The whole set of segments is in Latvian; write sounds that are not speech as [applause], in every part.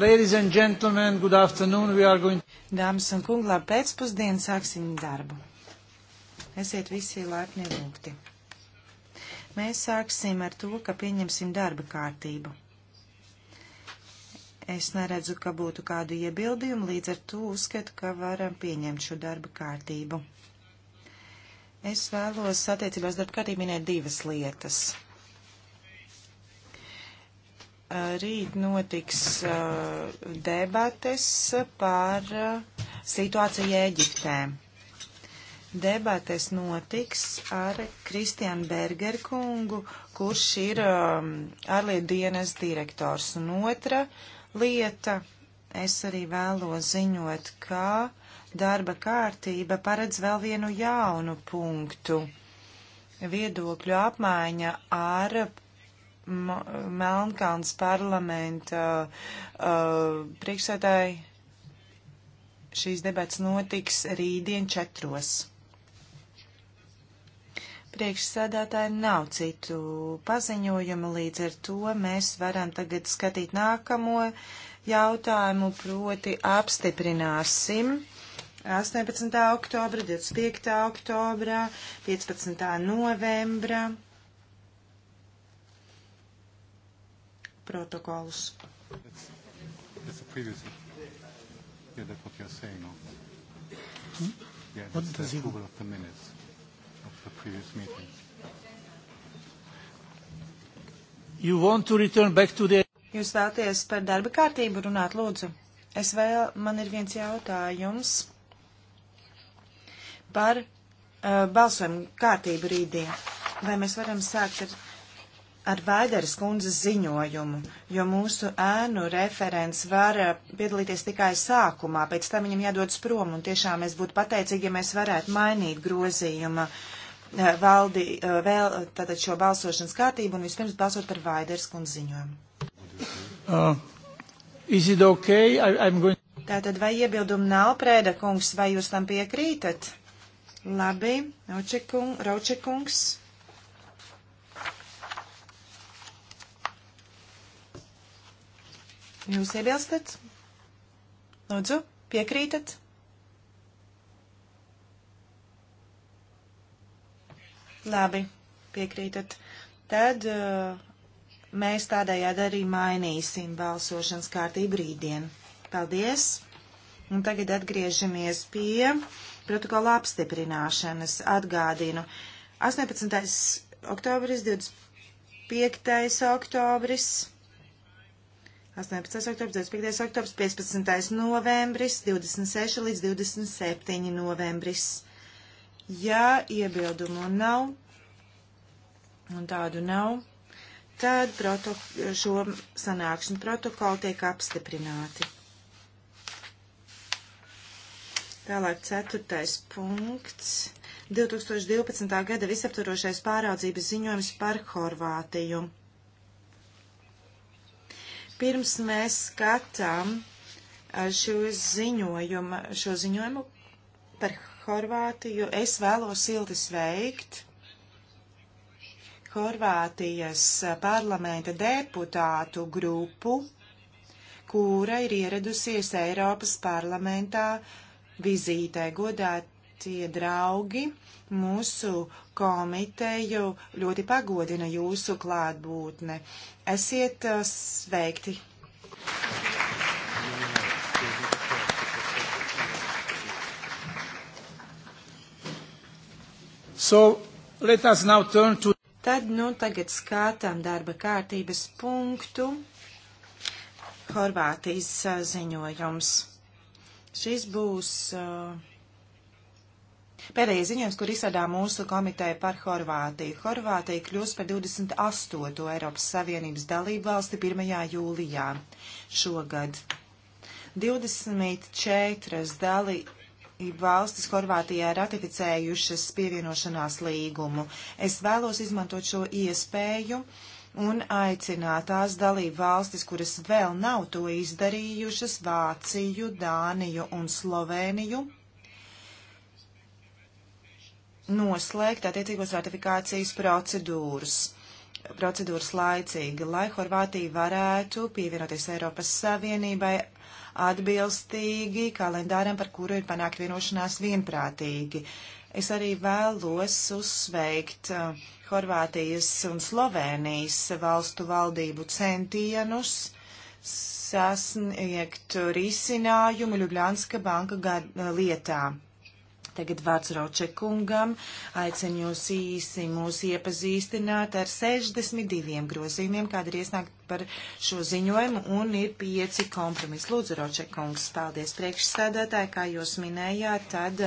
Ladies and gentlemen, good afternoon. We are going. Dāmas un kungi, labi pēcpusdienu sāksim darbu. Esiet visi laipni lūgti. Mēs sāksim ar to, ka pieņemsim darba kārtību. Es neredzu, ka būtu kādu iebildījumu, līdz ar to uzskatu, ka varam pieņemt šo darba kārtību. Es vēlos attiecībās darba kārtību minēt divas lietas. Rīt notiks uh, debates par uh, situāciju Eģiptē. Debates notiks ar Kristianu Bergeru kungu, kurš ir um, ārlietu dienas direktors. Un otra lieta, es arī vēlos ziņot, ka darba kārtība paredz vēl vienu jaunu punktu viedokļu apmaiņa ar Melnkalns parlamenta uh, priekšsēdāji. Šīs debats notiks rītdien četros. Priekšsēdētāji nav citu paziņojumu, līdz ar to mēs varam tagad skatīt nākamo jautājumu, proti apstiprināsim. 18. oktobra, 25. oktobra, 15. novembra. protokolus. That's, that's Yeah, that's what you're saying. Hmm? Yeah, that's what the approval of the minutes of the previous meeting. You want to return back to the... Jūs vēlaties par darba kārtību runāt, lūdzu. Es vēl, man ir viens jautājums par uh, balsojumu kārtību rītdien. Vai mēs varam sākt ar ar Vēderas kundzes ziņojumu, jo mūsu ēnu referents var eh, piedalīties tikai sākumā, pēc tam viņam jādodas prom, un tiešām es būtu pateicīgi, ja mēs varētu mainīt grozījuma eh, valdi, eh, vēl tātad šo balsošanas kārtību un vispirms balsot par Vēderas kundzes ziņojumu. Uh, okay? I, going... Tātad vai iebildumi nav, Prēda kungs, vai jūs tam piekrītat? Labi, Raučekungs. Jūs iebilstat? Lūdzu, piekrītat? Labi, piekrītat. Tad uh, mēs tādējādi arī mainīsim balsošanas kārtību rītdien. Paldies! Un tagad atgriežamies pie protokola apstiprināšanas. Atgādinu, 18. oktobris, 25. oktobris. 18. oktobrs, 25. oktobrs, 15. novembris, 26 līdz 27. novembris. Ja iebildumu nav, un tādu nav, tad šo sanākšanu protokolu tiek apstiprināti. Tālāk ceturtais punkts. 2012. gada visaptvarošais pāraudzības ziņojums par Horvātiju. Pirms mēs skatām eh, šo ziņojumu, šo ziņojumu par Horvātiju, es vēlos silti sveikt Horvātijas eh, parlamenta deputātu grupu, kura ir ieradusies Eiropas parlamentā vizītē godāt Tie draugi mūsu komiteju ļoti pagodina jūsu klātbūtne. Esiet uh, sveikti! So, let us now turn to... Tad nu tagad skatām darba kārtības punktu. Horvātijas uh, ziņojums. Šis būs uh, Pēdējais ziņojums, kur izsadā mūsu komiteja par Horvātiju. Horvātija kļūs par 28. Eiropas Savienības dalību valsti 1. jūlijā šogad. 24 dali, valstis Horvātijā ratificējušas pievienošanās līgumu. Es vēlos izmantot šo iespēju un aicināt tās dalību valstis, kuras vēl nav to izdarījušas - Vāciju, Dāniju un Sloveniju noslēgt attiecīgos ratifikācijas procedūras, procedūras laicīgi, lai Horvātija varētu pievienoties Eiropas Savienībai atbilstīgi kalendāram, par kuru ir panākt vienošanās vienprātīgi. Es arī vēlos uzsveikt uh, Horvātijas un Slovēnijas valstu valdību centienus sasniegt risinājumu Ljubljanska banka uh, lietā. Tagad vārds Ročekungam. Aicinu jūs īsi mūs iepazīstināt ar 62 grozījumiem, kāda ir iesnākt par šo ziņojumu, un ir pieci kompromisi. Lūdzu, Ročekungs, paldies priekšsēdētāji, kā jūs minējāt, tad.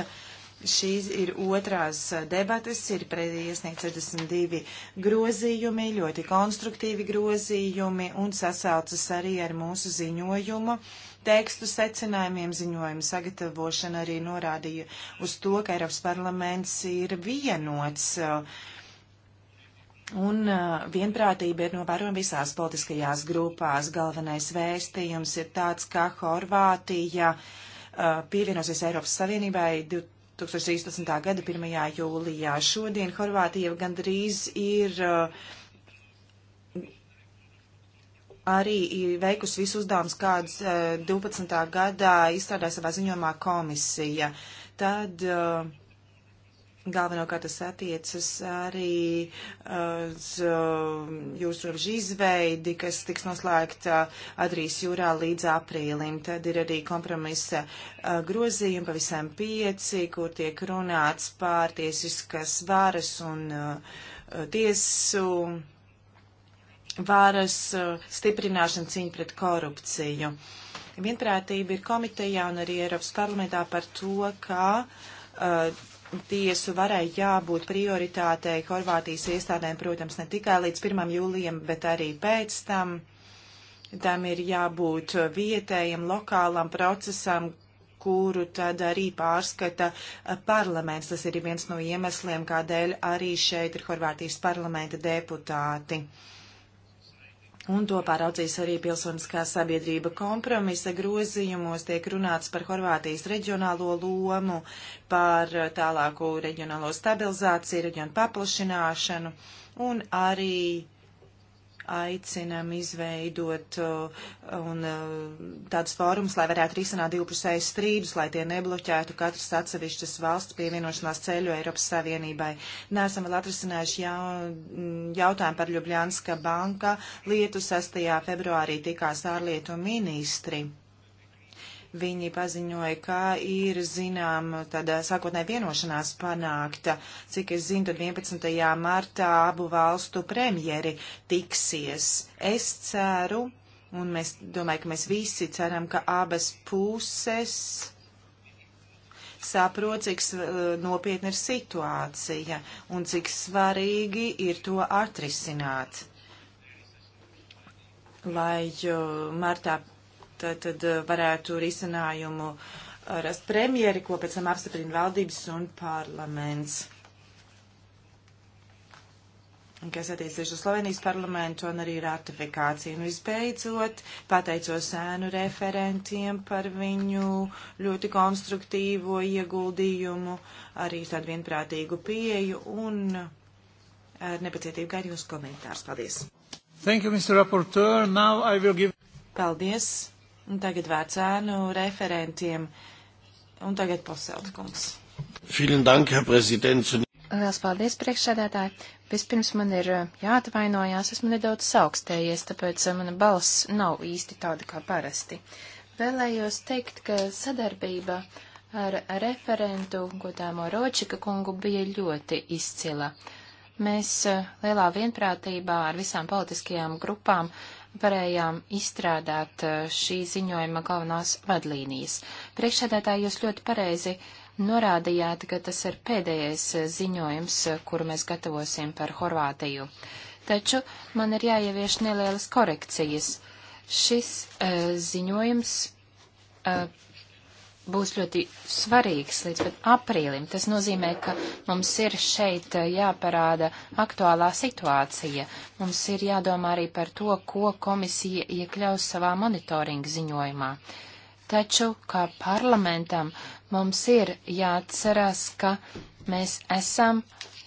Šīs ir otrās debates, ir iesniegt 62 grozījumi, ļoti konstruktīvi grozījumi un sasaucas arī ar mūsu ziņojumu. Uh, tekstu secinājumiem ziņojuma sagatavošana arī norādīja uz to, ka Eiropas parlaments ir vienots. Uh, un uh, vienprātība ir novērojama visās politiskajās grupās. Galvenais vēstījums ir tāds, ka Horvātija uh, pievienosies Eiropas Savienībai 2013. gada 1. jūlijā. Šodien Horvātija gandrīz ir uh, arī veikusi visu uzdevumus, kādus 12. Eh, gadā izstrādāja savā ziņojumā komisija. Tad eh, galvenokārt tas attiecas arī eh, uz jūsu robežu izveidi, kas tiks noslēgta Adrijas jūrā līdz aprīlim. Tad ir arī kompromisa grozījumi, pavisam pieci, kur tiek runāts pār tiesiskas varas un tiesu vāras eh, stiprināšana cīņa pret korupciju. Vienprātība ir komitejā un arī Eiropas parlamentā par to, ka uh, tiesu varai jābūt prioritātei Horvātijas iestādēm, protams, ne tikai līdz 1. jūlijam, bet arī pēc tam. Tam ir jābūt vietējam, lokālam procesam, kuru tad arī pārskata eh, parlaments. Tas ir viens no iemesliem, kādēļ arī šeit ir Horvātijas parlamenta deputāti. Uh, Un to pāraudzīs arī pilsoniskā sabiedrība kompromisa grozījumos tiek runāts par Horvātijas reģionālo lomu, par tālāko reģionālo stabilizāciju, reģionu paplašināšanu un arī aicinam izveidot uh, un uh, tādus fórumus, lai varētu risināt divpusējus strīdus, lai tie nebloķētu katras atsevišķas valsts pievienošanās ceļu Eiropas Savienībai. Nesam vēl atrisinājuši mm, jautājumu par Ljubļānska banka lietu. 6. februārī tikās ārlietu ministri Viņi paziņoja, ka ir, zinām, tāda sākotnēja vienošanās panākta. Cik es zinu, tad 11. martā abu valstu premjeri tiksies. Es ceru, un mēs domāju, ka mēs visi ceram, ka abas puses saprot, cik nopietna ir situācija un cik svarīgi ir to atrisināt. Lai martā tātad eh, varētu risinājumu eh, rast premjeri, ko pēc tam apstiprina valdības un parlaments. Un kas attiecas uz Slovenijas parlamentu un arī ratifikāciju. Un visbeidzot, pateicos sēnu referentiem par viņu ļoti konstruktīvo ieguldījumu, arī tādu vienprātīgu pieju un eh, ar nepacietību gaidu jūs komentārus. Paldies! Thank you, Mr. Rapporteur. Now I will give... Paldies! Un tagad vērtsēnu referentiem. Un tagad posēltkums. Vielen Dank, Herr Präsident. Lielas paldies, priekšsēdētāji. Vispirms man ir eh, jāatvainojās, esmu nedaudz saukstējies, tāpēc eh, mana balss nav īsti tāda kā parasti. Vēlējos teikt, ka sadarbība ar referentu godāmo Ročika kungu bija ļoti izcila. Mēs eh, lielā vienprātībā ar visām politiskajām grupām varējām izstrādāt eh, šī ziņojuma galvenās vadlīnijas. Priekšsēdētāji, jūs ļoti pareizi norādījāt, ka tas ir pēdējais eh, ziņojums, eh, kuru mēs gatavosim par Horvātiju. Taču man ir jāievieš nelielas korekcijas. Šis uh, ziņojums uh, būs ļoti svarīgs līdz pat aprīlim. Tas nozīmē, ka mums ir šeit eh, jāparāda aktuālā situācija. Mums ir jādomā arī par to, ko komisija iekļaus savā monitoringa ziņojumā. Taču, kā parlamentam, mums ir jāatcerās, ka mēs esam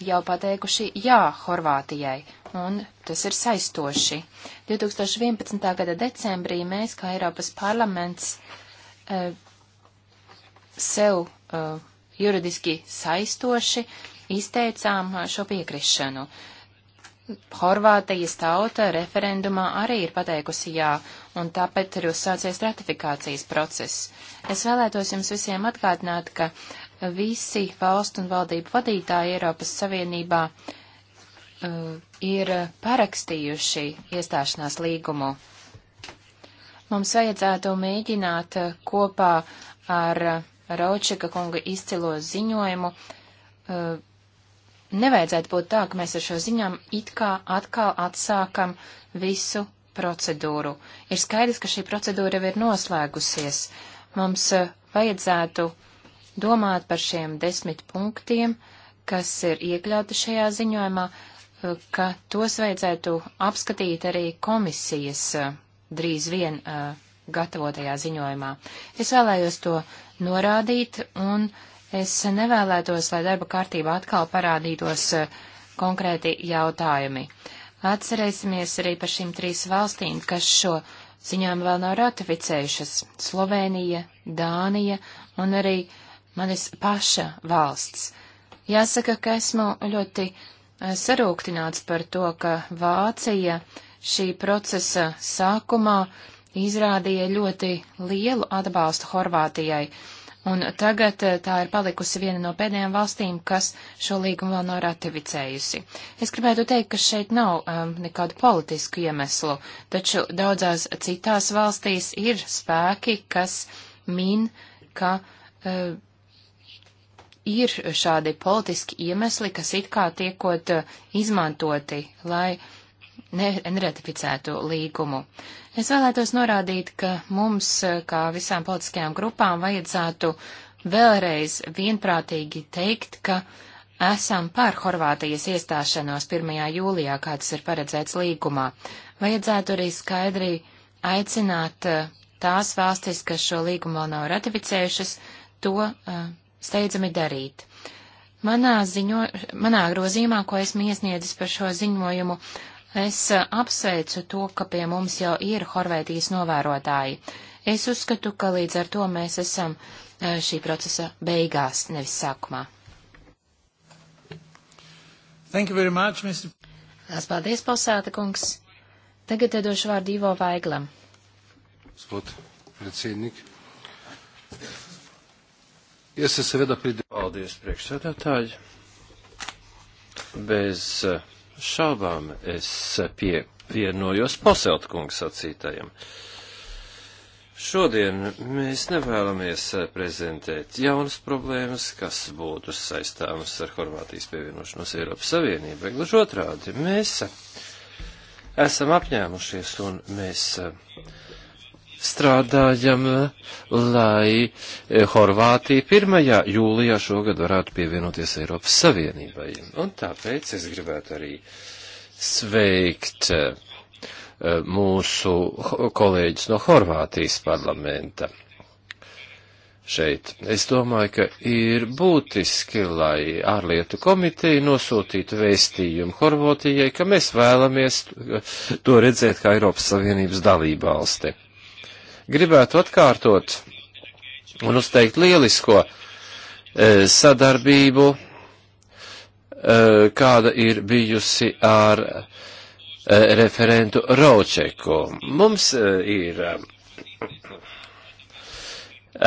jau pateikuši jā Horvātijai, un tas ir saistoši. 2011. gada decembrī mēs, kā Eiropas parlaments, eh, sev uh, juridiski saistoši izteicām uh, šo piekrišanu. Horvātijas tauta referendumā arī ir pateikusi jā, un tāpēc ir uzsācies ratifikācijas process. Es vēlētos jums visiem atgādināt, ka visi valstu un valdību vadītāji Eiropas Savienībā uh, ir parakstījuši iestāšanās līgumu. Mums vajadzētu mēģināt uh, kopā ar uh, Raučika kunga izcilo ziņojumu. Uh, nevajadzētu būt tā, ka mēs ar šo ziņām it kā atkal atsākam visu procedūru. Ir skaidrs, ka šī procedūra jau ir noslēgusies. Mums uh, vajadzētu domāt par šiem desmit punktiem, kas ir iekļauti šajā ziņojumā, uh, ka tos vajadzētu apskatīt arī komisijas drīz vien uh, gatavotajā ziņojumā. Es vēlējos to norādīt, un es nevēlētos, lai darba kārtībā atkal parādītos e, konkrēti jautājumi. Atcerēsimies arī par šīm trīs valstīm, kas šo ziņojumu vēl nav ratificējušas - Slovenija, Dānija un arī manis paša valsts. Jāsaka, ka esmu ļoti e, sarūktināts par to, ka Vācija šī procesa sākumā uh, izrādīja ļoti lielu atbalstu Horvātijai, un tagad eh, tā ir palikusi viena no pēdējām valstīm, kas šo līgumu vēl nav ratificējusi. Es gribētu teikt, ka šeit nav um, nekādu politisku iemeslu, taču daudzās citās valstīs ir spēki, kas min, ka. Uh, Ir šādi politiski iemesli, kas it kā tiekot eh, izmantoti, lai uh, neratificētu līgumu. Es vēlētos norādīt, ka mums, kā visām politiskajām grupām, vajadzētu vēlreiz vienprātīgi teikt, ka esam par Horvātijas iestāšanos 1. jūlijā, kā tas ir paredzēts līgumā. Vajadzētu arī skaidri aicināt eh, tās valstis, kas šo līgumu vēl nav ratificējušas, to uh, steidzami darīt. Manā, ziņo, manā grozījumā, ko esmu iesniedzis par šo ziņojumu, uh, Es eh, apsveicu to, ka pie mums jau ir Horvētijas novērotāji. Es uzskatu, ka līdz ar to mēs esam eh, šī procesa beigās, nevis sākumā. Thank you very much, Mr. Lās paldies, Palsēta kungs. Tagad te došu vārdu Ivo Vaiglam. Spot, predsiednik. Es esmu veda pridēju. Paldies, priekšsēdētāji. Bez uh, šaubām es pievienojos Poseltkungs sacītajam. Šodien mēs nevēlamies prezentēt jaunas problēmas, kas būtu saistāmas ar Horvātijas pievienošanos Eiropas Savienībai. Gluži otrādi, mēs esam apņēmušies un mēs strādājam, lai eh, Horvātija 1. jūlijā šogad varētu pievienoties Eiropas Savienībai. Un tāpēc es gribētu arī sveikt eh, mūsu kolēģis no Horvātijas parlamenta. Šeit. Es domāju, ka ir būtiski, lai ārlietu komiteja nosūtītu vēstījumu Horvātijai, ka mēs vēlamies eh, to redzēt kā Eiropas Savienības dalībvalsti gribētu atkārtot un uzteikt lielisko e, sadarbību, e, kāda ir bijusi ar e, referentu Raučeku. Mums ir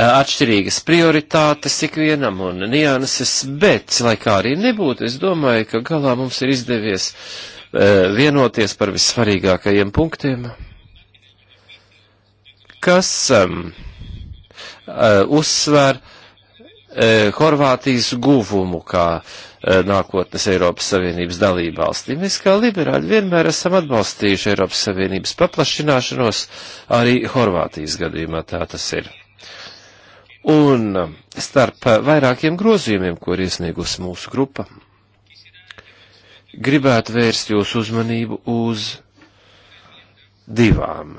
atšķirīgas prioritātes ikvienam un nianses, bet, lai kā arī nebūtu, es domāju, ka galā mums ir izdevies vienoties par vissvarīgākajiem punktiem kas um, uh, uzsver uh, Horvātijas guvumu kā uh, nākotnes Eiropas Savienības dalībvalstī. Mēs kā liberāļi vienmēr esam atbalstījuši Eiropas Savienības paplašināšanos, arī Horvātijas gadījumā tā tas ir. Un um, starp uh, vairākiem grozījumiem, ko ir iesniegusi mūsu grupa, gribētu vērst jūsu uzmanību uz divām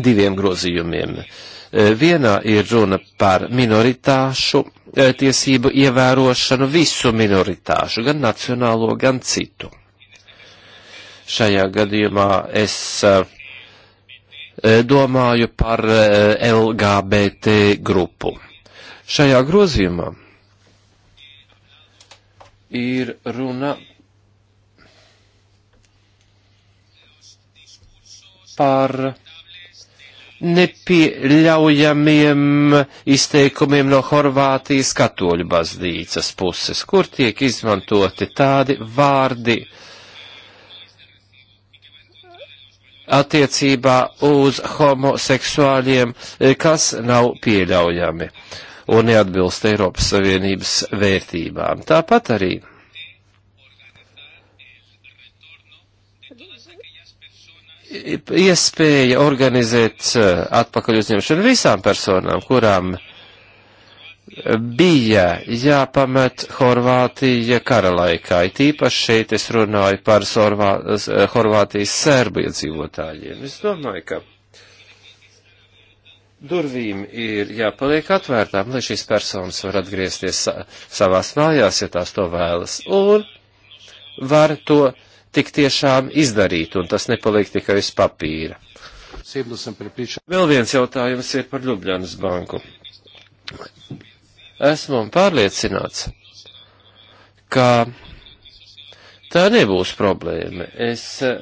diviem grozījumiem. E, vienā ir runa par minoritāšu e, tiesību ievērošanu, visu minoritāšu, gan nacionālo, gan citu. Šajā gadījumā es e, domāju par LGBT grupu. Šajā grozījumā ir runa par nepieļaujamiem izteikumiem no Horvātijas katoļu baznīcas puses, kur tiek izmantoti tādi vārdi attiecībā uz homoseksuāļiem, kas nav pieļaujami un neatbilst Eiropas Savienības vērtībām. Tāpat arī iespēja organizēt eh, atpakaļ uzņemšanu visām personām, kurām bija jāpamet Horvātija kara laikā. Tīpaši šeit es runāju par Sorvā, eh, Horvātijas sērbu iedzīvotājiem. Es domāju, ka durvīm ir jāpaliek atvērtām, lai šīs personas var atgriezties sa savās mājās, ja tās to vēlas, un var to tik tiešām izdarīt, un tas nepaliek tikai uz papīra. Vēl viens jautājums ir par Ljubljanas banku. Esmu pārliecināts, ka tā nebūs problēma. Es eh,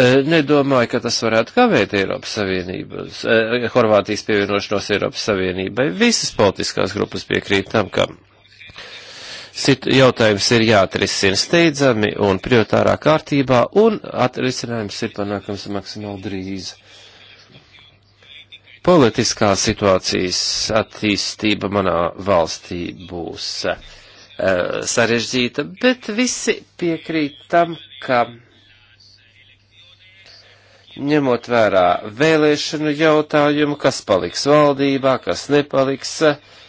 eh, nedomāju, ka tas varētu kavēt Eiropas Savienības, eh, Horvātijas pievienošanos Eiropas Savienībai. Visas politiskās grupas piekrīt tam, ka jautājums ir jāatrisina steidzami un prioritārā kārtībā, un atrisinājums ir panākams maksimāli drīz. Politiskā situācijas attīstība manā valstī būs uh, sarežģīta, bet visi piekrīt tam, ka ņemot vērā vēlēšanu jautājumu, kas paliks valdībā, kas nepaliks, uh,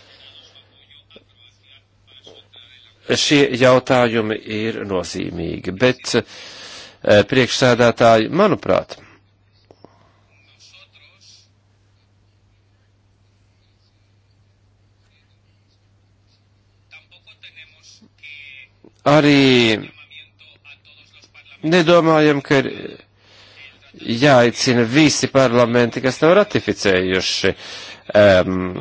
šie jautājumi ir nozīmīgi, bet eh, priekšsēdētāji, manuprāt, arī nedomājam, ka ir jāicina visi parlamenti, kas nav ratificējuši uh, um,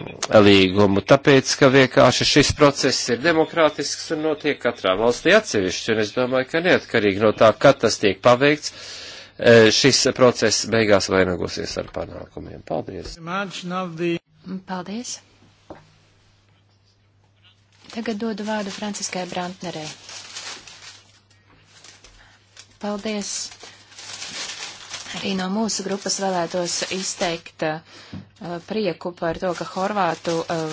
līgumu, tāpēc, ka vienkārši šis process ir demokrātisks un notiek katrā valstī atsevišķi, un es domāju, ka neatkarīgi no tā, kad tas tiek paveikts, eh, šis process beigās vainagosies ar panākumiem. Paldies! Paldies! Tagad dodu vārdu Franciskai Brantnerei. Paldies Arī no mūsu grupas vēlētos izteikt uh, prieku par to, ka Horvātu uh,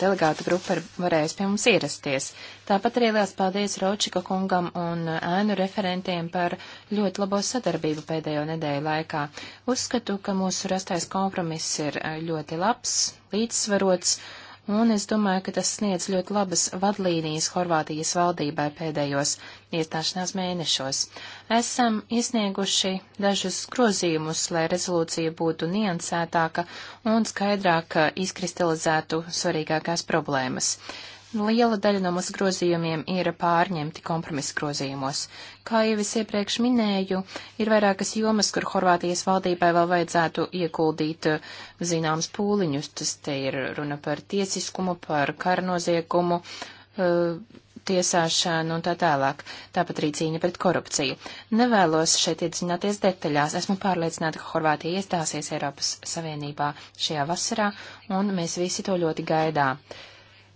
delegāta grupa ir varējusi pie mums ierasties. Tāpat arī liels paldies Ročika kungam un uh, ēnu referentiem par ļoti labo sadarbību pēdējo nedēļu laikā. Uzskatu, ka mūsu rastais kompromiss ir uh, ļoti labs, līdzsvarots, un es domāju, ka tas sniedz ļoti labas vadlīnijas Horvātijas valdībai pēdējos iestāšanās mēnešos esam iesnieguši dažus grozījumus, lai rezolūcija būtu niansētāka un skaidrāk izkristalizētu svarīgākās problēmas. Liela daļa no mūsu grozījumiem ir pārņemti kompromisa grozījumos. Kā jau es iepriekš minēju, ir vairākas jomas, kur Horvātijas valdībai vēl vajadzētu ieguldīt eh, zināms pūliņus. Tas te ir runa par tiesiskumu, par karnoziegumu, uh, tiesāšanu un tā tālāk, tāpat arī cīņa pret korupciju. Nevēlos šeit iedziļināties detaļās, esmu pārliecināta, ka Horvātija iestāsies Eiropas Savienībā šajā vasarā, un mēs visi to ļoti gaidā.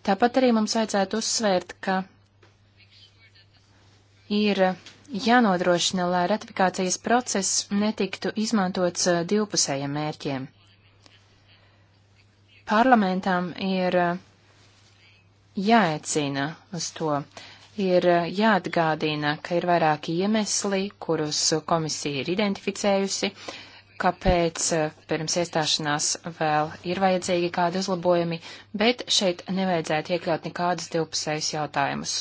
Tāpat arī mums vajadzētu uzsvērt, ka ir jānodrošina, lai ratifikācijas process netiktu izmantots uh, divpusējiem mērķiem. Parlamentam ir uh, jāecina uz to. Ir uh, jāatgādina, ka ir vairāki iemesli, kurus komisija ir identificējusi, kāpēc uh, pirms iestāšanās vēl ir vajadzīgi kādi uzlabojumi, bet šeit nevajadzētu iekļaut nekādus divpusējus jautājumus.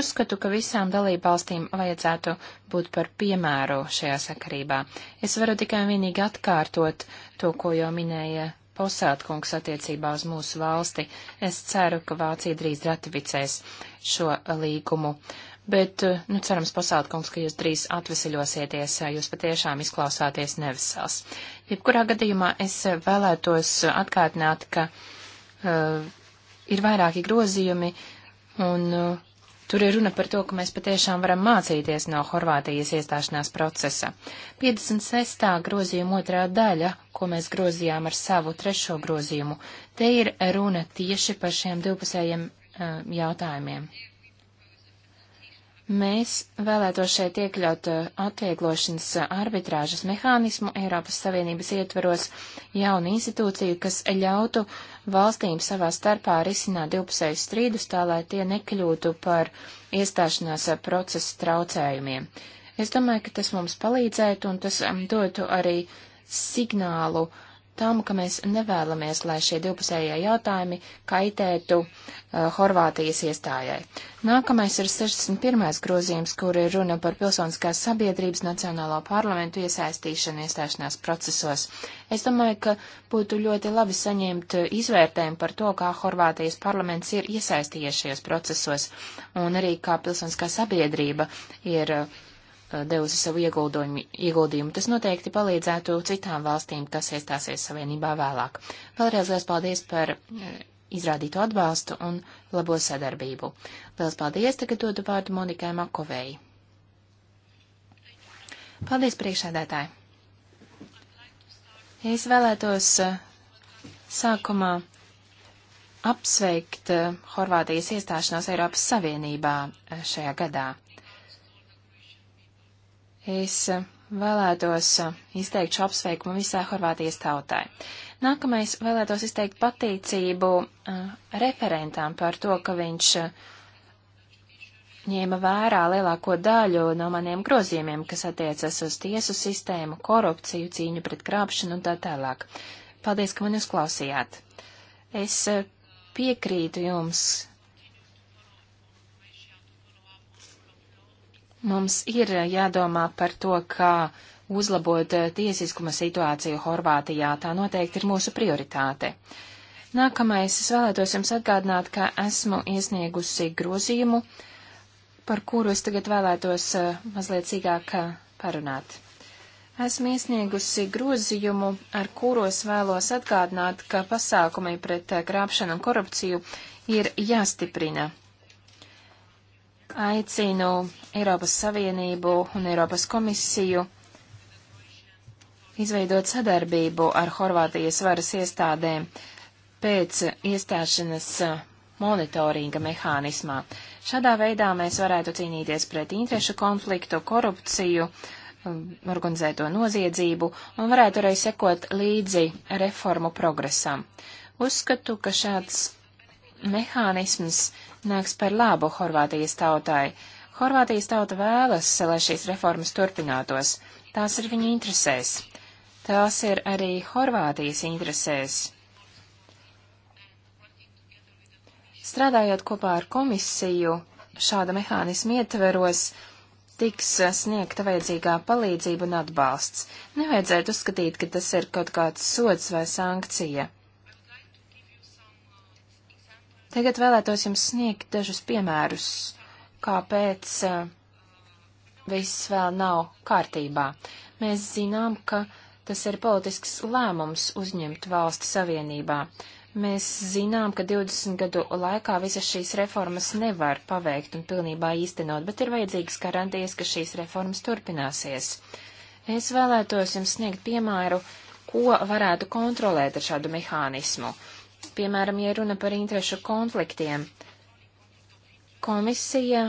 Uzskatu, ka visām dalībvalstīm vajadzētu būt par piemēru šajā sakarībā. Es varu tikai vienīgi atkārtot to, ko jau minēja posētkungs attiecībā uz mūsu valsti. Es ceru, ka Vācija drīz ratificēs šo līgumu. Bet, eh, nu, cerams, posētkungs, ka jūs drīz atveseļosieties, eh, jūs patiešām izklausāties nevisels. Jebkurā gadījumā es eh, vēlētos atkārtināt, ka uh, ir vairāki grozījumi un. Uh, Tur ir runa par to, ka mēs patiešām varam mācīties no Horvātijas iestāšanās procesa. 56. grozījuma otrā daļa, ko mēs grozījām ar savu trešo grozījumu, te ir runa tieši par šiem divpusējiem uh, jautājumiem. Mēs vēlētos šeit iekļaut eh, atvieglošanas arbitrāžas mehānismu Eiropas Savienības ietveros jaunu institūciju, kas ļautu uh, valstīm savā starpā risināt divpusējus strīdus, tā lai tie nekļūtu par iestāšanās procesa traucējumiem. Es domāju, ka tas mums palīdzētu un tas mm, dotu arī signālu uh, tam, ka mēs nevēlamies, lai šie divpusējie jautājumi kaitētu uh, Horvātijas iestājai. Nākamais ir 61. grozījums, kur ir runa par pilsoniskās sabiedrības nacionālo parlamentu iesaistīšanu iestāšanās procesos. Es domāju, ka būtu ļoti labi saņemt izvērtējumu par to, kā Horvātijas parlaments ir iesaistījies šajos procesos un arī kā pilsoniskā sabiedrība ir uh, Uh, devusi savu ieguldījumu. Tas noteikti palīdzētu citām valstīm, kas iestāsies savienībā vēlāk. Vēlreiz liels paldies par uh, izrādītu atbalstu un labo sadarbību. Liels paldies, tagad dodu vārdu Monikai Makovei. Paldies, priekšādētāji! Es vēlētos uh, sākumā apsveikt Horvātijas iestāšanos Eiropas Savienībā šajā gadā. Es vēlētos izteikt šo apsveikumu visai Horvātijas tautai. Nākamais vēlētos izteikt pateicību uh, referentām par to, ka viņš ņēma vērā lielāko daļu no maniem grozījumiem, kas attiecas uz tiesu sistēmu, korupciju, cīņu pret krāpšanu un tā tālāk. Paldies, ka mani uzklausījāt. Es piekrītu jums, Mums ir jādomā par to, kā uzlabot tiesiskuma situāciju Horvātijā. Tā noteikti ir mūsu prioritāte. Nākamais es vēlētos jums atgādināt, ka esmu iesniegusi grozījumu, par kuru es tagad vēlētos eh, mazliet sīkāk eh, parunāt. Esmu iesniegusi grozījumu, ar kuros vēlos atgādināt, ka pasākumi pret eh, krāpšanu un korupciju ir jāstiprina aicinu Eiropas Savienību un Eiropas komisiju izveidot sadarbību ar Horvātijas varas iestādēm pēc iestāšanas monitoringa mehānismā. Šādā veidā mēs varētu cīnīties pret interešu konfliktu, korupciju, um, organizēto noziedzību un varētu arī sekot līdzi reformu progresam. Uzskatu, ka šāds mehānisms nāks par labu Horvātijas tautai. Horvātijas tauta vēlas, lai šīs reformas turpinātos. Tās ir viņa interesēs. Tās ir arī Horvātijas interesēs. Strādājot kopā ar komisiju, šāda mehānisma ietveros tiks sniegta vajadzīgā palīdzība un atbalsts. Nevajadzētu uzskatīt, ka tas ir kaut kāds sods vai sankcija. Tagad vēlētos jums sniegt dažus piemērus, kāpēc eh, viss vēl nav kārtībā. Mēs zinām, ka tas ir politisks lēmums uzņemt valsti savienībā. Mēs zinām, ka 20 gadu laikā visas šīs reformas nevar paveikt un pilnībā īstenot, bet ir vajadzīgas garantijas, ka šīs reformas turpināsies. Es vēlētos jums sniegt piemēru, ko varētu kontrolēt ar šādu mehānismu. Piemēram, ja runa par interešu konfliktiem. Komisija,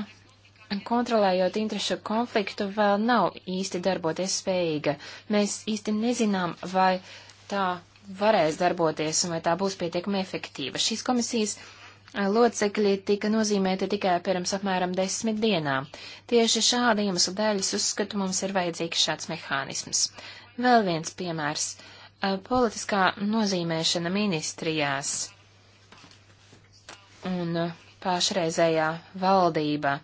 kontrolējot interešu konfliktu, vēl nav īsti darboties spējīga. Mēs īsti nezinām, vai tā varēs darboties un vai tā būs pietiekami efektīva. Šīs komisijas eh, locekļi tika nozīmēti tikai pirms apmēram desmit dienām. Tieši šāda iemesla dēļ es uzskatu, mums ir vajadzīgs šāds mehānisms. Vēl viens piemērs politiskā nozīmēšana ministrijās un pašreizējā valdība.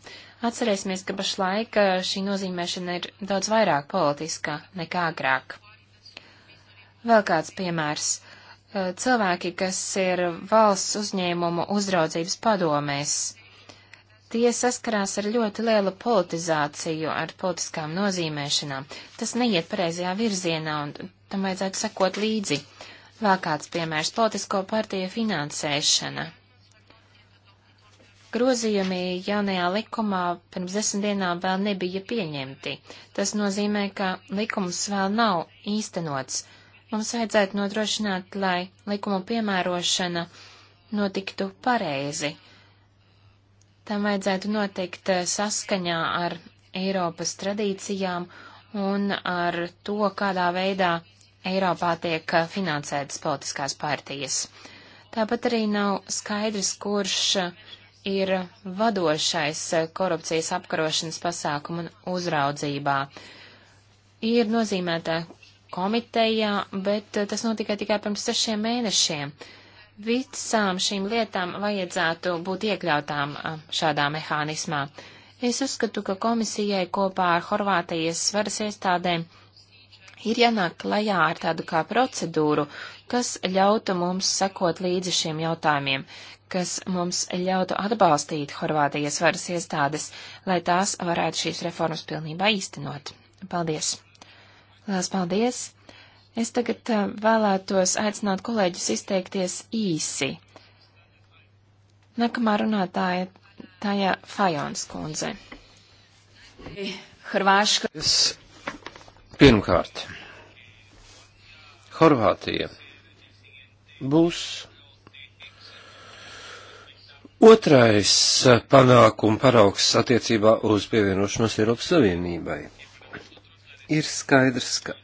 Atcerēsimies, ka pašlaik šī nozīmēšana ir daudz vairāk politiskā nekā agrāk. Vēl kāds piemērs. Cilvēki, kas ir valsts uzņēmumu uzraudzības padomēs, tie saskarās ar ļoti lielu politizāciju, ar politiskām nozīmēšanām. Tas neiet pareizajā virzienā, un tam vajadzētu sekot līdzi. Vēl kāds piemērs - politisko partiju finansēšana. Grozījumi jaunajā likumā pirms desmit dienām vēl nebija pieņemti. Tas nozīmē, ka likums vēl nav īstenots. Mums vajadzētu nodrošināt, lai likumu piemērošana notiktu pareizi. Tam vajadzētu notikt eh, saskaņā ar Eiropas tradīcijām un ar to, kādā veidā Eiropā tiek eh, finansētas politiskās partijas. Tāpat arī nav skaidrs, kurš eh, ir vadošais eh, korupcijas apkarošanas pasākumu un uzraudzībā. Ir nozīmēta komitejā, bet tas notika tikai pirms sešiem mēnešiem. Visām šīm lietām vajadzētu būt iekļautām šādā mehānismā. Es uzskatu, ka komisijai kopā ar Horvātijas varas iestādēm ir jānāk klajā ar tādu kā procedūru, kas ļautu mums sekot līdzi šiem jautājumiem, kas mums ļautu atbalstīt Horvātijas varas iestādes, lai tās varētu šīs reformas pilnībā īstenot. Paldies! Lielas paldies! Es tagad uh, vēlētos aicināt kolēģus izteikties īsi. Nākamā runātāja Taja Fajons kundze. Hrvāška. Es Pirmkārt, Horvātija būs otrais panākuma paraugs attiecībā uz pievienošanos Eiropas Savienībai. Ir skaidrs, ka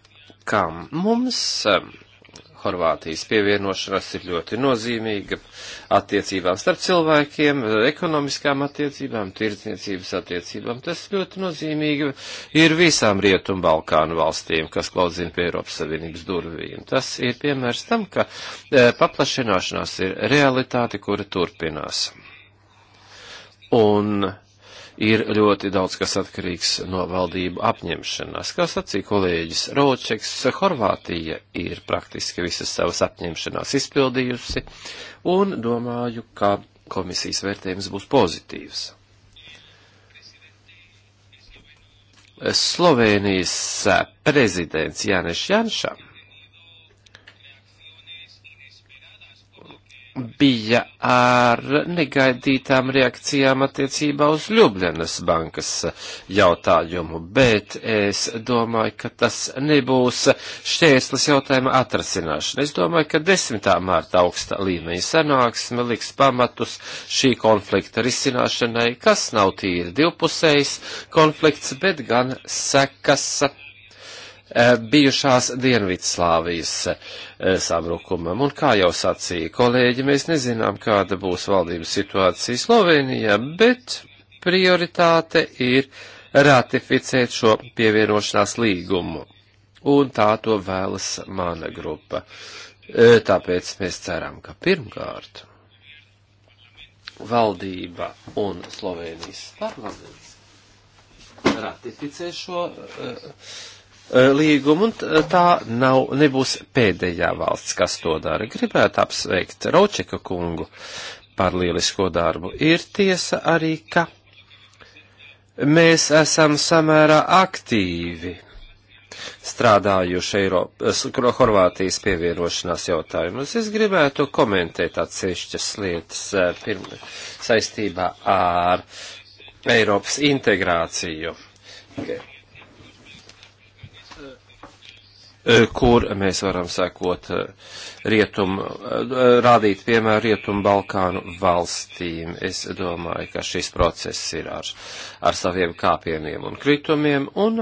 kam mums Horvātijas pievienošanās ir ļoti nozīmīga attiecībām starp cilvēkiem, ekonomiskām attiecībām, tirdzniecības attiecībām. Tas ļoti nozīmīgi ir visām Rietumu Balkānu valstīm, kas klaudzina pie Eiropas Savienības durvīm. Tas ir piemērs tam, ka e, paplašināšanās ir realitāte, kura turpinās. Un ir ļoti daudz kas atkarīgs no valdību apņemšanās. Kā sacīja kolēģis Ročeks, Horvātija ir praktiski visas savas apņemšanās izpildījusi, un domāju, ka komisijas vērtējums būs pozitīvs. Slovenijas prezidents Jānis Janšam bija ar negaidītām reakcijām attiecībā uz Ljubljanas bankas jautājumu, bet es domāju, ka tas nebūs šķērslis jautājuma atrasināšana. Es domāju, ka 10. mārta augsta līmeņa sanāksme liks pamatus šī konflikta risināšanai, kas nav tīri divpusējs konflikts, bet gan sekas Eh, bijušās Dienvidslāvijas eh, sabrukumam. Un kā jau sacīja kolēģi, mēs nezinām, kāda būs valdības situācija Slovenijā, bet prioritāte ir ratificēt šo pievienošanās līgumu. Un tā to vēlas mana grupa. Eh, tāpēc mēs ceram, ka pirmkārt valdība un Slovenijas parlaments ratificē šo uh, Eh, līgumu, un eh, tā nav, nebūs pēdējā valsts, kas to dara. Gribētu apsveikt Raučeka kungu par lielisko darbu. Ir tiesa arī, ka mēs esam samērā aktīvi strādājuši Eiropas, Horvātijas pievienošanās jautājumus. Es gribētu komentēt atsevišķas lietas eh, pirma, saistībā ar Eiropas integrāciju. Okay Eh, kur mēs varam sekot eh, rietumu, eh, rādīt piemēru rietumu Balkānu valstīm. Es domāju, ka šis process ir ar, ar saviem kāpieniem un kritumiem, un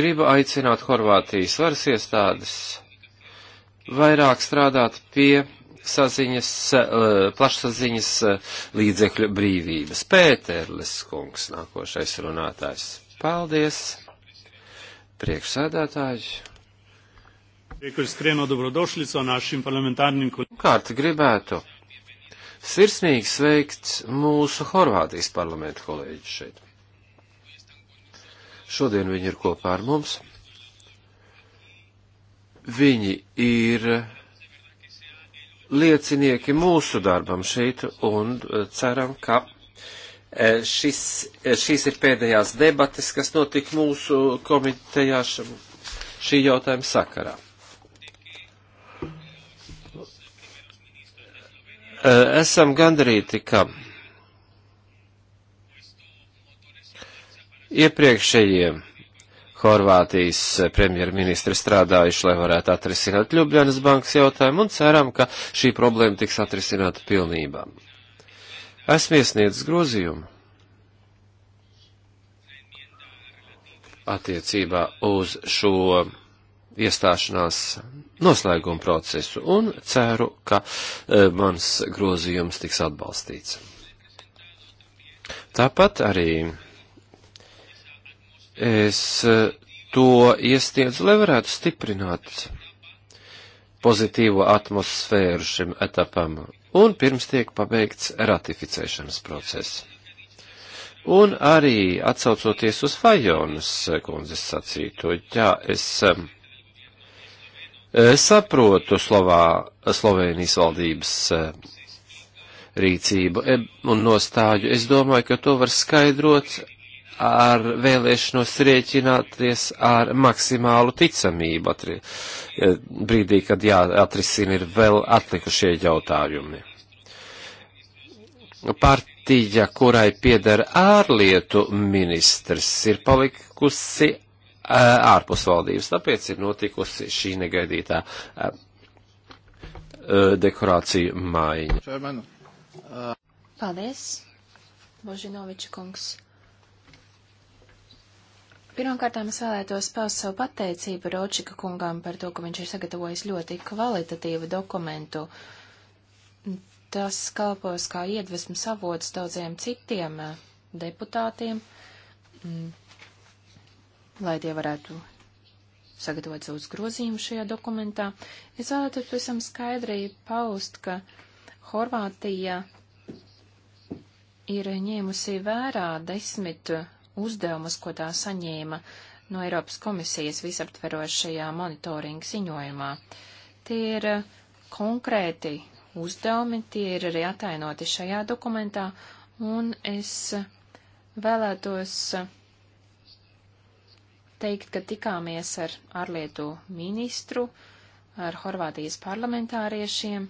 gribu aicināt Horvātijas varas iestādes vairāk strādāt pie saziņas, eh, plašsaziņas eh, līdzekļu brīvības. Pēterlis kungs, nākošais runātājs. Paldies, priekšsēdētāji. Kārt gribētu sirsnīgi sveikt mūsu Horvātijas parlamenta kolēģi šeit. Šodien viņi ir kopā ar mums. Viņi ir liecinieki mūsu darbam šeit un eh, ceram, ka eh, šis, eh, šīs ir pēdējās debates, kas notika mūsu komitejā šī jautājuma sakarā. Esam gandrīti, ka iepriekšējiem Horvātijas eh, premjerministri strādājuši, lai varētu atrisināt Ljubljanas bankas jautājumu un ceram, ka šī problēma tiks atrisināta pilnībā. Esmu iesniedzis grozījumu attiecībā uz šo iestāšanās noslēguma procesu un ceru, ka e, mans grozījums tiks atbalstīts. Tāpat arī Es eh, to iestiedzu, lai varētu stiprināt pozitīvo atmosfēru šim etapam un pirms tiek pabeigts ratificēšanas process. Un arī atsaucoties uz Fajonas eh, kundzes sacīto, jā, es eh, saprotu Slovā, Slovenijas valdības rīcību un nostāju. Es domāju, ka to var skaidrot ar vēlēšanos rēķināties ar maksimālu ticamību atri, e, brīdī, kad jāatrisina ir vēl atlikušie jautājumi. Partija, kurai pieder ārlietu ministrs, ir palikusi e, ārpus valdības, tāpēc ir notikusi šī negaidītā e, dekorāciju maiņa. Uh, Paldies, Božinoviča kungs. Pirmkārtām es vēlētos paust savu pateicību Ročika kungam par to, ka viņš ir sagatavojis ļoti kvalitatīvu dokumentu. Tas kalpos kā iedvesmas avots daudziem citiem eh, deputātiem, mm, lai tie varētu sagatavot savus grozījumus šajā dokumentā. Es vēlētos visam skaidri paust, ka Horvātija ir ņēmusi vērā desmit uzdevumus, ko tā saņēma no Eiropas komisijas visaptverošajā monitoringa ziņojumā. Tie ir eh, konkrēti uzdevumi, tie ir arī atainoti šajā dokumentā, un es vēlētos teikt, ka tikāmies ar ārlietu ministru, ar Horvātijas parlamentāriešiem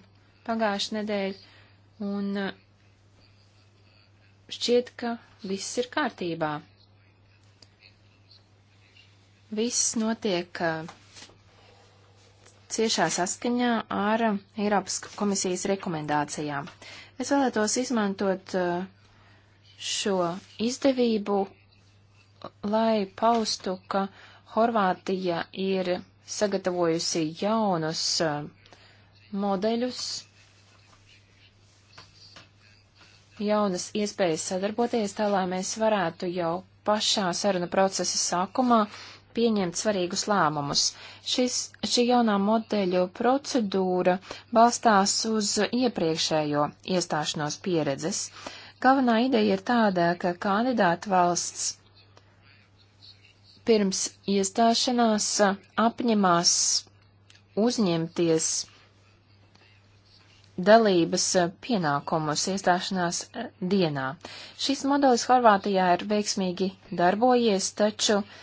pagājušajā nedēļ, un eh, šķiet, ka viss ir kārtībā viss notiek ciešā saskaņā ar Eiropas komisijas rekomendācijām. Es vēlētos izmantot šo izdevību, lai paustu, ka Horvātija ir sagatavojusi jaunus modeļus, jaunas iespējas sadarboties, tā lai mēs varētu jau pašā saruna procesa sākumā pieņemt svarīgus lēmumus. Šis, šī jaunā modeļu procedūra balstās uz iepriekšējo iestāšanos pieredzes. Galvenā ideja ir tāda, ka kandidāta valsts pirms iestāšanās apņemās uzņemties dalības pienākumus iestāšanās dienā. Šis modelis Horvātijā ir veiksmīgi darbojies, taču uh,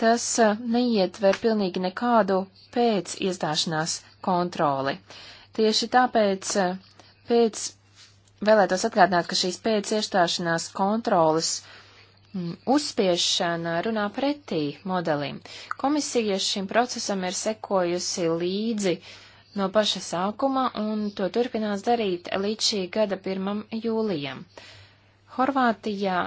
tas e, neietver pilnīgi nekādu pēc iestāšanās kontroli. Tieši tāpēc e, pēc vēlētos atgādināt, ka šīs pēc iestāšanās kontrolas uzspiešana runā pretī modelim. Komisija šim procesam ir sekojusi līdzi no paša sākuma un to turpinās darīt līdz šī gada 1. jūlijam. Horvātijā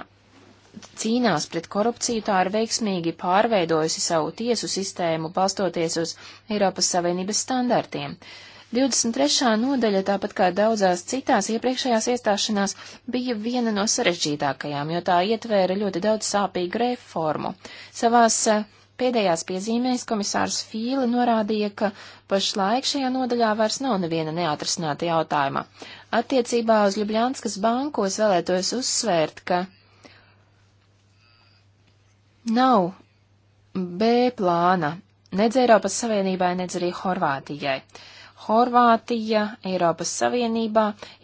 cīnās pret korupciju, tā ir veiksmīgi pārveidojusi savu tiesu sistēmu, balstoties uz Eiropas Savienības standartiem. 23. nodaļa, tāpat kā daudzās citās iepriekšējās iestāšanās, bija viena no sarežģītākajām, jo tā ietvēra ļoti daudz sāpīgu reformu. Savās eh, pēdējās piezīmēs komisārs Fīle norādīja, ka pašlaik šajā nodaļā vairs nav neviena neatrisināta jautājuma. Attiecībā uz Ljubļānskas banku es vēlētos uzsvērt, ka Nav B plāna nedz Eiropas Savienībai, nedz arī Horvātijai. Horvātija Eiropas Savienībā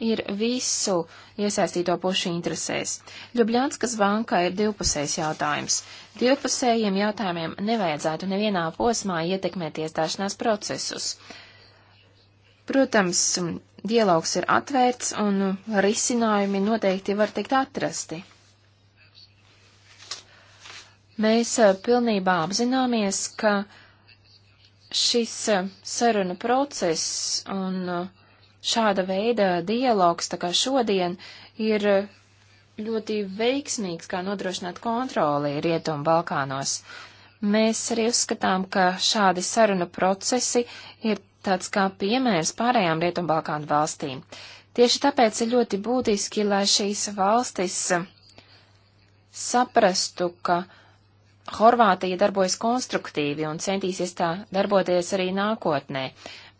ir visu iesaistīto pušu interesēs. Ljubļānskas banka ir divpusējs jautājums. Divpusējiem jautājumiem nevajadzētu nevienā posmā ietekmēt iestāšanās procesus. Protams, dialogs ir atvērts un risinājumi noteikti var tikt atrasti. Mēs eh, pilnībā apzināmies, ka šis eh, saruna process un eh, šāda veida dialogs, tā kā šodien, ir ļoti veiksmīgs, kā nodrošināt kontroli Rietumu Balkānos. Mēs arī uzskatām, ka šādi saruna procesi ir tāds kā piemērs pārējām Rietumbalkānu valstīm. Tieši tāpēc ir ļoti būtiski, lai šīs valstis saprastu, ka Horvātija darbojas konstruktīvi un centīsies tā darboties arī nākotnē.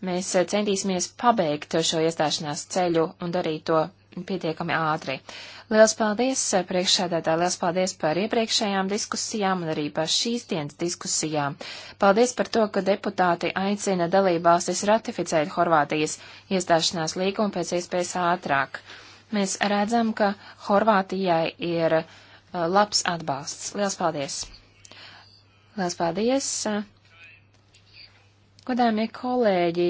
Mēs eh, centīsimies pabeigt šo iestāšanās ceļu un darīt to pietiekami ātri. Liels paldies eh, priekšsēdētā, liels paldies par iepriekšējām diskusijām un arī par šīs dienas diskusijām. Paldies par to, ka deputāti aicina dalībvalstis ratificēt Horvātijas iestāšanās līgumu pēc iespējas ātrāk. Mēs redzam, ka Horvātijai ir eh, labs atbalsts. Liels paldies! Lielas paldies! Godājumie kolēģi,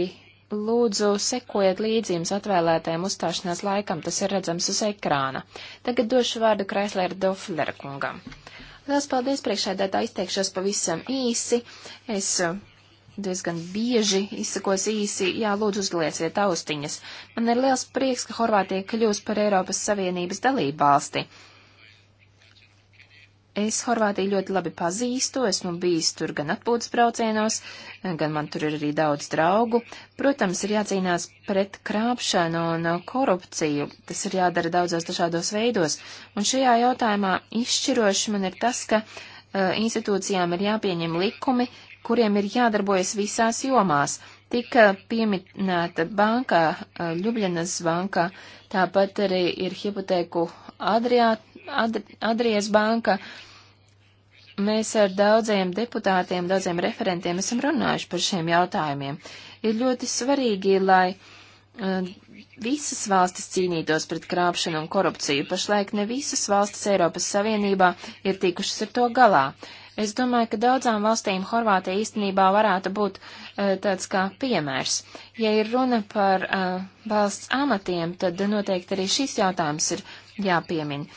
lūdzu sekojiet līdzi jums atvēlētajam uzstāšanās laikam, tas ir redzams uz ekrāna. Tagad došu vārdu Kreislēra Doflera kungam. Lielas paldies priekšēdētā izteikšos pavisam īsi. Es uh, diezgan bieži izsakos īsi, jā, lūdzu uzlieciet austiņas. Man ir liels prieks, ka Horvātija kļūs par Eiropas Savienības dalību valsti. Es Horvātiju ļoti labi pazīstu, esmu bijis tur gan atpūtas braucienos, gan man tur ir arī daudz draugu. Protams, ir jācīnās pret krāpšanu un korupciju, tas ir jādara daudzos dažādos veidos, un šajā jautājumā izšķiroši man ir tas, ka uh, institūcijām ir jāpieņem likumi, kuriem ir jādarbojas visās jomās. Tika pieminēta bankā, uh, Ljubljanas bankā, tāpat arī ir hipotēku Adriāt, Ad, Adrijas banka, uh, Mēs ar daudziem deputātiem, daudziem referentiem esam runājuši par šiem jautājumiem. Ir ļoti svarīgi, lai uh, visas valstis cīnītos pret krāpšanu un korupciju. Pašlaik ne visas valstis Eiropas Savienībā ir tikušas ar to galā. Es domāju, ka daudzām valstīm Horvātija īstenībā varētu būt uh, tāds kā piemērs. Ja ir runa par uh, valsts amatiem, tad noteikti arī šis jautājums ir jāpiemina.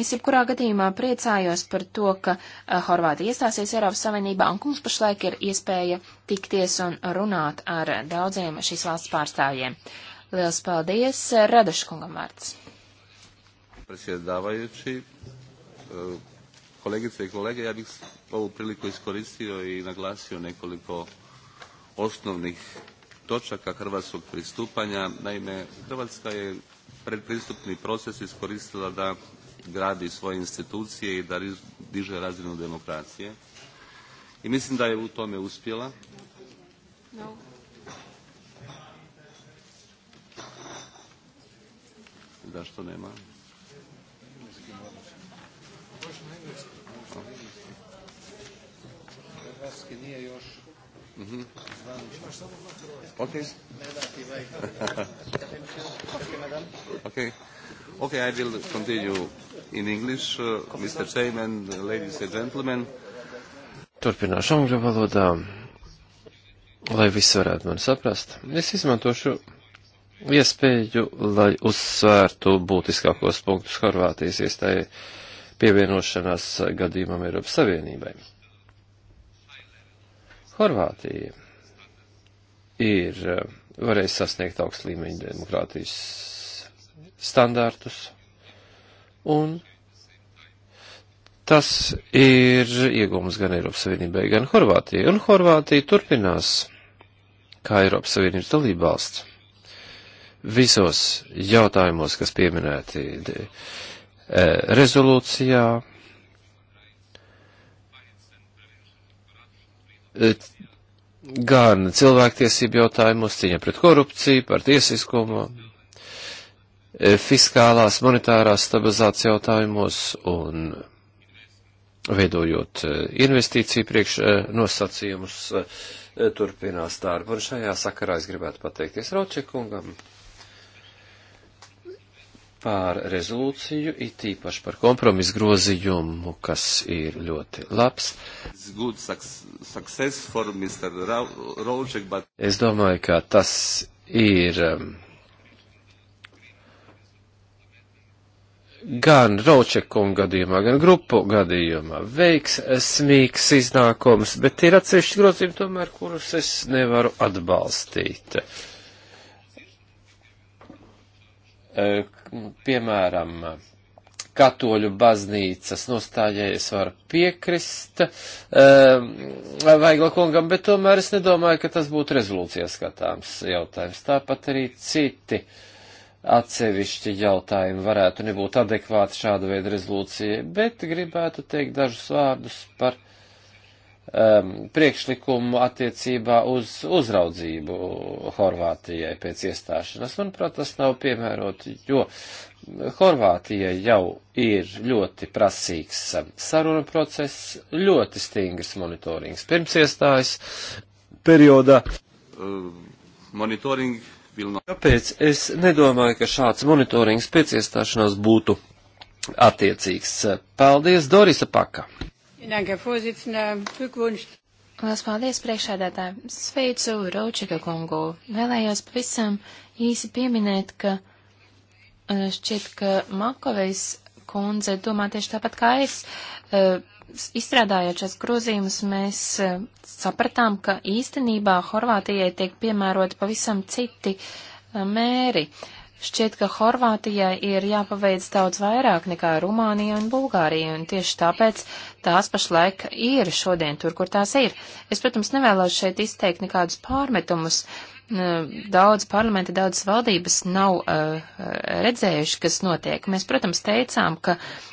Es jebkurā gadījumā priecājos par to, ka eh, Horvātija iestāsies Eiropas Savienībā, un mums pašlaik ir iespēja tikties un runāt ar daudziem šīs valsts pārstāvjiem. Liels paldies, eh, Radoškungam vārds. Predsjedavajući, eh, kolegice i kolege, ja bih ovu priliku iskoristio i naglasio nekoliko osnovnih točaka hrvatskog pristupanja. Naime, Hrvatska je predpristupni proces iskoristila da gradi svoje institucije i da diže razinu demokracije. I mislim da je u tome uspjela. No. Zašto nema? Hrvatski nije još Mhm. Mm okay. [laughs] okay. Okay, I will continue in English, uh, Mr. Chairman, ladies and gentlemen. Turpināšu angļu valodā, lai visi varētu mani saprast. Es izmantošu iespēju, lai uzsvērtu būtiskākos punktus Horvātijas iestājai pievienošanās gadījumam Eiropas Savienībai. Horvātija ir uh, varējusi sasniegt augstu līmeņu demokrātijas standārtus. Un tas ir iegūms gan Eiropas Savienībai, gan Horvātijai. Un Horvātija turpinās kā Eiropas Savienības dalībvalsts visos jautājumos, kas pieminēti e, rezolūcijā. E, gan cilvēktiesību jautājumos, cīņa pret korupciju, par tiesiskumu, E, fiskālās monetārās stabilizācijas jautājumos un veidojot e, investīciju priekšnosacījumus, e, turpinās darbu. Un šajā sakarā es gribētu pateikties Ročekungam par rezolūciju, it īpaši par kompromisu grozījumu, kas ir ļoti labs. But... Es domāju, ka tas ir um, gan Raučekunga gadījumā, gan grupu gadījumā veiksmīgs iznākums, bet ir atsevišķi grozījumi tomēr, kurus es nevaru atbalstīt. E, piemēram, katoļu baznīcas nostājai es varu piekrist e, Vaigla kungam, bet tomēr es nedomāju, ka tas būtu rezolūcijā skatāms jautājums. Tāpat arī citi. Uh, atsevišķi jautājumi varētu nebūt adekvāti šāda veida rezolūcijai, bet gribētu teikt dažus vārdus par um, priekšlikumu attiecībā uz uzraudzību Horvātijai pēc iestāšanās. Manuprāt, tas nav piemēroti, jo Horvātijai jau ir ļoti prasīgs um, saruna process, ļoti stingrs monitorings pirms iestājas periodā. Uh, monitoring will not. Kāpēc es nedomāju, ka šāds monitorings pēc iestāšanās būtu attiecīgs? Paldies, Dorisa Paka. Lielas paldies, priekšādātāji. Sveicu Raučika kungu. Vēlējos pavisam īsi pieminēt, ka eh, šķiet, ka Makovejs kundze domā tieši tāpat kā es. Eh, Izstrādājot šos grozījumus, mēs e, sapratām, ka īstenībā Horvātijai tiek piemēroti pavisam citi e, mēri. Šķiet, ka Horvātijai ir jāpaveic daudz vairāk nekā Rumānija un Bulgārija, un tieši tāpēc tās pašlaik ir šodien tur, kur tās ir. Es, protams, nevēlos šeit izteikt nekādus pārmetumus. E, daudz parlamenta, daudz valdības nav uh, redzējuši, kas notiek. Mēs, protams, teicām, ka uh,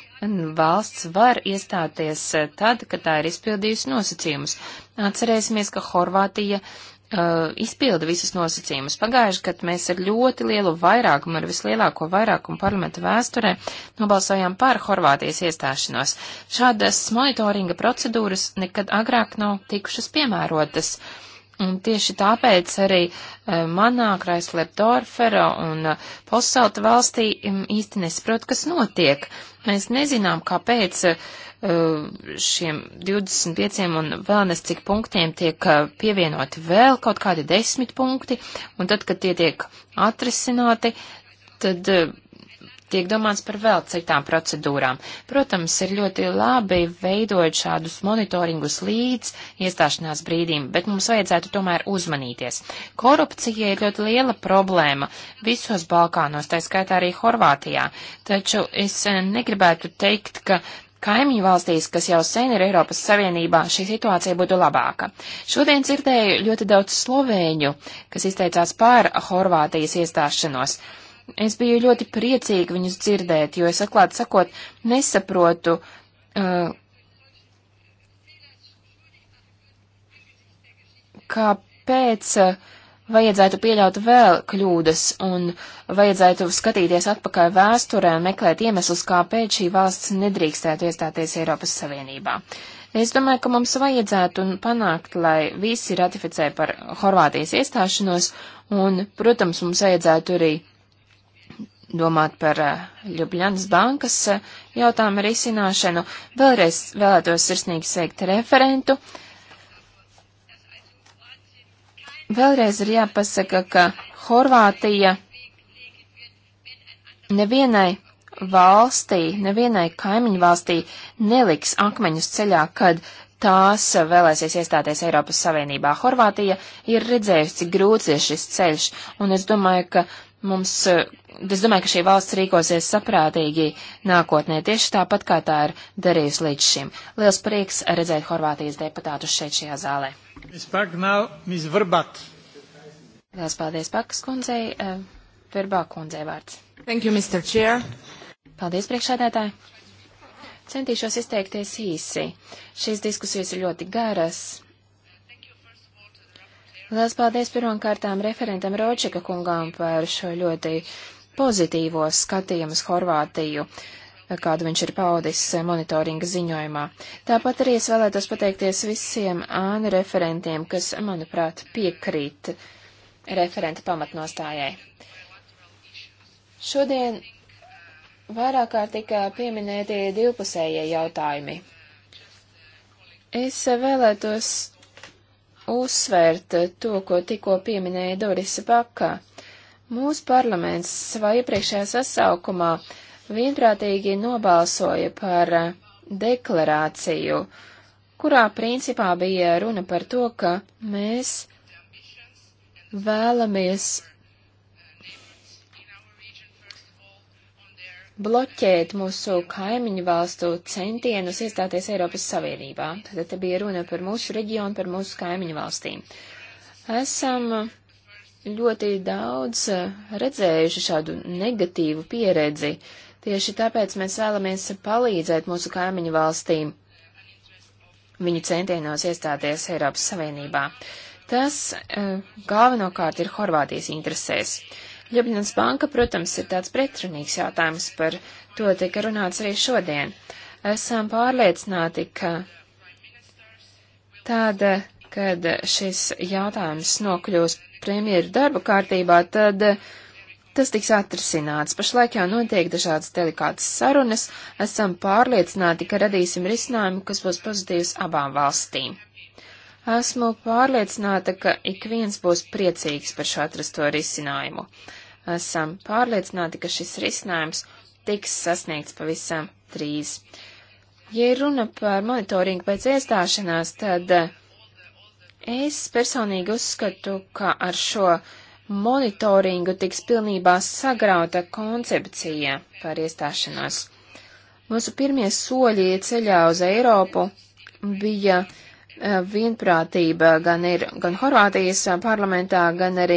valsts var iestāties eh, tad, kad tā ir izpildījusi nosacījumus. Atcerēsimies, ka Horvātija Uh, izpilda visus nosacījumus. Pagājuši, kad mēs ar ļoti lielu vairākumu, ar vislielāko vairākumu parlamenta vēsturē nobalsojām par Horvātijas iestāšanos. Šādas monitoringa procedūras nekad agrāk nav tikušas piemērotas. Un tieši tāpēc arī uh, manā Kraisler Dorfera un uh, Posalta valstī um, īsti nesaprot, kas notiek. Uh, Mēs nezinām, kāpēc eh, šiem 25 un vēl nes cik punktiem tiek eh, pievienoti vēl kaut kādi desmit punkti, un tad, kad tie tiek atrisināti, tad eh, tiek domāts par vēl citām procedūrām. Protams, ir ļoti labi veidot šādus monitoringus līdz iestāšanās brīdim, bet mums vajadzētu tomēr uzmanīties. Korupcija ir ļoti liela problēma visos Balkānos, tā skaitā arī Horvātijā, taču es eh, negribētu teikt, ka Kaimiņu valstīs, kas jau sen ir Eiropas Savienībā, šī situācija būtu labāka. Šodien dzirdēju ļoti daudz slovēņu, kas izteicās pār Horvātijas iestāšanos. Uh, Es biju ļoti priecīga viņus dzirdēt, jo es atklāti sakot, nesaprotu, uh, kāpēc uh, vajadzētu pieļaut vēl kļūdas un vajadzētu skatīties atpakaļ vēsturē un meklēt iemeslus, kāpēc šī valsts nedrīkstētu iestāties Eiropas Savienībā. Es domāju, ka mums vajadzētu panākt, lai visi ratificē par Horvātijas iestāšanos, un, protams, mums vajadzētu arī domāt par eh, Ljubljanas bankas eh, jautājumu risināšanu. Vēlreiz vēlētos sirsnīgi sveikt referentu. Vēlreiz ir jāpasaka, ka Horvātija nevienai valstī, nevienai kaimiņu valstī neliks akmeņus ceļā, kad tās vēlēsies iestāties Eiropas Savienībā. Horvātija ir redzējusi, cik grūts ir šis ceļš, un es domāju, ka Mums, e, es domāju, ka šī valsts rīkosies saprātīgi nākotnē, tieši tāpat kā tā ir darījusi līdz šim. Liels prieks redzēt Horvātijas deputātus šeit šajā zālē. Liels paldies Pakas kundzei, e, Verbā kundzei vārds. Thank you, Mr. Chair. Paldies, priekšādētāji. Centīšos izteikties īsi. Šīs diskusijas ir ļoti garas Lielas paldies pirmām kārtām referentam Ročika kungām par šo ļoti pozitīvo skatījumu uz Horvātiju kādu viņš ir paudis monitoringa ziņojumā. Tāpat arī es vēlētos pateikties visiem ānu referentiem, kas, manuprāt, piekrīt referenta pamatnostājai. Šodien vairāk kārt tika pieminēti divpusējie jautājumi. Es vēlētos uzsvērt to, ko tikko pieminēja Dorisa Bakā. Mūsu parlaments savā iepriekšējā sasaukumā vienprātīgi nobalsoja par deklarāciju, kurā principā bija runa par to, ka mēs vēlamies bloķēt mūsu kaimiņu valstu centienus iestāties Eiropas Savienībā. Tad te bija runa par mūsu reģionu, par mūsu kaimiņu valstīm. Esam ļoti daudz redzējuši šādu negatīvu pieredzi. Tieši tāpēc mēs vēlamies palīdzēt mūsu kaimiņu valstīm viņu centienos iestāties Eiropas Savienībā. Tas eh, galvenokārt ir Horvātijas interesēs. Ljubljans banka, protams, ir tāds pretrunīgs jautājums, par to tika runāts arī šodien. Esam pārliecināti, ka tāda, kad šis jautājums nokļūs premjeru darba kārtībā, tad tas tiks atrisināts. Pašlaik jau notiek dažādas delikātas sarunas. Esam pārliecināti, ka radīsim risinājumu, kas būs pozitīvs abām valstīm. Esmu pārliecināta, ka ik viens būs priecīgs par šo atrasto risinājumu. Esam pārliecināti, ka šis risinājums tiks sasniegts pavisam drīz. Ja runa par monitoringu pēc iestāšanās, tad eh, es personīgi uzskatu, ka ar šo monitoringu tiks pilnībā sagrauta koncepcija par iestāšanos. Mūsu pirmie soļi ceļā uz Eiropu bija uh, Eh, vienprātība gan ir gan Horvātijas eh, parlamentā, gan arī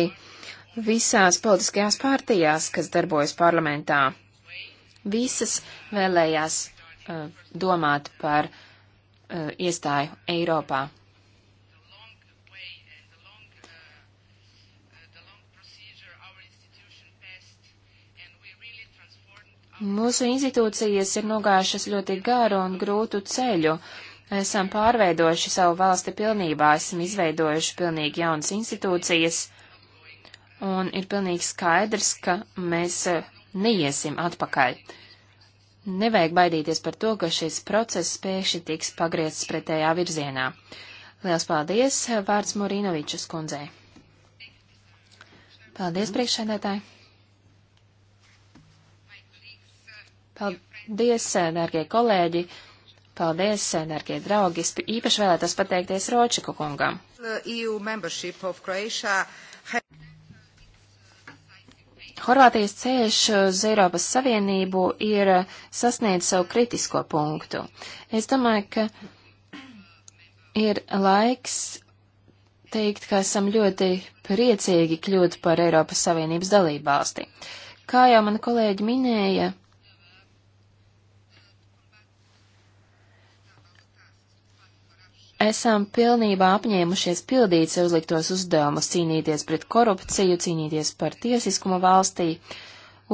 visās politiskajās partijās, kas darbojas parlamentā. Visas vēlējās uh, domāt par uh, iestāju Eiropā. Mūsu institūcijas ir nogājušas ļoti garu un grūtu ceļu, uh, esam pārveidojuši savu valsti pilnībā, esam izveidojuši pilnīgi jaunas institūcijas, un ir pilnīgi skaidrs, ka mēs eh, neiesim atpakaļ. Nevajag baidīties par to, ka šis process pēkšņi tiks pagriezts pretējā virzienā. Liels paldies, vārds Morinovičas kundzei. Paldies, mhm. priekšsēdētāji. Paldies, dārgie kolēģi. Paldies, darbie draugi! Es īpaši vēlētos pateikties Ročiku kungam. E Horvātijas ceļš uz Eiropas Savienību ir sasniedzis savu kritisko punktu. Es domāju, ka ir laiks teikt, ka esam ļoti priecīgi kļūt par Eiropas Savienības dalībvalsti. Kā jau mani kolēģi minēja, esam pilnībā apņēmušies pildīt sev uzliktos uzdevumus, cīnīties pret korupciju, cīnīties par tiesiskumu valstī.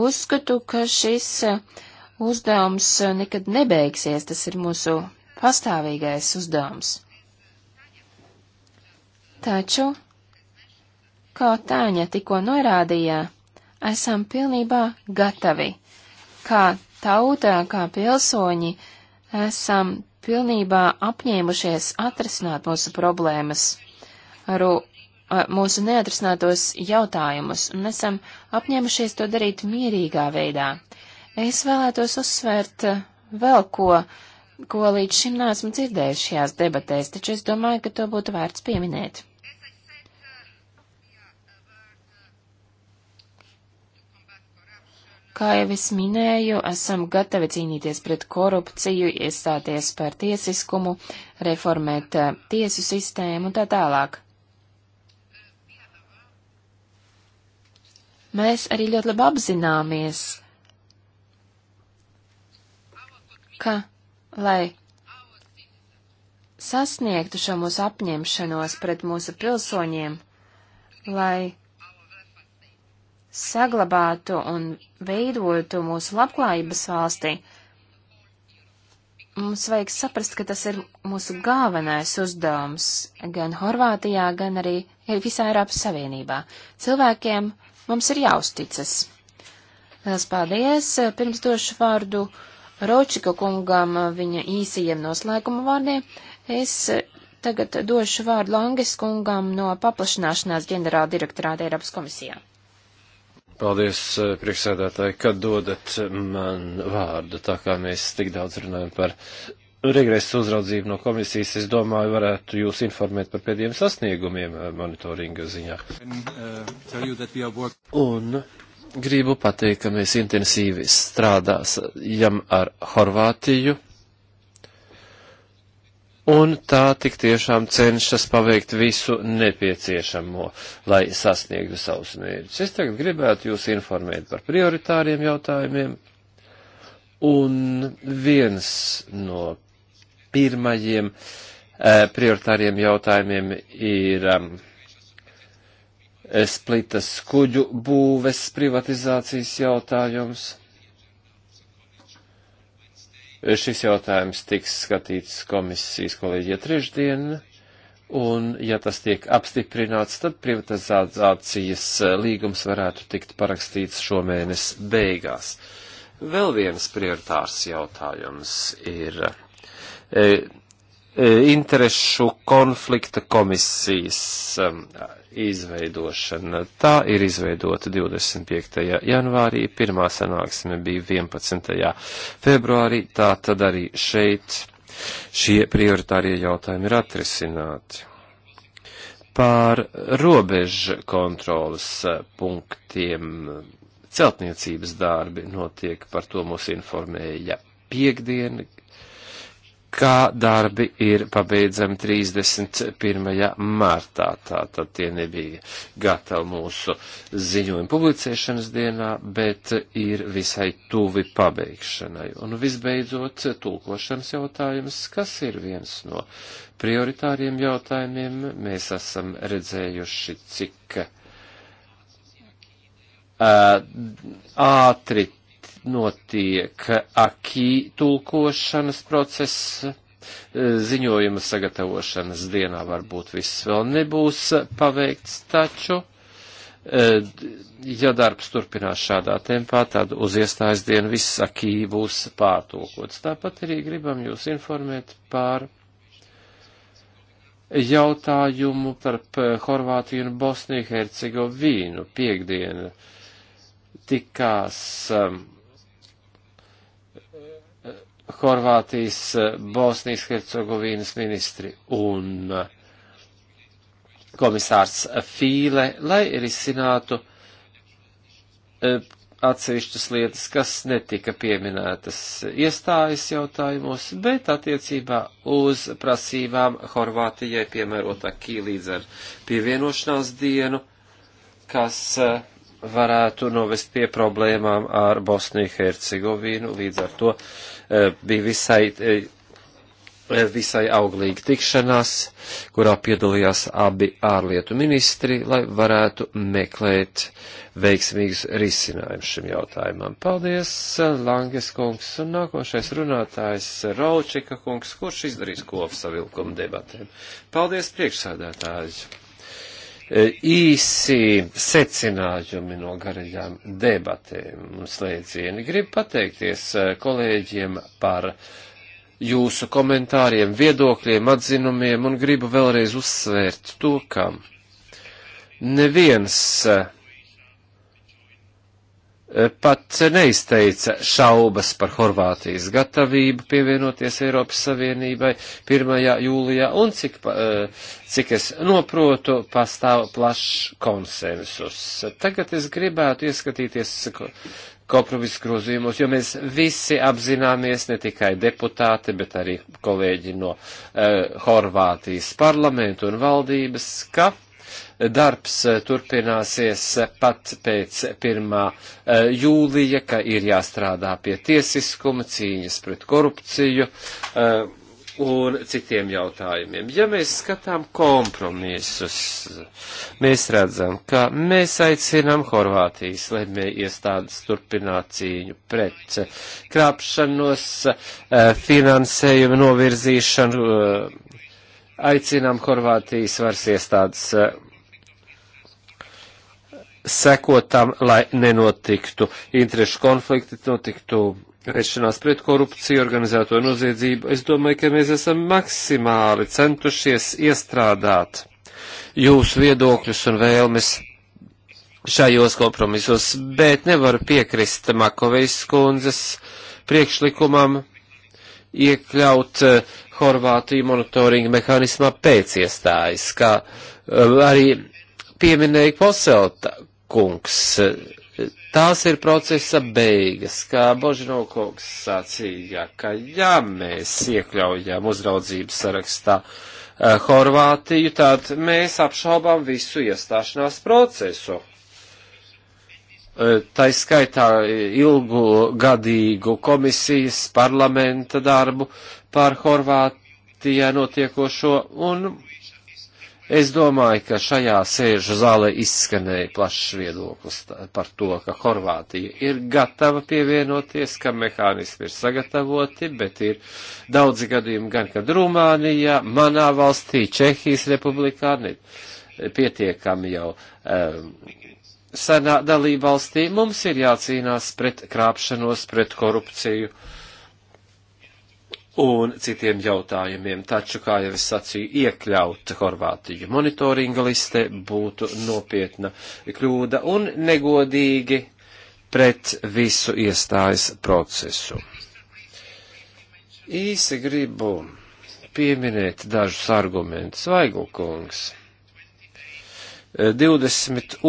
Uzskatu, ka šis eh, uzdevums eh, nekad nebeigsies, tas ir mūsu pastāvīgais uzdevums. Taču, kā Tāņa tikko norādīja, esam pilnībā gatavi, kā tauta, kā pilsoņi, esam pilnībā apņēmušies atrisināt mūsu problēmas, aru, mūsu neatrisinātos jautājumus, un esam apņēmušies to darīt mierīgā veidā. Es vēlētos uzsvērt vēl ko, ko līdz šim neesmu dzirdējuši šajās debatēs, taču es domāju, ka to būtu vērts pieminēt. Kā jau es minēju, esam gatavi cīnīties pret korupciju, iestāties par tiesiskumu, reformēt eh, tiesu sistēmu un tā tālāk. Mēs arī ļoti labi apzināmies, ka, lai sasniegtu šo mūsu apņemšanos pret mūsu pilsoņiem, lai saglabātu un veidotu mūsu labklājības valstī, mums vajag saprast, ka tas ir mūsu galvenais uzdevums gan Horvātijā, gan arī visā Eiropas Savienībā. Cilvēkiem mums ir jāuzticas. Lielas paldies! Pirms došu vārdu Ročika kungam viņa īsajiem noslēguma vārdiem. Es tagad došu vārdu Langes kungam no paplašināšanās ģenerāla direktorāta Eiropas komisijā. Paldies, eh, priekšsēdētāji, kad dodat man vārdu, tā kā mēs tik daudz runājam par regresu uzraudzību no komisijas, es domāju, varētu jūs informēt par pēdējiem sasniegumiem eh, monitoringa ziņā. Uh, Un gribu pateikt, ka mēs intensīvi strādājam ar Horvātiju un tā tik tiešām cenšas paveikt visu nepieciešamo, lai sasniegtu savus mērķus. Es tagad gribētu jūs informēt par prioritāriem jautājumiem, un viens no pirmajiem eh, prioritāriem jautājumiem ir um, splitas kuģu būves privatizācijas jautājums. Šis jautājums tiks skatīts komisijas kolēģija trešdien, un ja tas tiek apstiprināts, tad privatizācijas līgums varētu tikt parakstīts šomēnes beigās. Vēl viens prioritārs jautājums ir e, E, interešu konflikta komisijas um, izveidošana. Tā ir izveidota 25. janvārī, pirmā sanāksme bija 11. februārī, tā tad arī šeit šie prioritārie jautājumi ir atrisināti. Pār robežu kontrolas e, punktiem celtniecības darbi notiek, par to mūs informēja piekdiena, kā darbi ir pabeidzami 31. martā. Tātad tie nebija gatavi mūsu ziņojuma publicēšanas dienā, bet ir visai tuvi pabeigšanai. Un visbeidzot, tulkošanas jautājums, kas ir viens no prioritāriem jautājumiem, mēs esam redzējuši, cik ātri notiek akī tulkošanas process, eh, ziņojuma sagatavošanas dienā varbūt viss vēl nebūs paveikts, taču, eh, ja darbs turpinās šādā tempā, tad uz iestājas dienu viss akī būs pārtulkots. Tāpat arī gribam jūs informēt par jautājumu starp Horvātiju un Bosniju Hercegovīnu piekdienu tikās um, Horvātijas, eh, Bosnijas, Hercegovīnas ministri un eh, komisārs Fīle, lai risinātu eh, atsevišķas lietas, kas netika pieminētas iestājas jautājumos, bet attiecībā uz prasībām Horvātijai piemērotā kī līdz ar pievienošanās dienu, kas uh, varētu novest pie problēmām ar Bosniju Hercegovinu. Līdz ar to eh, bija visai, eh, eh, visai auglīga tikšanās, kurā piedalījās abi ārlietu ministri, lai varētu meklēt veiksmīgus risinājumus šim jautājumam. Paldies, Langes kungs, un nākošais runātājs Raučika kungs, kurš izdarīs kopsavilkumu debatēm. Paldies, priekšsādātājs! E, īsi secinājumi no garajām debatēm un slēdzieni. Gribu pateikties e, kolēģiem par jūsu komentāriem, viedokļiem, atzinumiem un gribu vēlreiz uzsvērt to, ka neviens e, Eh, pat neizteica šaubas par Horvātijas gatavību pievienoties Eiropas Savienībai 1. jūlijā, un cik, eh, cik es noprotu, pastāv plašs konsensus. Tagad es gribētu ieskatīties kompromisu grozījumos, jo mēs visi apzināmies, ne tikai deputāti, bet arī kolēģi no uh, Horvātijas parlamentu un valdības, ka uh, darbs eh, turpināsies eh, pat pēc 1. Eh, jūlija, ka ir jāstrādā pie tiesiskuma, cīņas pret korupciju un citiem jautājumiem. Ja mēs skatām kompromisus, mēs redzam, ka mēs aicinām Horvātijas lemēju iestādes turpināt cīņu pret krāpšanos, finansējumu novirzīšanu, aicinām Horvātijas varas iestādes sekotam, lai nenotiktu interešu konflikti, notiktu vēršanās pret korupciju, organizēto noziedzību. Es domāju, ka mēs esam maksimāli centušies iestrādāt jūsu viedokļus un vēlmes šajos kompromisos, bet nevaru piekrist Makovejas kundzes priekšlikumam iekļaut eh, Horvātiju monitoringa mehānismā pēc iestājas, kā eh, arī pieminēja Poselta kungs, tās ir procesa beigas, kā Božino kungs sacīja, ka ja mēs iekļaujam uzraudzības sarakstā eh, Horvātiju, tad mēs apšaubām visu iestāšanās procesu eh, tā skaitā ilgu gadīgu komisijas parlamenta darbu pār Horvātijā notiekošo, un Es domāju, ka šajā sēžu zālē izskanēja plašs viedoklis par to, ka Horvātija ir gatava pievienoties, ka mehānismi ir sagatavoti, bet ir daudzi gadījumi gan, kad Rumānijā, manā valstī, Čehijas republikā, ne, pietiekami jau um, senā dalībvalstī, mums ir jācīnās pret krāpšanos, pret korupciju. Uh, un citiem jautājumiem, taču, kā jau es sacīju, iekļaut Horvātiju monitoringa listē būtu nopietna kļūda un negodīgi pret visu iestājas procesu. Īsi gribu pieminēt dažus argumentus. Vaigulkungs. 22.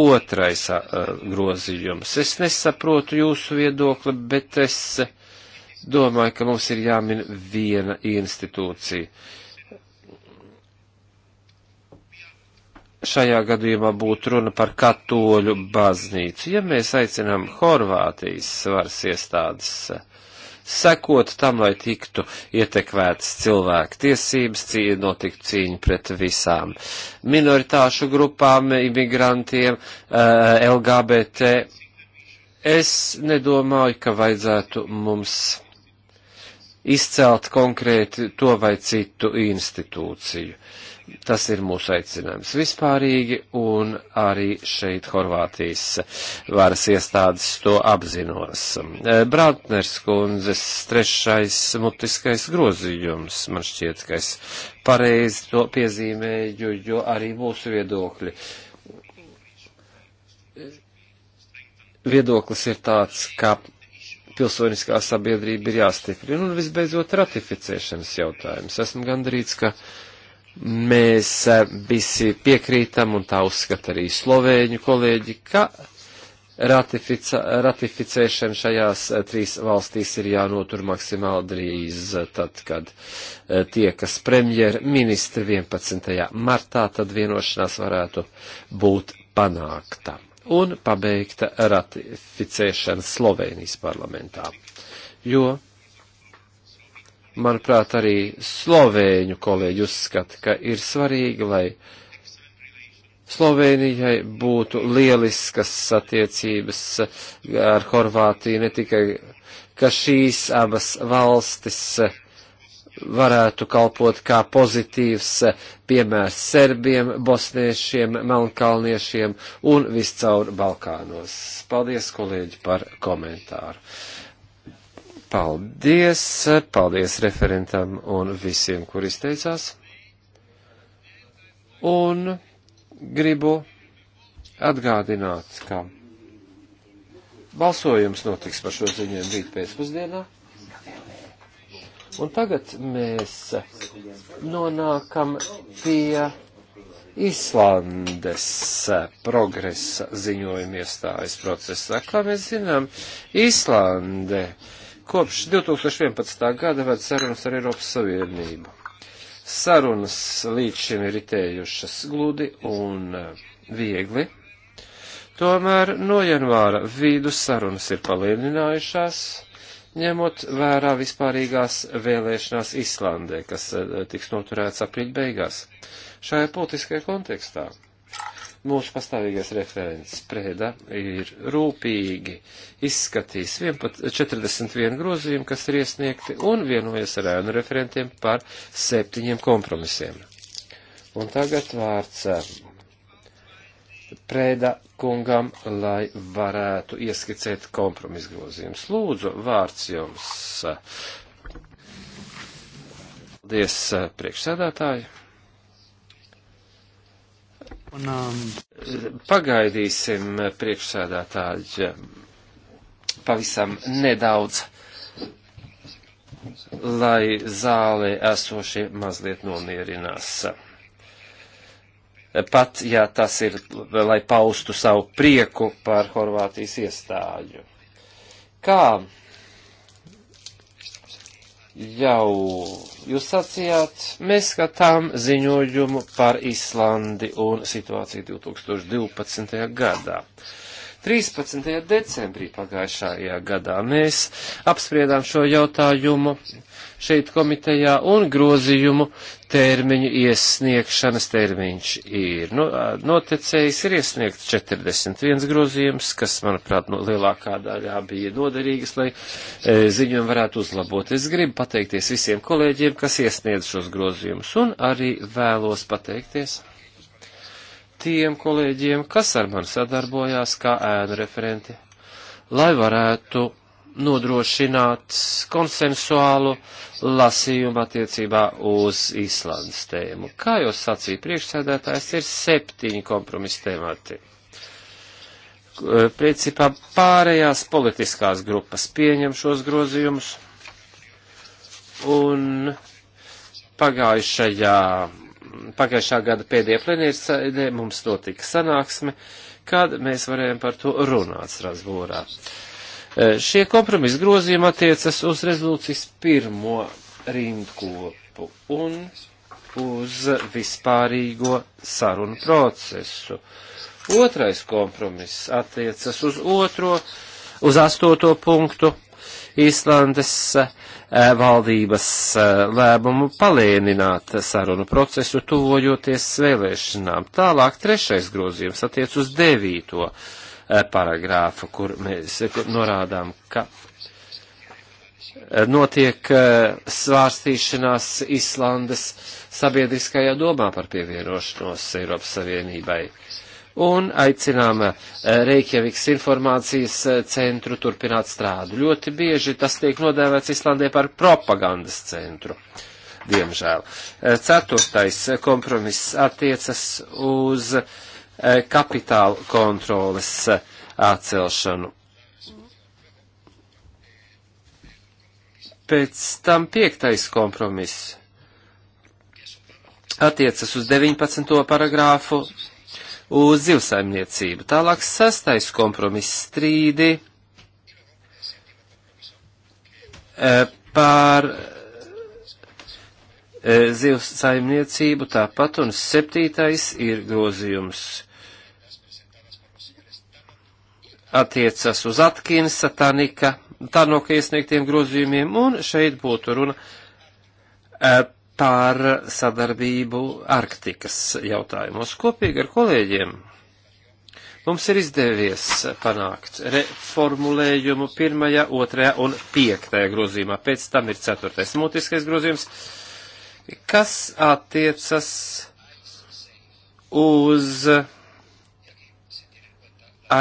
grozījums. Es nesaprotu jūsu viedokli, bet es domāju, ka mums ir jāmin viena institūcija. Šajā gadījumā būtu runa par katoļu baznīcu. Ja mēs aicinām Horvātijas varas iestādes sekot tam, lai tiktu ietekvētas cilvēku tiesības, cīņa notiktu cīņa pret visām minoritāšu grupām, imigrantiem, eh, LGBT. Es nedomāju, ka vajadzētu mums izcelt konkrēti to vai citu institūciju. Tas ir mūsu aicinājums vispārīgi, un arī šeit Horvātijas varas iestādes to apzinos. E, Brautners kundzes trešais mutiskais grozījums, man šķiet, ka es pareizi to piezīmēju, jo arī mūsu viedokļi. E, Viedoklis ir tāds, ka pilsoniskā sabiedrība ir jāstiprina. Un visbeidzot, ratificēšanas jautājums. Esmu gandrīz, ka mēs eh, visi piekrītam, un tā uzskata arī slovēņu kolēģi, ka ratifica, ratificēšana šajās eh, trīs valstīs ir jānotur maksimāli drīz, eh, tad, kad tiekas premjerministri 11. martā, tad vienošanās varētu būt panākta un pabeigta ratificēšana Slovenijas parlamentā. Jo, manuprāt, arī Slovēņu kolēģi uzskata, ka ir svarīgi, lai Slovenijai būtu lieliskas attiecības ar Horvātiju, ne tikai, ka šīs abas valstis uh, varētu kalpot kā pozitīvs eh, piemērs serbiem, bosniešiem, melnkalniešiem un viscaur Balkānos. Paldies, kolēģi, par komentāru. Paldies, paldies referentam un visiem, kur izteicās. Un gribu atgādināt, ka balsojums notiks par šo ziņojumu rīt pēcpusdienā. Un tagad mēs nonākam pie Īslandes progresa ziņojuma iestājas procesā. Kā mēs zinām, Īslande kopš 2011. gada vēd sarunas ar Eiropas Savienību. Sarunas līdz šim ir ritējušas gludi un viegli. Tomēr no janvāra vidus sarunas ir palielinājušās ņemot vērā vispārīgās vēlēšanās Islandē, kas eh, tiks noturēts aprīļa beigās. Šajā politiskajā kontekstā mūsu pastāvīgais referents Prēda ir rūpīgi izskatījis 41 grozījumu, kas ir iesniegti, un vienojas ar ēnu referentiem par septiņiem kompromisiem. Un tagad vārds eh, Prēda kungam, lai varētu ieskicēt kompromisu grozījumus. Lūdzu, vārds jums. Paldies, priekšsēdētāji. Un, um... Pagaidīsim priekšsēdētāji pavisam nedaudz lai zālē esošie mazliet nomierinās pat ja tas ir, lai paustu savu prieku par Horvātijas iestāju. Kā jau jūs sacījāt, mēs skatām ziņojumu par Islandi un situāciju 2012. gadā. 13. decembrī pagājušajā gadā mēs apspriedām šo jautājumu šeit komitejā, un grozījumu termiņu iesniegšanas termiņš ir nu, notecējis, ir iesniegts 41 grozījums, kas, manuprāt, no nu, lielākā daļā bija noderīgas, lai e, ziņojumu varētu uzlabot. Es gribu pateikties visiem kolēģiem, kas iesniedz šos grozījumus, un arī vēlos pateikties tiem kolēģiem, kas ar mani sadarbojās kā ēnu referenti, lai varētu nodrošināt konsensuālu lasījumu attiecībā uz Īslandes tēmu. Kā jau sacīja priekšsēdētājs, ir septiņi kompromisa temati. Principā pārējās politiskās grupas pieņem šos grozījumus, un pagājušajā, pagājušā gada pēdējā plenīrsēdē mums notika sanāksme, kad mēs varējām par to runāt Strasbūrā. Uh, E, šie kompromisa grozījumi attiecas uz rezolūcijas pirmo rindkopu un uz vispārīgo sarunu procesu. Otrais kompromiss attiecas uz otro, uz astoto punktu Īslandes e, valdības e, lēmumu palēnināt sarunu procesu, tuvojoties vēlēšanām. Tālāk trešais grozījums attiec uz devīto punktu paragrāfu, kur mēs norādām, ka eh, notiek eh, svārstīšanās Islandes sabiedriskajā domā par pievienošanos Eiropas Savienībai. Un aicinām eh, Reikjaviks informācijas centru turpināt strādu. Ļoti bieži tas tiek nodēvēts Islandē par propagandas centru. Diemžēl. Ceturtais kompromiss attiecas uz uh, Eh, kapitāla kontroles eh, atcelšanu. Pēc tam piektais kompromiss attiecas uz 19. paragrāfu uz zivsaimniecību. Tālāk sastais kompromiss strīdi eh, par zivsaimniecību tāpat, un septītais ir grozījums attiecas uz Atkinsa, Tanika, Tanoka iesniegtiem grozījumiem, un šeit būtu runa eh, par sadarbību Arktikas jautājumos. Kopīgi ar kolēģiem mums ir izdevies panākt reformulējumu pirmajā, otrajā un piektajā grozījumā. Pēc tam ir ceturtais mutiskais grozījums, kas attiecas uz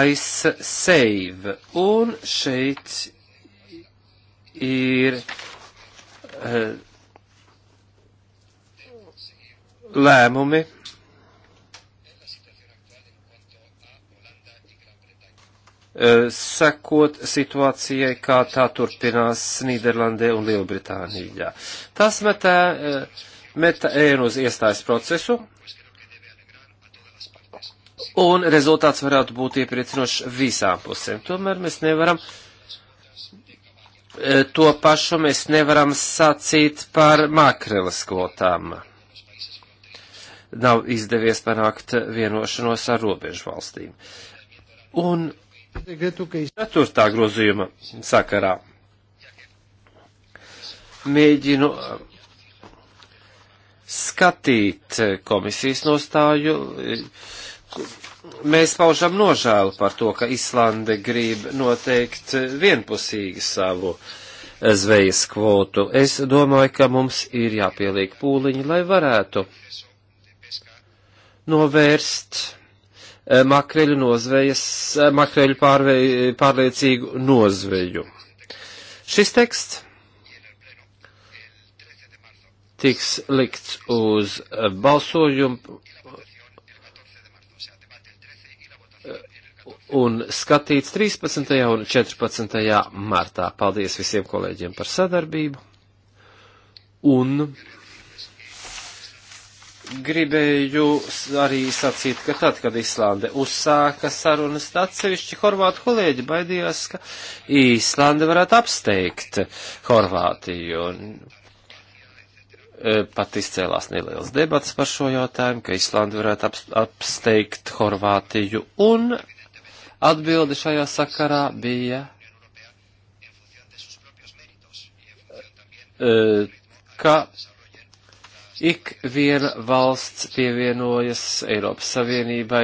Ice Save. Un šeit ir uh, lēmumi. Uh, sekot situācijai, kā tā turpinās Nīderlandē un Lielbritānijā. Tas metā, uh, eh, metā ēnu uz iestājas procesu, un rezultāts varētu būt iepriecinošs visām pusēm. Tomēr mēs nevaram e, to pašu mēs nevaram sacīt par makreles kvotām. Nav izdevies panākt vienošanos ar robežu valstīm. Un ceturtā grozījuma sakarā mēģinu skatīt komisijas nostāju, mēs paužam nožēlu par to, ka Islande grib noteikt vienpusīgi savu zvejas kvotu. Es domāju, ka mums ir jāpieliek pūliņi, lai varētu novērst eh, makreļu nozvejas, eh, makreļu pārvei, pārliecīgu nozveju. Šis teksts tiks likts uz balsojumu un skatīts 13. un 14. martā. Paldies visiem kolēģiem par sadarbību. Un gribēju arī sacīt, ka tad, kad Islande uzsāka sarunas, atsevišķi horvātu kolēģi baidījās, ka Īslande varētu apsteigt Horvātiju. Un e, pat izcēlās neliels debats par šo jautājumu, ka Īslande varētu apsteigt Horvātiju. Un Atbilde šajā sakarā bija e, ka ik viena valsts pievienojas Eiropas Savienībai,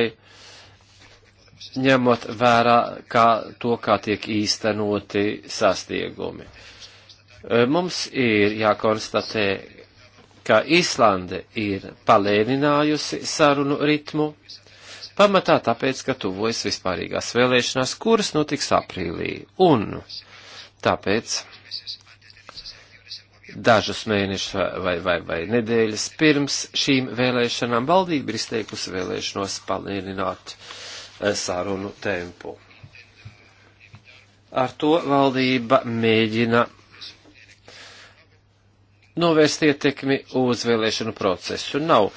ņemot vērā kā to, kā tiek īstenoti sastiegumi. E, mums ir jākonstatē, ka Īslande ir palēninājusi sarunu ritmu, Pamatā tāpēc, ka tuvojas vispārīgās vēlēšanās, kuras notiks aprīlī. Un tāpēc dažus mēnešus vai, vai, vai nedēļas pirms šīm vēlēšanām valdība ir izteikusi vēlēšanos palielināt eh, sarunu tempu. Ar to valdība mēģina novērst ietekmi uz vēlēšanu procesu. Nav e,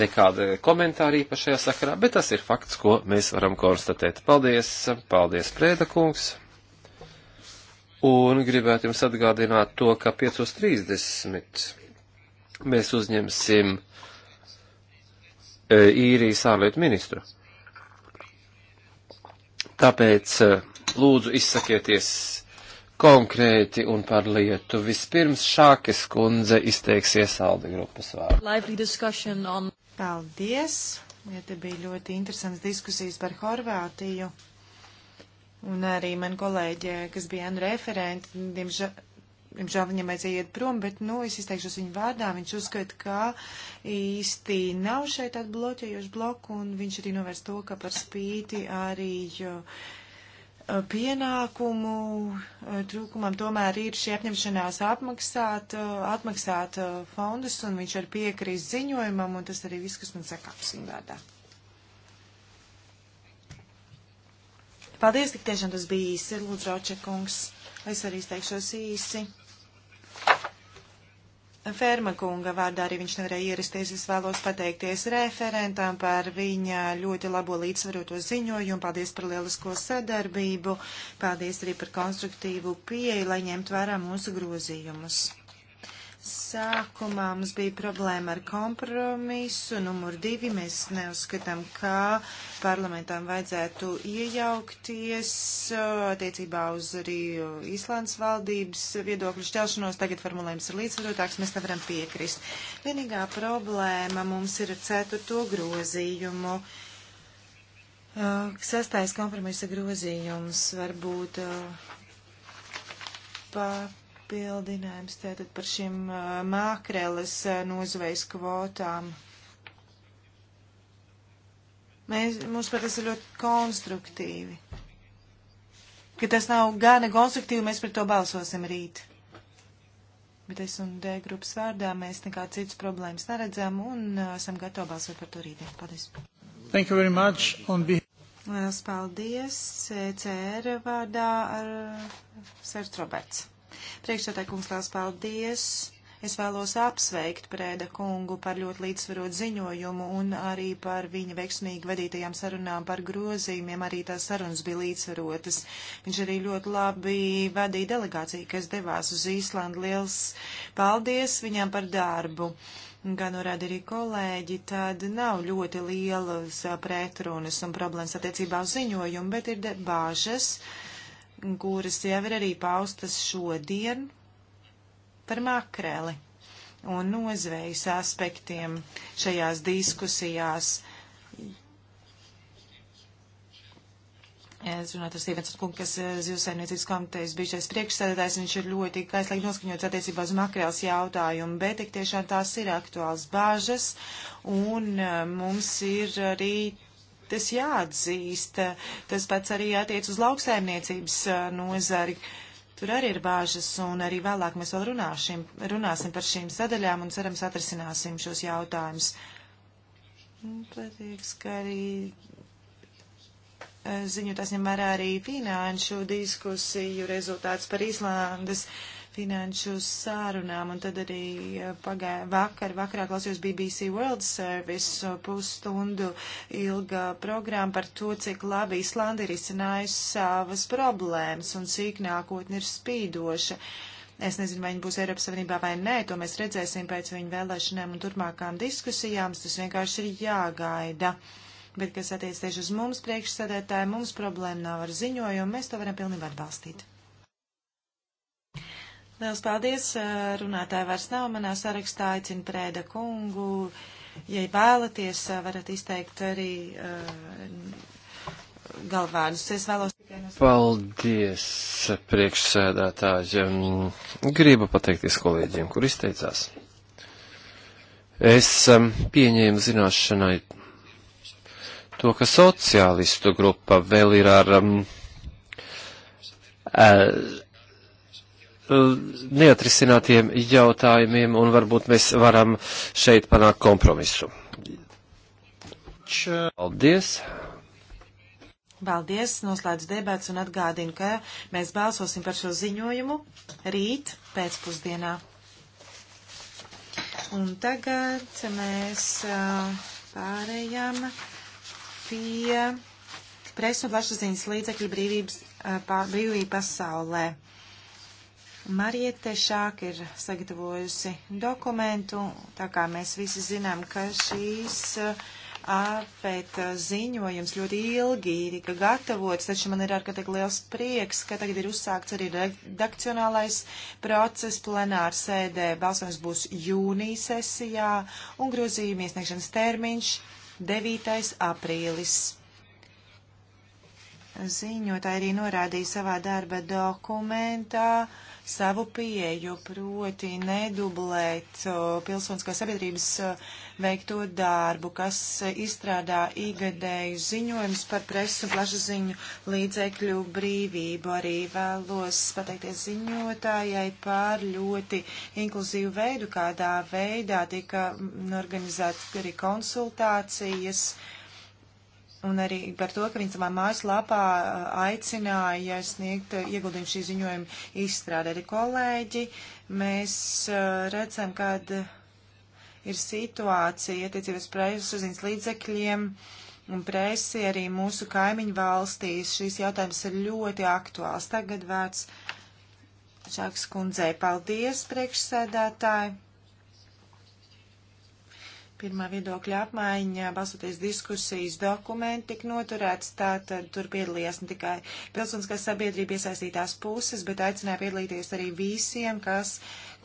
nekāda komentāra īpašajā sakarā, bet tas ir fakts, ko mēs varam konstatēt. Paldies, paldies, Prēda kungs. Un gribētu jums atgādināt to, ka 5.30 mēs uzņemsim e, īrijas ārlietu ministru. Tāpēc e, lūdzu izsakieties konkrēti un par lietu. Vispirms Šākes kundze izteiksies Alde grupas vārdu. On... Paldies! Ja te bija ļoti interesants diskusijas par Horvātiju. Un arī man kolēģi, kas bija Anu referenti, diemžēl, diemžēl viņam vajadzēja iet prom, bet, nu, es izteikšos viņu vārdā. Viņš uzskata, ka īsti nav šeit tādu bloķējošu bloku, un viņš arī novērst to, ka par spīti arī. Jo, uh, pienākumu eh, trūkumam tomēr ir šī apņemšanās apmaksāt, eh, atmaksāt eh, fondus, un viņš ir piekrīst ziņojumam, un tas arī viss, kas man sakāps viņa vārdā. Paldies, tik tiešām tas bija īsi, Lūdzu, Ročekungs. Es arī izteikšos īsi. Ferma kunga vārdā arī viņš nevarēja ierasties. Es vēlos pateikties referentam par viņa ļoti labo līdzsvaroto ziņojumu. Paldies par lielisko sadarbību. Paldies arī par konstruktīvu pieeju, lai ņemt vērā mūsu grozījumus. Sākumā mums bija problēma ar kompromisu. Numur divi mēs neuzskatām, kā parlamentām vajadzētu iejaukties uh, attiecībā uz arī Īslandes valdības viedokļu šķelšanos. Tagad formulējums ir līdzsvarotāks, mēs nevaram piekrist. Vienīgā problēma mums ir ar ceturto grozījumu. Uh, sastais kompromisa grozījums varbūt uh, pa papildinājums tātad par šiem mākreles nozvejas kvotām. Mēs, mums pat tas ir ļoti konstruktīvi. Ka tas nav gana konstruktīvi, mēs par to balsosim rīt. Bet es un D grupas vārdā mēs nekāds cits problēmas neredzam un esam gatavi balsot par to rītdien. Paldies. Thank you very much. On Lielas paldies. E CR vārdā ar Sērts Roberts. Priekšsētāji kungs, liels paldies! Es vēlos apsveikt Prēda kungu par ļoti līdzsvarot ziņojumu un arī par viņa veiksmīgi vadītajām sarunām par grozījumiem. Arī tās sarunas bija līdzsvarotas. Viņš arī ļoti labi vadīja delegāciju, kas devās uz Īslandu. Liels paldies viņam par darbu! Kā norāda arī kolēģi, tad nav ļoti lielas pretrunas un problēmas attiecībā uz ziņojumu, bet ir bāžas. Uh, kuras jau ir arī paustas šodien par makreli un nozvejas aspektiem šajās diskusijās. Es runāju ar Stīvens Kungu, kas eh, zivsainiecības komitejas bijušais priekšsēdētājs, viņš ir ļoti kaislīgi noskaņots attiecībā uz makrēls jautājumu, bet tik tiešām tās ir aktuāls bāžas, un eh, mums ir arī tas jāatzīst. Tas pats arī attiec uz lauksaimniecības uh, nozari. Tur arī ir bāžas, un arī vēlāk mēs vēl runāšim, runāsim par šīm sadaļām un cerams atrisināsim šos jautājumus. Patīks, ka arī uh, ziņu tas ņem vērā arī finanšu diskusiju rezultāts par Īslandes. Uh, finanšu sārunām, un tad arī eh, pagāja vakar, vakarā klausījos BBC World Service eh, pusstundu ilga programma par to, cik labi Islanda ir izcinājusi savas problēmas un cik nākotni ir spīdoša. Es nezinu, vai viņi būs Eiropas Savienībā vai nē, to mēs redzēsim pēc viņu vēlēšanām un turpmākām diskusijām, tas vienkārši ir jāgaida. Bet, kas attiec tieši uz mums priekšsēdētāju, mums problēma nav ar ziņojumu, mēs to varam pilnībā atbalstīt. Liels paldies! Eh, runātāji vairs nav manā sarakstā. Aicinu Prēda kungu. Ja vēlaties, eh, varat izteikt arī uh, eh, galvānus. Es vēlos tikai. Paldies, priekšsēdētāji. Gribu pateikties kolēģiem, kur izteicās. Es um, pieņēmu zināšanai to, ka sociālistu grupa vēl ir ar. Um, uh, Eh, neatrisinātiem jautājumiem, un varbūt mēs varam šeit panākt kompromisu. Paldies! Paldies! Noslēdz debats un atgādinu, ka mēs balsosim par šo ziņojumu rīt pēcpusdienā. Un tagad mēs eh, pārējām pie presu un plašsaziņas līdzekļu brīvības, eh, brīvība pasaulē. Mariete Šāk ir sagatavojusi dokumentu, tā kā mēs visi zinām, ka šīs uh, apēt uh, ziņojums ļoti ilgi tika gatavots, taču man ir ārkārtīgi liels prieks, ka tagad ir uzsākts arī redakcionālais process plenāra sēdē. Balsojums būs jūnija sesijā un grozījuma iesniegšanas termiņš 9. aprīlis ziņotāji arī norādīja savā darba dokumentā savu pieeju, proti nedublēt pilsoniskā sabiedrības veikto darbu, kas izstrādā ikgadēju ziņojumus par presu un plašsaziņu līdzekļu brīvību. Arī vēlos pateikties ziņotājai par ļoti inkluzīvu veidu, kādā veidā tika organizētas arī konsultācijas. Uh, Un arī par to, ka viņi savā mājaslapā aicināja sniegt ieguldījumu šī ziņojuma izstrādē. Arī kolēģi, mēs redzam, kāda ir situācija attiecības preses uzziņas līdzekļiem un presi arī mūsu kaimiņu valstīs. Šīs jautājums ir ļoti aktuāls. Tagad vērts Čakas kundzei. Paldies, priekšsēdētāji! Pirmā viedokļa apmaiņa, balstoties diskusijas dokumenti, tika noturēts, tātad tur piedalījās ne tikai pilsoniskās sabiedrība iesaistītās puses, bet aicināja piedalīties arī visiem, kas,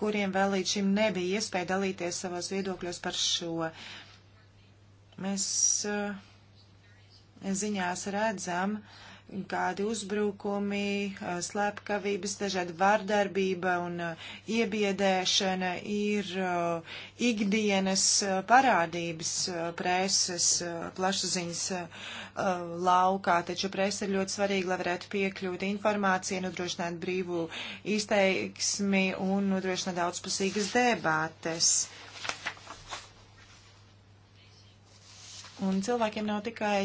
kuriem vēl līdz šim nebija iespēja dalīties savos viedokļos par šo. Mēs eh, ziņās redzam, uh, kādi uzbrukumi, slepkavības, dažāda vardarbība un iebiedēšana ir ikdienas parādības preses plašsaziņas laukā, taču presa ir ļoti svarīga, lai varētu piekļūt informācijai, nodrošināt brīvu izteiksmi un nodrošināt daudzpusīgas debātes. Uh, Un cilvēkiem nav tikai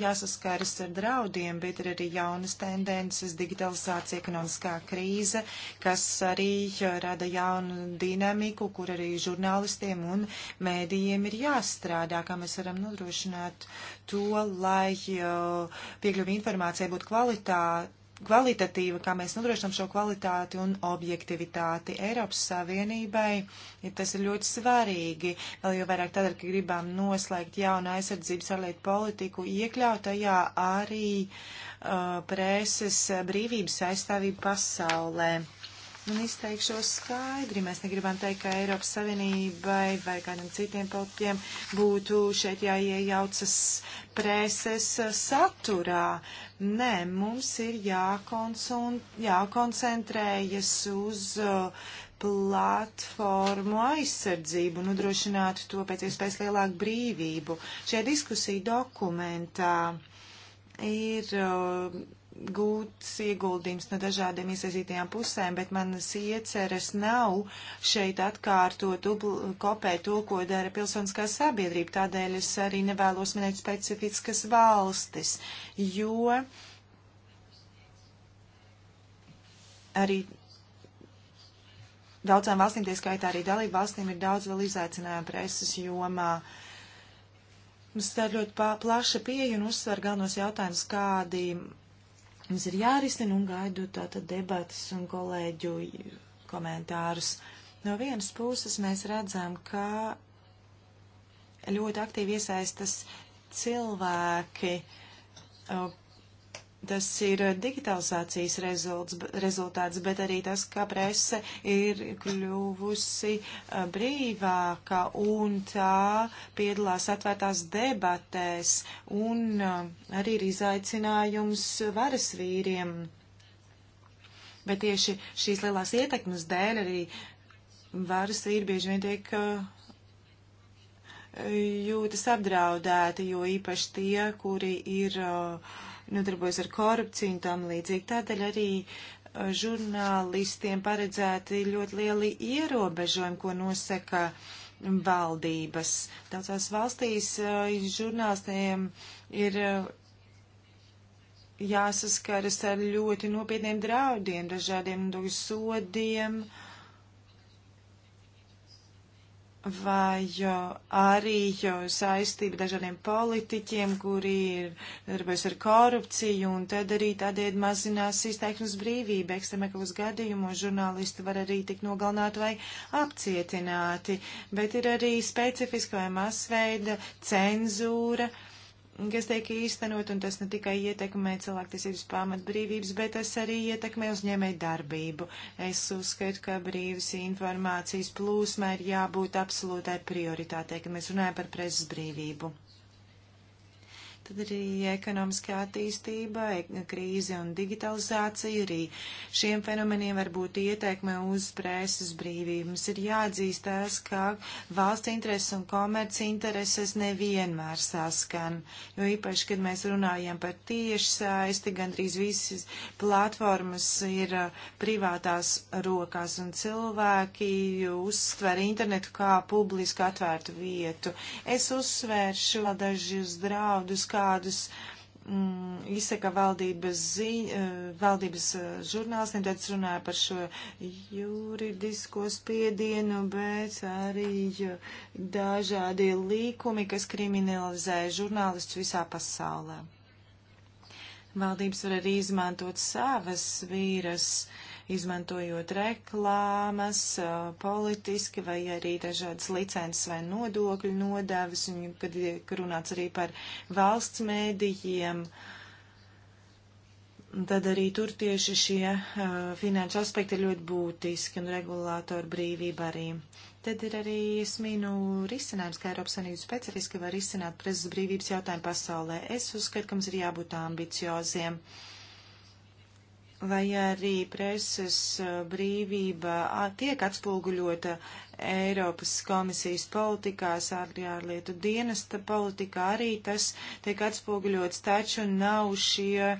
jāsaskaras ar draudiem, bet ir arī jaunas tendences, digitalizācija, ekonomiskā krīze, kas arī rada jaunu dinamiku, kur arī žurnālistiem un mēdījiem ir jāstrādā, kā mēs varam nodrošināt to, lai piekļuvi informācijai būtu kvalitā, kvalitatīva, kā mēs nodrošinām šo kvalitāti un objektivitāti Eiropas Savienībai, ja tas ir ļoti svarīgi, vēl jau vairāk tādēļ, ka gribam noslēgt jaunu aizsardzības ārlietu politiku, iekļaut tajā arī uh, preses brīvības aizstāvību pasaulē. Un izteikšos skaidri. Mēs negribam teikt, ka Eiropas Savienībai vai kādam citiem politiķiem būtu šeit jāiejaucas preses saturā. Nē, mums ir jākoncentrējas uz uh, platformu aizsardzību, nodrošināt to pēc iespējas lielāku brīvību. Šajā diskusija dokumentā ir uh, gūts ieguldījums no dažādiem iesaistītajām pusēm, bet manas ieceres nav šeit atkārtot, kopēt to, ko dara pilsoniskā sabiedrība. Tādēļ es arī nevēlos minēt specifiskas valstis, jo arī daudzām valstīm, tie skaitā arī dalību valstīm, ir daudz vēl izaicinājumu preses jomā. Mums tā ir ļoti plaša pieeja un uzsver galvenos jautājumus, kādi mums ir jārisina un gaidu tātad debatas un kolēģu komentārus. No vienas puses mēs redzam, ka ļoti aktīvi iesaistas cilvēki, tas ir digitalizācijas rezults, rezultāts, bet arī tas, ka prese ir kļuvusi brīvāka un tā piedalās atvērtās debatēs un arī ir izaicinājums varas vīriem. Bet tieši šīs lielās ietekmes dēļ arī varas vīri bieži vien tiek jūtas apdraudēti, jo īpaši tie, kuri ir uh, nodarbojas ar korupciju un tam līdzīgi. Tādēļ arī uh, žurnālistiem paredzēti ļoti lieli ierobežojumi, ko nosaka valdības. Daudzās valstīs uh, žurnālistiem ir uh, jāsaskaras ar ļoti nopietniem draudiem, dažādiem sodiem. Uh, vai arī saistība dažādiem politiķiem, kuri ir darbojas ar korupciju, un tad arī tādēļ mazinās izteiksmes brīvība. Ekstremekavas gadījumos žurnālisti var arī tik nogalnāti vai apcietināti, bet ir arī specifiska vai masveida cenzūra. Uh, kas tiek īstenot, un tas ne tikai ietekmē cilvēktiesības pamatbrīvības, bet tas arī ietekmē uzņēmēju darbību. Es uzskatu, ka brīvas informācijas plūsmai ir jābūt absolūtai prioritātei, kad mēs runājam par presas brīvību. Tad arī ekonomiskā attīstība, e, krīze un digitalizācija arī šiem fenomeniem var būt ieteikme uz preses brīvību. Mums ir jāatzīst tas, ka valsts intereses un komerci intereses nevienmēr saskan, jo īpaši, kad mēs runājam par tiešsaisti, gandrīz visas platformas ir privātās rokās un cilvēki uztver internetu kā publisku atvērtu vietu. Es uzsvēršu dažus draudus, kā kādus mm, izsaka valdības, zi, eh, valdības eh, žurnālistiem, tad es runāju par šo juridisko spiedienu, bet arī eh, dažādi līkumi, kas kriminalizē žurnālistus visā pasaulē. Valdības var arī izmantot savas vīras uh, izmantojot reklāmas, politiski vai arī dažādas licences vai nodokļu nodevas, un kad runāts arī par valsts mēdījiem. Tad arī tur tieši šie uh, finanšu aspekti ir ļoti būtiski un regulātoru brīvība arī. Tad ir arī, es mīnu, risinājums, kā Eiropas Savienības specifiski var risināt presas brīvības jautājumu pasaulē. Es uzskatu, ka mums ir jābūt ambicioziem. Uh, vai arī preses eh, brīvība tiek atspoguļota Eiropas komisijas politikās, ārlietu dienesta politikā arī tas tiek atspoguļots, taču nav šie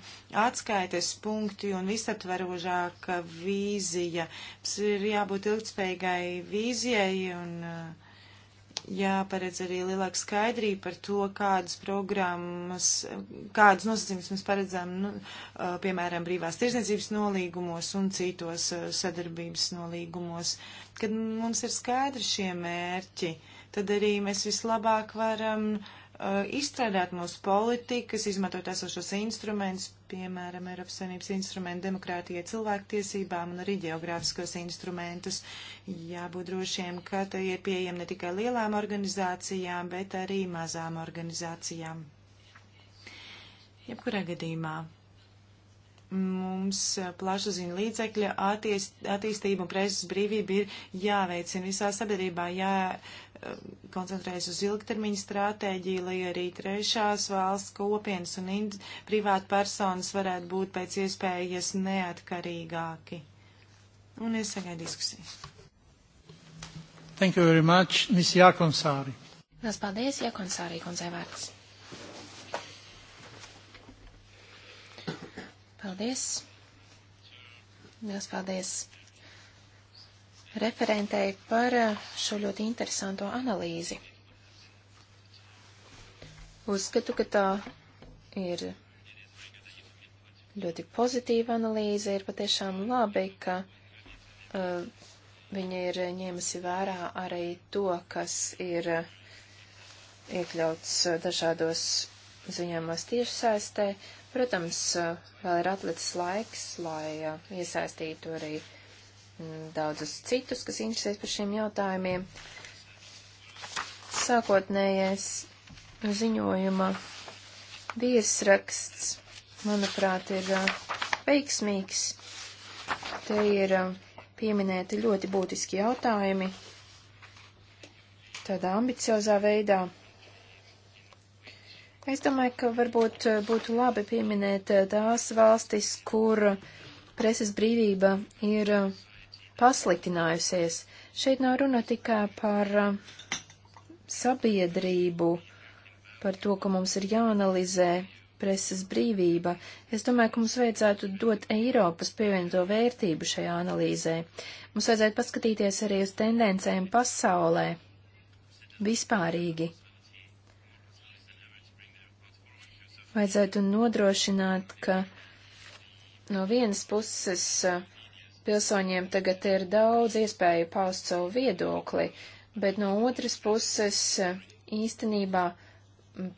atskaites punkti un visaptverožāka vīzija. Mums ir jābūt ilgspējīgai vīzijai un uh, jāparedz arī lielāka skaidrība par to, kādas programmas, kādas nosacījumus mēs paredzam, nu, piemēram, brīvās tirzniecības nolīgumos un citos sadarbības nolīgumos. Kad mums ir skaidri šie mērķi, tad arī mēs vislabāk varam uh, Uh, izstrādāt mūsu politikas, izmantot esošos instrumentus, piemēram, Eiropas Savienības instrumentu demokrātijai, cilvēktiesībām un arī geogrāfiskos instrumentus. Jābūt drošiem, ka tie ir pieejami ne tikai lielām organizācijām, bet arī mazām organizācijām. Jebkurā gadījumā mums plašsaziņa līdzekļa attīst, attīstība un preses brīvība ir jāveicina visā sabiedrībā, jā, koncentrējas uz ilgtermiņa stratēģiju, lai arī trešās valsts kopienas un privāta personas varētu būt pēc iespējas neatkarīgāki. Un es sagaidu diskusiju. Thank you very much, Ms. Jākonsāri. Mēs paldies, Jākonsāri, kundze vārds. Paldies. Mēs paldies referentei par eh, šo ļoti interesanto analīzi. Uzskatu, ka tā ir ļoti pozitīva analīze, ir patiešām labi, ka uh, viņa ir ņēmusi vērā arī to, kas ir uh, iekļauts uh, dažādos ziņojumos tiešsaistē. Protams, uh, vēl ir atlicis laiks, lai uh, iesaistītu arī uh, Mm, daudzus citus, kas interesēs par šiem jautājumiem. Sākotnējais ziņojuma virsraksts, manuprāt, ir uh, veiksmīgs. Te ir uh, pieminēti ļoti būtiski jautājumi tādā ambiciozā veidā. Es domāju, ka varbūt uh, būtu labi pieminēt tās valstis, kur preses brīvība ir pasliktinājusies. Šeit nav runa tikai par uh, sabiedrību, par to, ka mums ir jāanalizē preses brīvība. Es domāju, ka mums vajadzētu dot Eiropas pievienoto vērtību šajā analīzē. Mums vajadzētu paskatīties arī uz tendencēm pasaulē vispārīgi. Vajadzētu nodrošināt, ka no vienas puses uh, Pilsoņiem tagad ir daudz iespēju paust savu viedokli, bet no otras puses īstenībā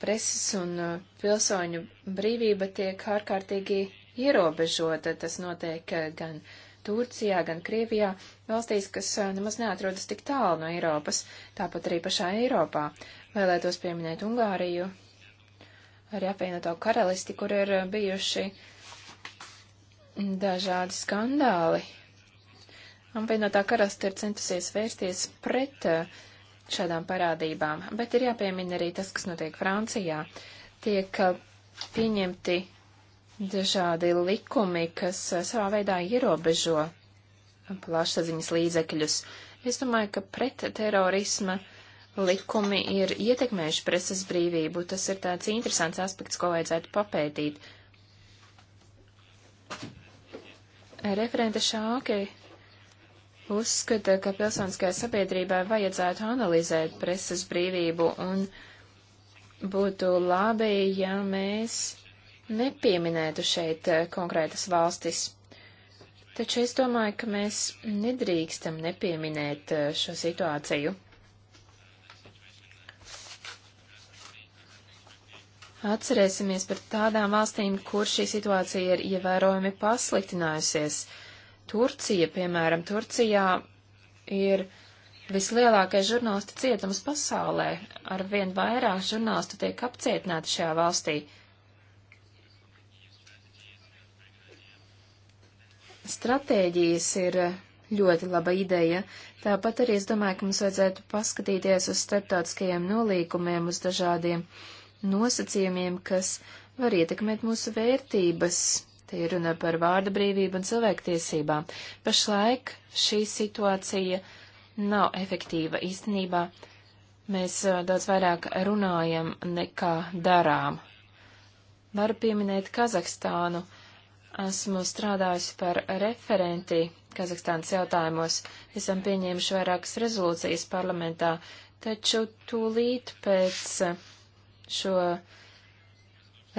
preses un uh, pilsoņu brīvība tiek ārkārtīgi ierobežota. Tas notiek uh, gan Turcijā, gan Krievijā, valstīs, kas uh, nemaz neatrodas tik tālu no Eiropas, tāpat arī pašā Eiropā. Vēlētos pieminēt Ungāriju, arī apvienoto karalisti, kur ir bijuši dažādi skandāli Apvienotā karasta ir centusies vērsties pret eh, šādām parādībām, bet ir jāpiemina arī tas, kas notiek Francijā. Tiek eh, pieņemti dažādi likumi, kas eh, savā veidā ierobežo plašsaziņas līdzekļus. Es domāju, ka pret terorisma likumi ir ietekmējuši preses brīvību. Tas ir tāds interesants aspekts, ko vajadzētu papētīt. Referente Šāke uzskata, ka pilsoniskajai sabiedrībai vajadzētu analizēt preses brīvību un būtu labi, ja mēs nepieminētu šeit eh, konkrētas valstis. Taču es domāju, ka mēs nedrīkstam nepieminēt eh, šo situāciju. Atcerēsimies par tādām valstīm, kur šī situācija ir ievērojami pasliktinājusies. Ja Turcija, piemēram, Turcijā ir vislielākais žurnālisti cietums pasaulē. Arvien vairāk žurnālistu tiek apcietināti šajā valstī. Stratēģijas ir ļoti laba ideja. Tāpat arī es domāju, ka mums vajadzētu paskatīties uz starptautiskajiem nolīkumiem, uz dažādiem nosacījumiem, kas var ietekmēt mūsu vērtības, Te ir runa par vārda brīvību un cilvēktiesībām. Pašlaik šī situācija nav efektīva īstenībā. Mēs daudz vairāk runājam nekā darām. Varu pieminēt Kazahstānu. Esmu strādājusi par referenti Kazahstānas jautājumos. Esam pieņēmuši vairākas rezolūcijas parlamentā, taču tūlīt pēc šo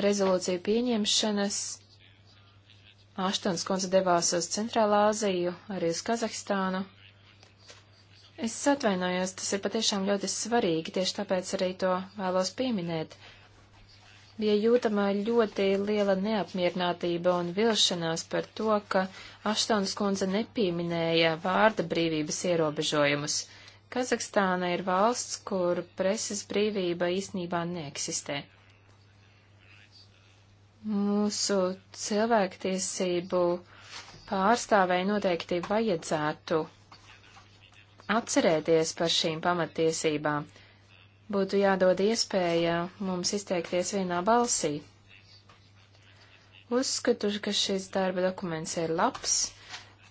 rezolūciju pieņemšanas Aštons kundze devās uz Centrālā Aziju, arī uz Kazahstānu. Es atvainojos, tas ir patiešām ļoti svarīgi, tieši tāpēc arī to vēlos pieminēt. Bija jūtama ļoti liela neapmierinātība un vilšanās par to, ka Aštons kundze nepieminēja vārda brīvības ierobežojumus. Kazahstāna ir valsts, kur preses brīvība īsnībā neeksistē. Mūsu cilvēktiesību pārstāvēji noteikti vajadzētu atcerēties par šīm pamatiesībām. Būtu jādod iespēja mums izteikties vienā balsī. Uzskatu, ka šis darba dokuments ir labs.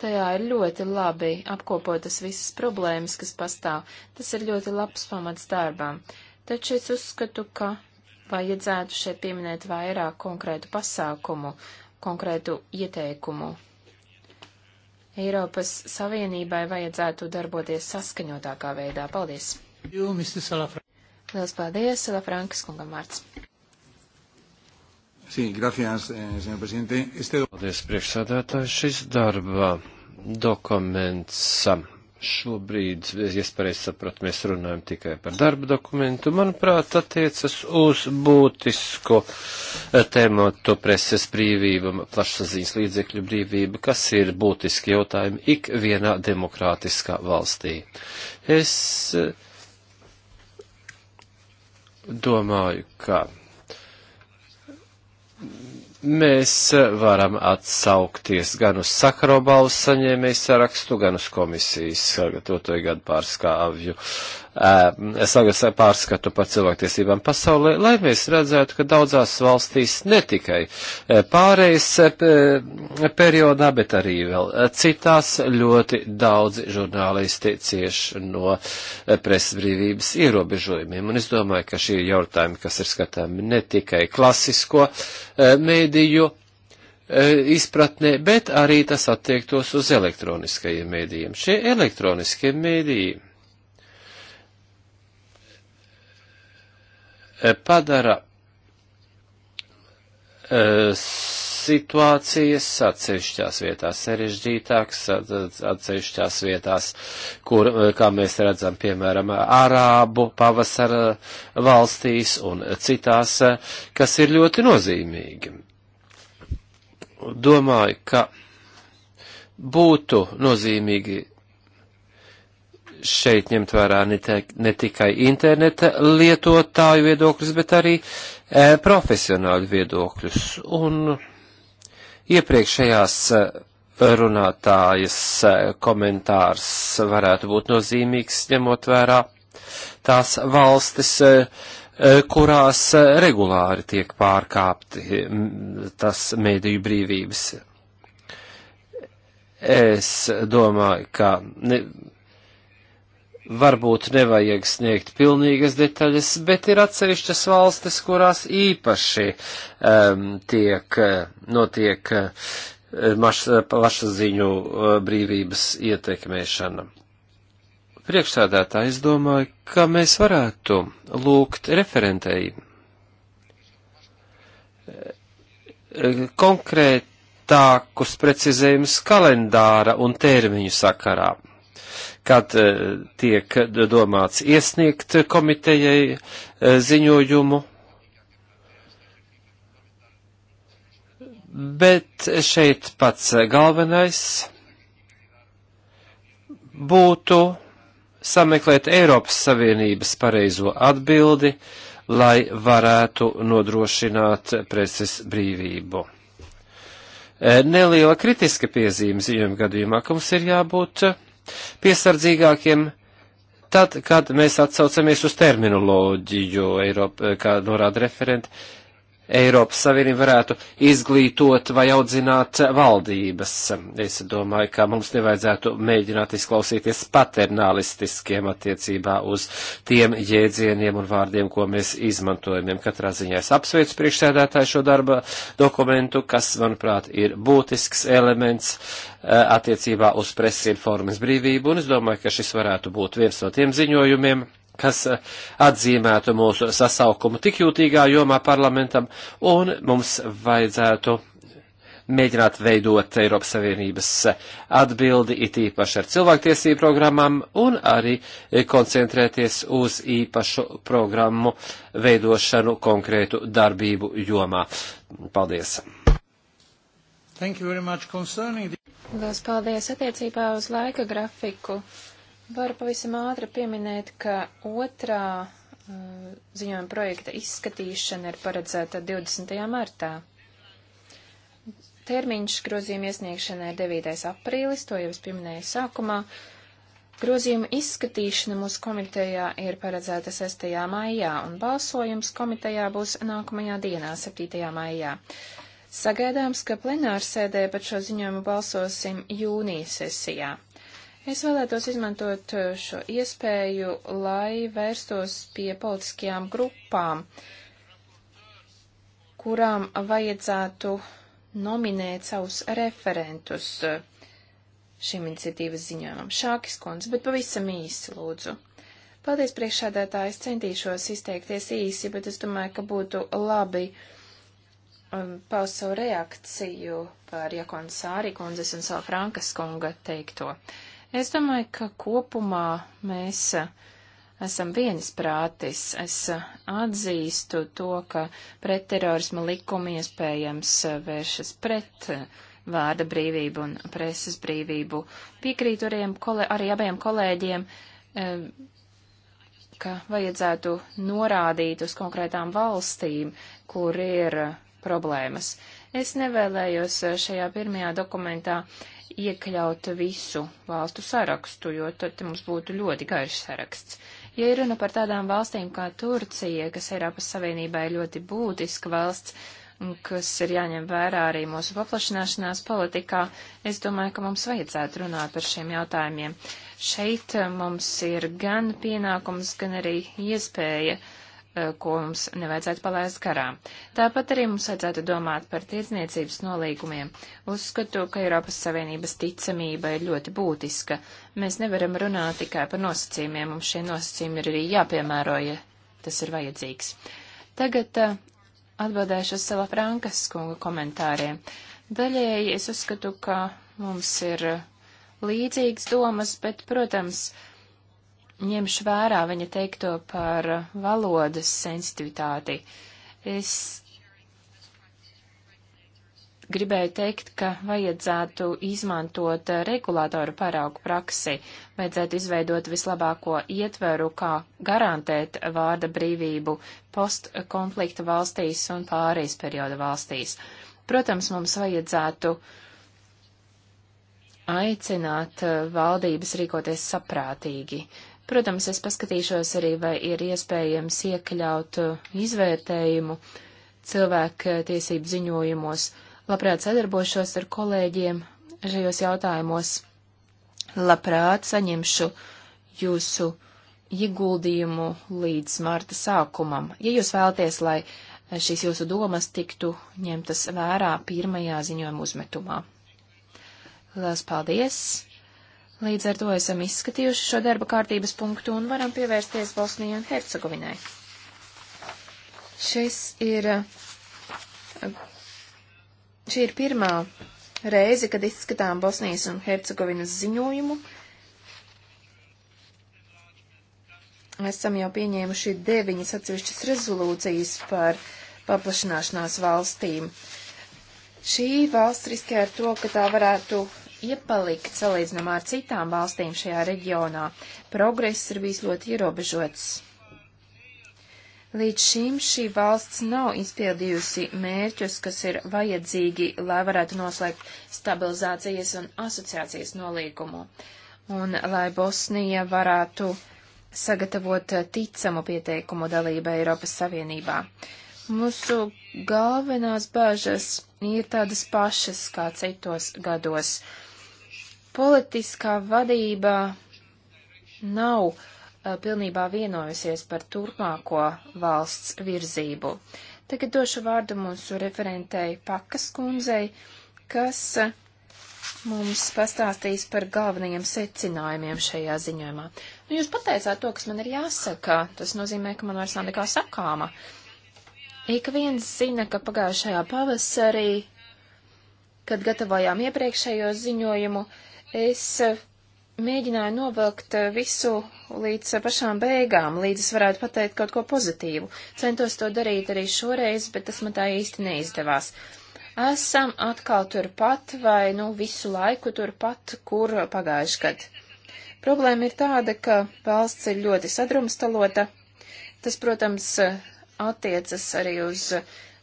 Tajā ir ļoti labi apkopotas visas problēmas, kas pastāv. Tas ir ļoti labs pamats darbām. Taču es uzskatu, ka Vajadzētu šeit pieminēt vairāk konkrētu pasākumu, konkrētu ieteikumu. Eiropas Savienībai vajadzētu darboties saskaņotākā veidā. Paldies! Lielas paldies, Salafrankas kungam vārds. Sí, gracias, eh, señor presidente. Este... Paldies, priekšsādātājs. Šis darba dokuments šobrīd, ja pareizi sapratu, mēs runājam tikai par darba dokumentu, manuprāt, attiecas uz būtisko eh, tēmatu preses brīvība, plašsaziņas līdzekļu brīvība, kas ir būtiski jautājumi ikvienā demokrātiskā valstī. Es eh, domāju, ka Mēs eh, varam atsaukties gan uz Sakarobalu saņēmēju sarakstu, gan uz komisijas sagatavotoju gadu pārskāvju Eh, sagas pārskatu par cilvēktiesībām pasaulē, lai mēs redzētu, ka daudzās valstīs ne tikai eh, pārējais eh, periodā, bet arī vēl citās ļoti daudzi žurnālisti cieš no presbrīvības ierobežojumiem. Un es domāju, ka šī ir jautājumi, kas ir skatāmi ne tikai klasisko mēdīju izpratnē, bet arī tas attiektos uz elektroniskajiem mēdījiem. Šie elektroniskie mēdījumi Eh, padara eh, situācijas atsevišķās vietās sarežģītākas, atsevišķās vietās, kur, eh, kā mēs redzam, piemēram, Arābu pavasara valstīs un citās, kas ir ļoti nozīmīgi. Domāju, ka būtu nozīmīgi šeit ņemt vērā ne, te, ne tikai interneta lietotāju viedokļus, bet arī e, profesionāļu viedokļus. Un iepriekšējās e, runātājas e, komentārs varētu būt nozīmīgs, ņemot vērā tās valstis, e, kurās regulāri tiek pārkāpti tas mēdīju brīvības. Es domāju, ka ne, varbūt nevajag sniegt pilnīgas detaļas, bet ir atsevišķas valstis, kurās īpaši um, tiek, eh, notiek eh, maš, eh, plašsaziņu brīvības ietekmēšana. Priekšsādātā es domāju, ka mēs varētu lūgt referentei konkrētākus precizējumus kalendāra un termiņu sakarā kad eh, tiek domāts iesniegt komitejai eh, ziņojumu. Bet šeit pats galvenais būtu sameklēt Eiropas Savienības pareizo atbildi, lai varētu nodrošināt preses brīvību. Eh, neliela kritiska piezīme ziņojuma gadījumā, ka mums ir jābūt piesardzīgākiem tad, kad mēs atsaucamies uz terminoloģiju, Eiropa, kā norāda referenti. Uh, Eiropas Savienība varētu izglītot vai audzināt valdības. Es domāju, ka mums nevajadzētu mēģināt izklausīties paternalistiskiem attiecībā uz tiem jēdzieniem un vārdiem, ko mēs izmantojam. Katrā ziņā es apsveicu priekšsēdētāju šo darba dokumentu, kas, manuprāt, ir būtisks elements eh, attiecībā uz presi informas brīvību, un es domāju, ka šis varētu būt viens no tiem ziņojumiem, kas eh, atzīmētu mūsu sasaukumu tik jūtīgā jomā parlamentam, un mums vajadzētu mēģināt veidot Eiropas Savienības eh, atbildi, it īpaši ar cilvēktiesību programmām, un arī eh, koncentrēties uz īpašu programmu veidošanu konkrētu darbību jomā. Paldies! Lielas paldies attiecībā uz laika grafiku. Varu pavisam ātri pieminēt, ka otrā uh, ziņojuma projekta izskatīšana ir paredzēta 20. martā. Termiņš grozījuma iesniegšanai ir 9. aprīlis, to jau es pieminēju sākumā. Grozījuma izskatīšana mūsu komitejā ir paredzēta 6. maijā, un balsojums komitejā būs nākamajā dienā, 7. maijā. Sagaidāms, ka plenārsēdē par šo ziņojumu balsosim jūnija sesijā. Es vēlētos izmantot eh, šo iespēju, lai vērstos pie politiskajām grupām, kurām vajadzētu nominēt savus referentus eh, šim iniciatīvas ziņojumam. Šākis kundze, bet pavisam īsi lūdzu. Paldies priekšādētāji, es centīšos izteikties īsi, bet es domāju, ka būtu labi um, paust savu reakciju par Jakons Sāri kundzes un savu Frankas kunga teikto. Uh, Es domāju, ka kopumā mēs esam viensprātis. Es atzīstu to, ka pretterorisma likumi iespējams vēršas pret vārda brīvību un preses brīvību. Piekrītu arī, arī abiem kolēģiem, eh, ka vajadzētu norādīt uz konkrētām valstīm, kur ir problēmas. Es nevēlējos šajā pirmajā dokumentā iekļaut visu valstu sarakstu, jo tad mums būtu ļoti garš saraksts. Ja ir runa par tādām valstīm kā Turcija, kas Eiropas Savienībā ir ļoti būtiska valsts, kas ir jāņem vērā arī mūsu paplašināšanās politikā, es domāju, ka mums vajadzētu runāt par šiem jautājumiem. Šeit mums ir gan pienākums, gan arī iespēja uh, Eh, ko mums nevajadzētu palaist garām. Tāpat arī mums vajadzētu domāt par tirdzniecības nolīgumiem. Uzskatu, ka Eiropas Savienības ticamība ir ļoti būtiska. Mēs nevaram runāt tikai par nosacījumiem, mums šie nosacījumi ir arī jāpiemēro, ja tas ir vajadzīgs. Tagad uh, atbildēšu uz Sela Frankas kunga komentāriem. Daļēji es uzskatu, ka mums ir eh, līdzīgas domas, bet, protams, uh, ņemšu vērā viņa teikto par valodas sensitivitāti. Es gribēju teikt, ka vajadzētu izmantot regulātoru paraugu praksi, vajadzētu izveidot vislabāko ietveru, kā garantēt vārda brīvību postkonflikta valstīs un pārējais perioda valstīs. Protams, mums vajadzētu aicināt valdības rīkoties saprātīgi. Uh, Protams, es paskatīšos arī, vai ir iespējams iekļaut uh, izvērtējumu cilvēku uh, tiesību ziņojumos. Labprāt sadarbošos ar kolēģiem šajos jautājumos. Labprāt saņemšu jūsu ieguldījumu līdz marta sākumam. Ja jūs vēlaties, lai uh, šīs jūsu domas tiktu ņemtas vērā pirmajā ziņojuma uzmetumā. Lielas paldies! Līdz ar to esam izskatījuši šo darba kārtības punktu un varam pievērsties Bosnijai un Hercegovinai. Šis ir, šī ir pirmā reize, kad izskatām Bosnijas un Hercegovinas ziņojumu. Esam jau pieņēmuši deviņas atsevišķas rezolūcijas par paplašanāšanās valstīm. Šī valsts riskē ar to, ka tā varētu iepalikt salīdzinām ar citām valstīm šajā reģionā. Progress ir bijis ļoti ierobežots. Līdz šim šī valsts nav izpildījusi mērķus, kas ir vajadzīgi, lai varētu noslēgt stabilizācijas un asociācijas nolīgumu, un lai Bosnija varētu sagatavot ticamu pieteikumu dalībai Eiropas Savienībā. Mūsu galvenās bāžas ir tādas pašas kā citos gados. Politiskā vadība nav uh, pilnībā vienojusies par turpmāko valsts virzību. Tagad došu vārdu mūsu referentei Pakas kundzei, kas uh, mums pastāstīs par galvenajiem secinājumiem šajā ziņojumā. Nu, jūs pateicāt to, kas man ir jāsaka. Tas nozīmē, ka man vairs nav nekā sakāma. Ik viens zina, ka pagājušajā pavasarī, kad gatavojām iepriekšējo ziņojumu, uh, Es eh, mēģināju novilkt eh, visu līdz eh, pašām beigām, līdz es varētu pateikt kaut ko pozitīvu. Centos to darīt arī šoreiz, bet tas man tā īsti neizdevās. Esam atkal turpat vai nu visu laiku turpat, kur pagājuši gad. Problēma ir tāda, ka valsts ir ļoti sadrumstalota. Tas, protams, attiecas arī uz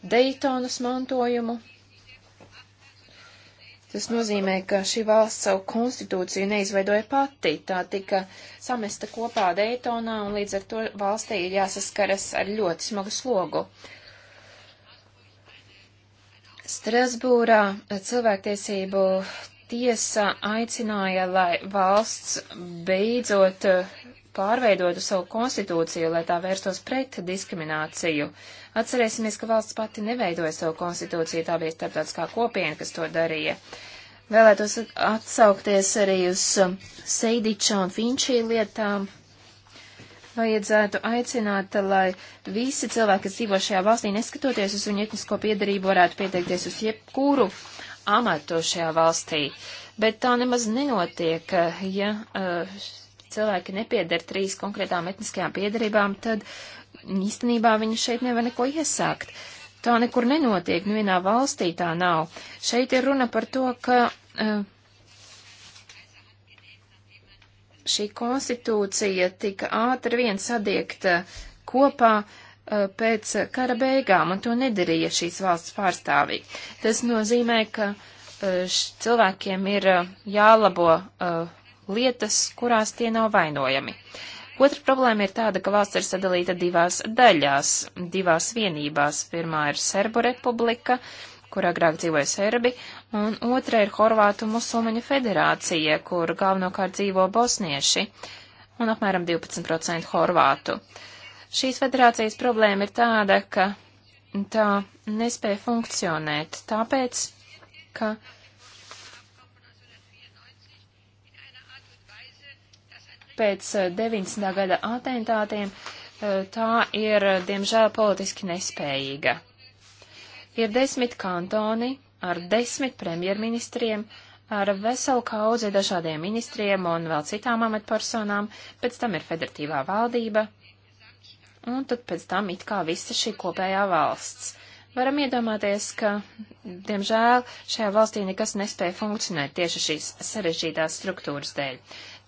Daytonas mantojumu, Tas nozīmē, ka šī valsts savu konstitūciju neizveidoja pati, tā tika samesta kopā Daytonā un līdz ar to valstī ir jāsaskaras ar ļoti smagu slogu. Strasbūrā cilvēktiesību tiesa aicināja, lai valsts beidzot pārveidotu savu konstitūciju, lai tā vērstos pret diskrimināciju. Atcerēsimies, ka valsts pati neveidoja savu konstitūciju, tā bija starptautiskā kopiena, kas to darīja. Vēlētos atsaukties arī uz Seidiča un Finčī lietām. Vajadzētu aicināt, lai visi cilvēki, kas dzīvo šajā valstī, neskatoties uz viņu etnisko piedarību, varētu pieteikties uz jebkuru amatu šajā valstī. Bet tā nemaz nenotiek, ja eh, cilvēki nepiedara trīs konkrētām etniskajām piedarībām, tad īstenībā viņi šeit nevar neko iesākt. Tā nekur nenotiek, nevienā valstī tā nav. Šeit ir runa par to, ka eh, šī konstitūcija tika ātri vien sadiegta kopā eh, pēc kara beigām, un to nedarīja šīs valsts pārstāvī. Tas nozīmē, ka eh, cilvēkiem ir jālabo uh, lietas, kurās tie nav vainojami. Otra problēma ir tāda, ka valsts ir sadalīta divās daļās, divās vienībās. Pirmā ir Serbu republika, kur agrāk dzīvoja Serbi, un otra ir Horvātu musulmaņu federācija, kur galvenokārt dzīvo bosnieši un apmēram 12% horvātu. Šīs federācijas problēma ir tāda, ka tā nespēja funkcionēt, tāpēc, ka pēc 90. Eh, gada atentātiem, eh, tā ir, eh, diemžēl, politiski nespējīga. Ir desmit kantoni ar desmit premjerministriem, ar veselu kaudzi dažādiem ministriem un vēl citām amatpersonām, pēc tam ir federatīvā valdība, un tad pēc tam it kā visa šī kopējā valsts. Varam iedomāties, ka, diemžēl, šajā valstī nekas nespēja funkcionēt tieši šīs sarežģītās struktūras dēļ.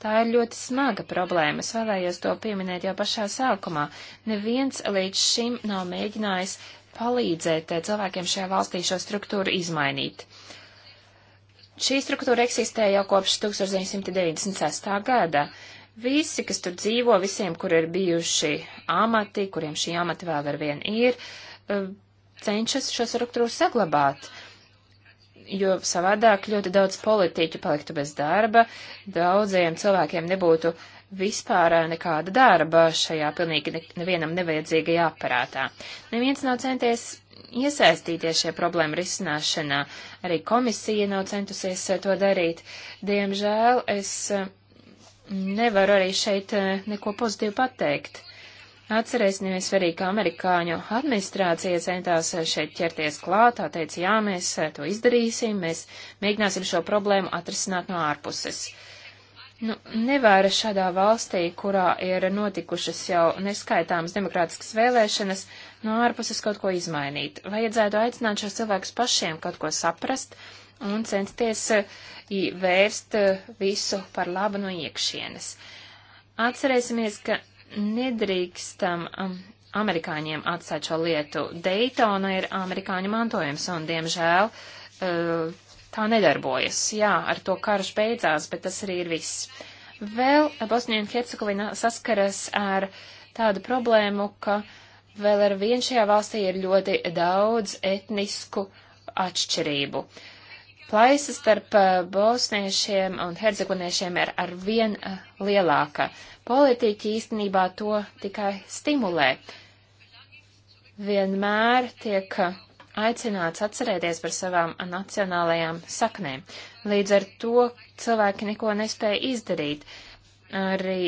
Tā ir ļoti smaga problēma, es vēlējos to pieminēt jau pašā sākumā. Neviens līdz šim nav mēģinājis palīdzēt eh, cilvēkiem šajā valstī šo struktūru izmainīt. Šī struktūra eksistē jau kopš 1996. gada. Visi, kas tur dzīvo, visiem, kur ir bijuši amati, kuriem šī amati vēl ar vien ir, eh, cenšas šo struktūru saglabāt, jo savādāk ļoti daudz politiķu paliktu bez darba, daudziem cilvēkiem nebūtu vispār nekāda darba šajā pilnīgi nevienam nevajadzīgajā aparātā. Neviens nav centies iesaistīties šie problēma risināšanā, arī komisija nav centusies eh, to darīt. Diemžēl es eh, nevaru arī šeit eh, neko pozitīvu pateikt. Atcerēsimies arī, ka amerikāņu administrācija centās šeit ķerties klāt, tā teica, jā, mēs eh, to izdarīsim, mēs mēģināsim šo problēmu atrisināt no ārpuses. Nu, nevar šādā valstī, kurā ir notikušas jau neskaitāmas demokrātiskas vēlēšanas, no ārpuses kaut ko izmainīt. Vajadzētu aicināt šos cilvēkus pašiem kaut ko saprast un censties eh, vērst eh, visu par labu no iekšienes. Atcerēsimies, ka nedrīkstam um, amerikāņiem atstāt šo lietu. Daytona ir amerikāņu mantojums, un, diemžēl, uh, tā nedarbojas. Jā, ar to karš beidzās, bet tas arī ir viss. Vēl Bosnija un Hercegovina saskaras ar tādu problēmu, ka vēl ar vien šajā valstī ir ļoti daudz etnisku atšķirību. Uh, Plaisa starp eh, bosniešiem un hercegoviniešiem ir ar vien eh, lielāka. Politiķi īstenībā to tikai stimulē. Vienmēr tiek eh, aicināts atcerēties par savām nacionālajām saknēm. Līdz ar to cilvēki neko nespēja izdarīt. Arī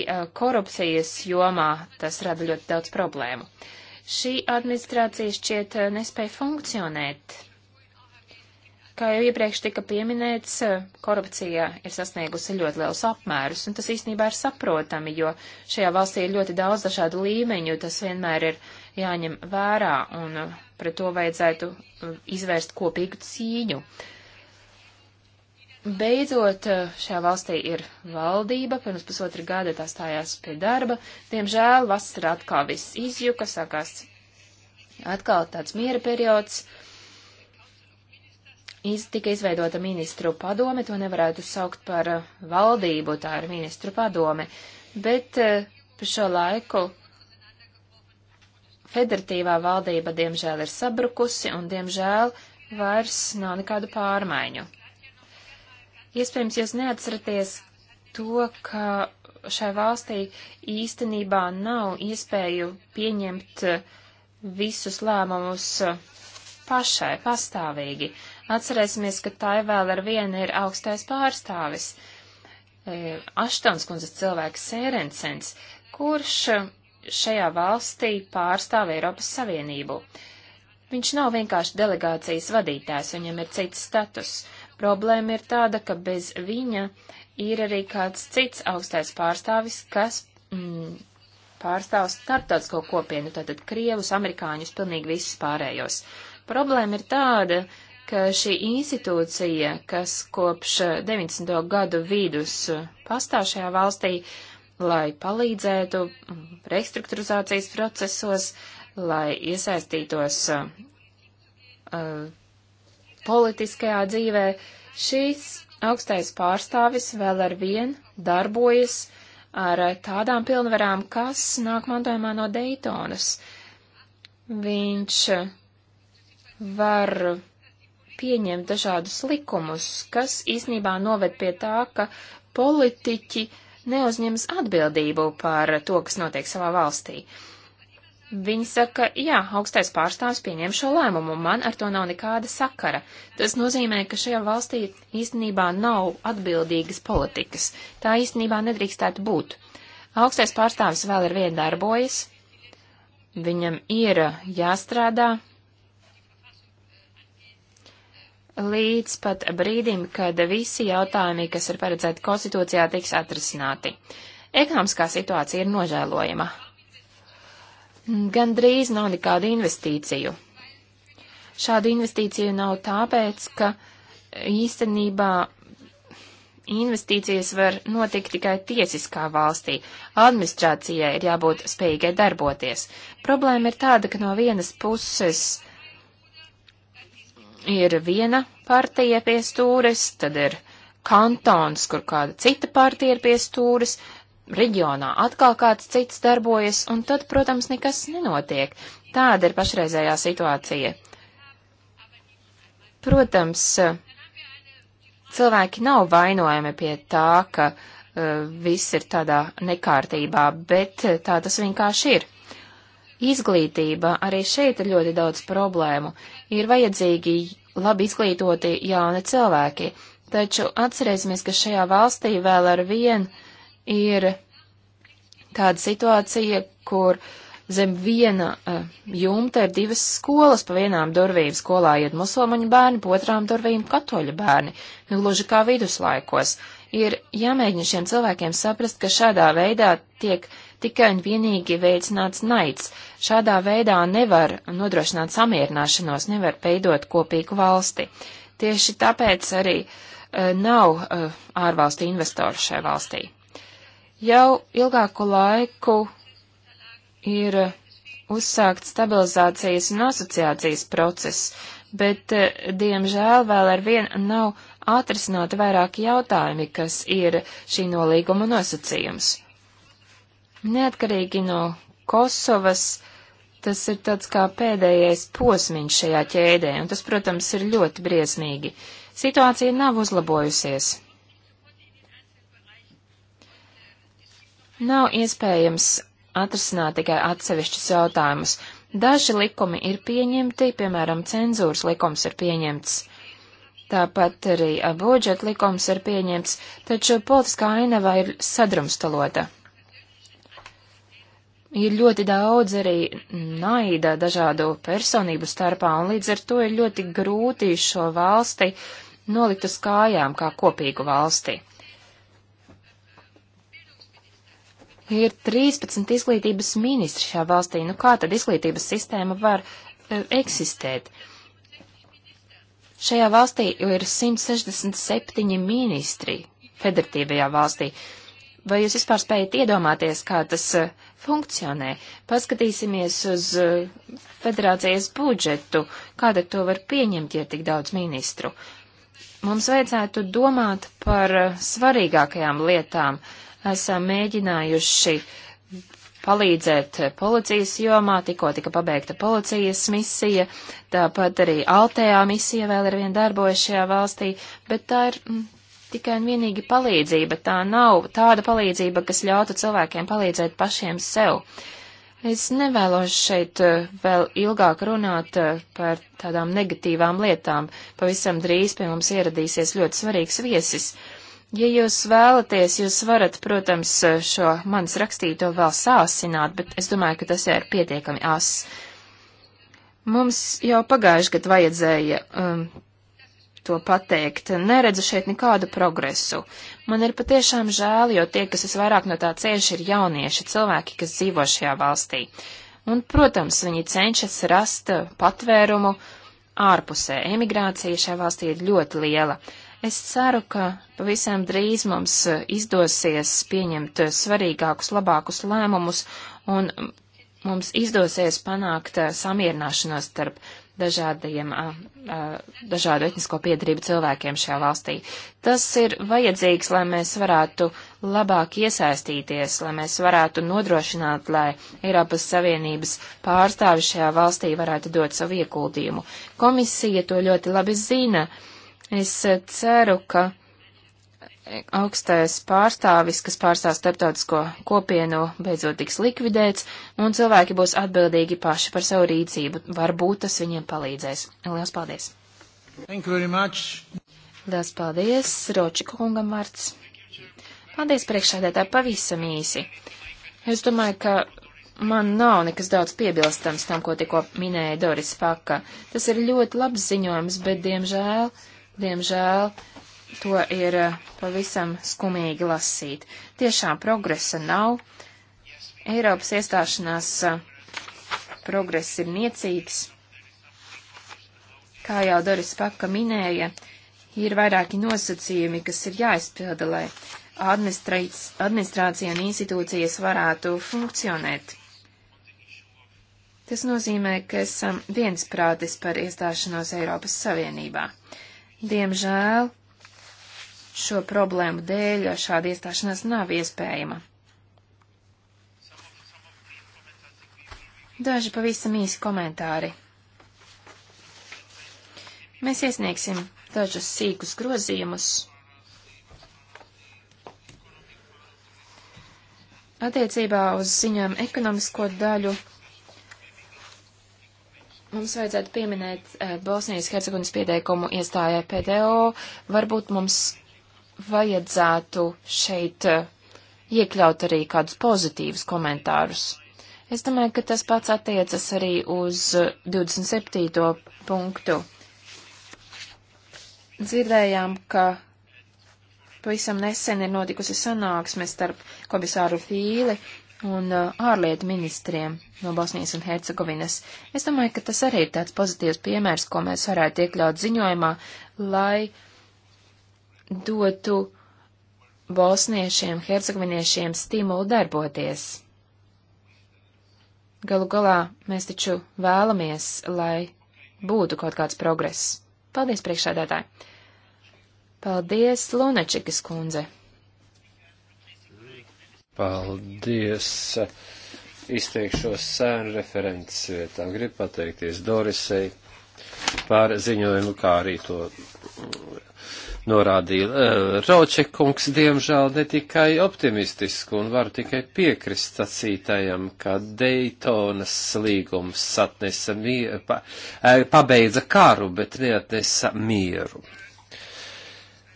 korupcijas jomā tas rada ļoti daudz problēmu. Šī administrācija šķiet nespēja funkcionēt Kā jau iepriekš tika pieminēts, korupcija ir sasniegusi ļoti lielus apmērus, un tas īstenībā ir saprotami, jo šajā valstī ir ļoti daudz dažādu līmeņu, tas vienmēr ir jāņem vērā, un pret to vajadzētu uh, izvērst kopīgu cīņu. Beidzot, uh, šajā valstī ir valdība, pirms pusotra gada tā stājās pie darba. Diemžēl vasarā atkal viss izjuka, sākās atkal tāds miera periods. Uh, iz, tika izveidota ministru padome, to nevarētu saukt par eh, valdību, tā ir ministru padome, bet eh, pa šo laiku federatīvā valdība diemžēl ir sabrukusi un diemžēl vairs nav nekādu pārmaiņu. Iespējams, jūs neatceraties to, ka šai valstī īstenībā nav iespēju pieņemt eh, visus lēmumus pašai pastāvīgi. Uh, Atcerēsimies, ka tā vēl ar vienu ir augstais pārstāvis. E, Aštons kundzes cilvēks Sērencens, kurš šajā valstī pārstāv Eiropas Savienību. Viņš nav vienkārši delegācijas vadītājs, viņam ir cits status. Problēma ir tāda, ka bez viņa ir arī kāds cits augstais pārstāvis, kas mm, pārstāv starptautisko kopienu, tātad krievus, amerikāņus, pilnīgi visus pārējos. Problēma ir tāda, ka šī institūcija, kas kopš 90. gadu vidus pastāv šajā valstī, lai palīdzētu restruktūrizācijas procesos, lai iesaistītos uh, politiskajā dzīvē, šīs augstais pārstāvis vēl ar vien darbojas ar tādām pilnvarām, kas nāk mantojumā no Daytonas. Viņš var pieņemt dažādus likumus, kas īsnībā noved pie tā, ka politiķi neuzņems atbildību par to, kas notiek savā valstī. Viņi saka, jā, augstais pārstāvs pieņem šo lēmumu, man ar to nav nekāda sakara. Tas nozīmē, ka šajā valstī īstenībā nav atbildīgas politikas. Tā īstenībā nedrīkstētu būt. Augstais pārstāvis vēl ir vien darbojas, viņam ir jāstrādā, līdz pat brīdim, kad visi jautājumi, kas ir paredzēti konstitūcijā, tiks atrisināti. Ekonomiskā situācija ir nožēlojama. Gan drīz nav nekādu investīciju. Šādu investīciju nav tāpēc, ka īstenībā investīcijas var notikt tikai tiesiskā valstī. Administrācijai ir jābūt spējīgai darboties. Problēma ir tāda, ka no vienas puses ir viena partija pie stūres, tad ir kantons, kur kāda cita partija ir pie stūres, reģionā atkal kāds cits darbojas, un tad, protams, nekas nenotiek. Tāda ir pašreizējā situācija. Protams, cilvēki nav vainojami pie tā, ka uh, viss ir tādā nekārtībā, bet eh, tā tas vienkārši ir. Izglītība arī šeit ir ļoti daudz problēmu. Ir vajadzīgi labi izglītoti jauni cilvēki, taču atcerēsimies, ka šajā valstī vēl ar vien ir tāda situācija, kur zem viena uh, jumta ir divas skolas, pa vienām durvīm skolā iet musulmaņu bērni, pa otrām durvīm katoļu bērni, nu, gluži kā viduslaikos. Ir jāmēģina šiem cilvēkiem saprast, ka šādā veidā tiek tikai un vienīgi veicināts naids. Šādā veidā nevar nodrošināt samierināšanos, nevar veidot kopīgu valsti. Tieši tāpēc arī uh, nav uh, ārvalstu investoru šai valstī. Jau ilgāku laiku ir eh, uzsākt stabilizācijas un asociācijas process, bet, diemžēl, vēl ar vienu nav atrisināti vairāki jautājumi, kas ir šī nolīguma nosacījums. Neatkarīgi no Kosovas, tas ir tāds kā pēdējais posmiņš šajā ķēdē, un tas, protams, ir ļoti briesmīgi. Situācija nav uzlabojusies. Nav iespējams atrasināt tikai atsevišķus jautājumus. Daži likumi ir pieņemti, piemēram, cenzūras likums ir pieņemts. Tāpat arī budžeta likums ir pieņemts, taču politiskā ainava ir sadrumstalota ir ļoti daudz arī naida dažādu personību starpā, un līdz ar to ir ļoti grūti šo valsti nolikt uz kājām kā kopīgu valsti. Ir 13 izglītības ministri šajā valstī, nu kā tad izglītības sistēma var e, eksistēt? Šajā valstī ir 167 ministri federatīvajā valstī, Vai jūs vispār spējat iedomāties, kā tas eh, funkcionē? Paskatīsimies uz eh, federācijas budžetu, kāda to var pieņemt, ja tik daudz ministru. Mums vajadzētu domāt par eh, svarīgākajām lietām. Esam mēģinājuši palīdzēt policijas jomā, tikko tika pabeigta policijas misija, tāpat arī Altējā misija vēl ir vien darbojas šajā valstī, bet tā ir mm, tikai un vienīgi palīdzība. Tā nav tāda palīdzība, kas ļautu cilvēkiem palīdzēt pašiem sev. Es nevēlos šeit eh, vēl ilgāk runāt eh, par tādām negatīvām lietām. Pavisam drīz pie mums ieradīsies ļoti svarīgs viesis. Ja jūs vēlaties, jūs varat, protams, eh, šo manis rakstīto vēl sāsināt, bet es domāju, ka tas jau ir pietiekami ass. Mums jau pagājuši gadu vajadzēja um, to pateikt. Neredzu šeit nekādu progresu. Man ir patiešām žēl, jo tie, kas visvairāk no tā cieši, ir jaunieši, cilvēki, kas dzīvo šajā valstī. Un, protams, viņi cenšas rast patvērumu ārpusē. Emigrācija šajā valstī ir ļoti liela. Es ceru, ka pavisam drīz mums izdosies pieņemt svarīgākus, labākus lēmumus un mums izdosies panākt samierināšanos starp dažādiem, dažādu etnisko piedarību cilvēkiem šajā valstī. Tas ir vajadzīgs, lai mēs varētu labāk iesaistīties, lai mēs varētu nodrošināt, lai Eiropas Savienības pārstāvi šajā valstī varētu dot savu ieguldījumu. Komisija to ļoti labi zina. Es ceru, ka augstais pārstāvis, kas pārstāv starptautisko kopienu, beidzot tiks likvidēts, un cilvēki būs atbildīgi paši par savu rīcību. Varbūt tas viņiem palīdzēs. Lielas paldies! Lielas paldies, Ročika kungam vārds. Paldies priekšādētāji pavisam īsi. Es domāju, ka man nav nekas daudz piebilstams tam, ko tikko minēja Doris Faka. Tas ir ļoti labs ziņojums, bet diemžēl, diemžēl, uh, to ir eh, pavisam skumīgi lasīt. Tiešām progresa nav. Eiropas iestāšanās eh, progress ir niecīgs. Kā jau Doris Paka minēja, ir vairāki nosacījumi, kas ir jāizpilda, lai administrācija un institūcijas varētu funkcionēt. Tas nozīmē, ka esam viensprātis par iestāšanos Eiropas Savienībā. Diemžēl šo problēmu dēļ šāda iestāšanās nav iespējama. Daži pavisam īsi komentāri. Mēs iesniegsim dažus sīkus grozījumus. Attiecībā uz ziņām ekonomisko daļu mums vajadzētu pieminēt eh, Bosnijas Hercegovinas pieteikumu iestājai PDO. Varbūt mums vajadzētu šeit eh, iekļaut arī kādus pozitīvus komentārus. Es domāju, ka tas pats attiecas arī uz 27. Eh, punktu. Dzirdējām, ka pavisam nesen ir notikusi sanāksme starp komisāru Fīli un eh, ārlietu ministriem no Bosnijas un Hercegovinas. Es domāju, ka tas arī ir tāds pozitīvs piemērs, ko mēs varētu iekļaut ziņojumā, lai uh, dotu bosniešiem, hercegviniešiem stimulu darboties. Galu galā mēs taču vēlamies, lai būtu kaut kāds progress. Paldies, priekšādātāji! Paldies, Lunačikas kundze! Paldies! Izteikšos sēnu referents vietām. Gribu pateikties Dorisei par ziņojumu, kā arī to norādīja eh, Raučekungs, diemžēl ne tikai optimistisku un varu tikai piekrist sacītajam, ka Daytonas līgums atnesa mieru, pa, eh, pabeidza karu, bet neatnesa mieru.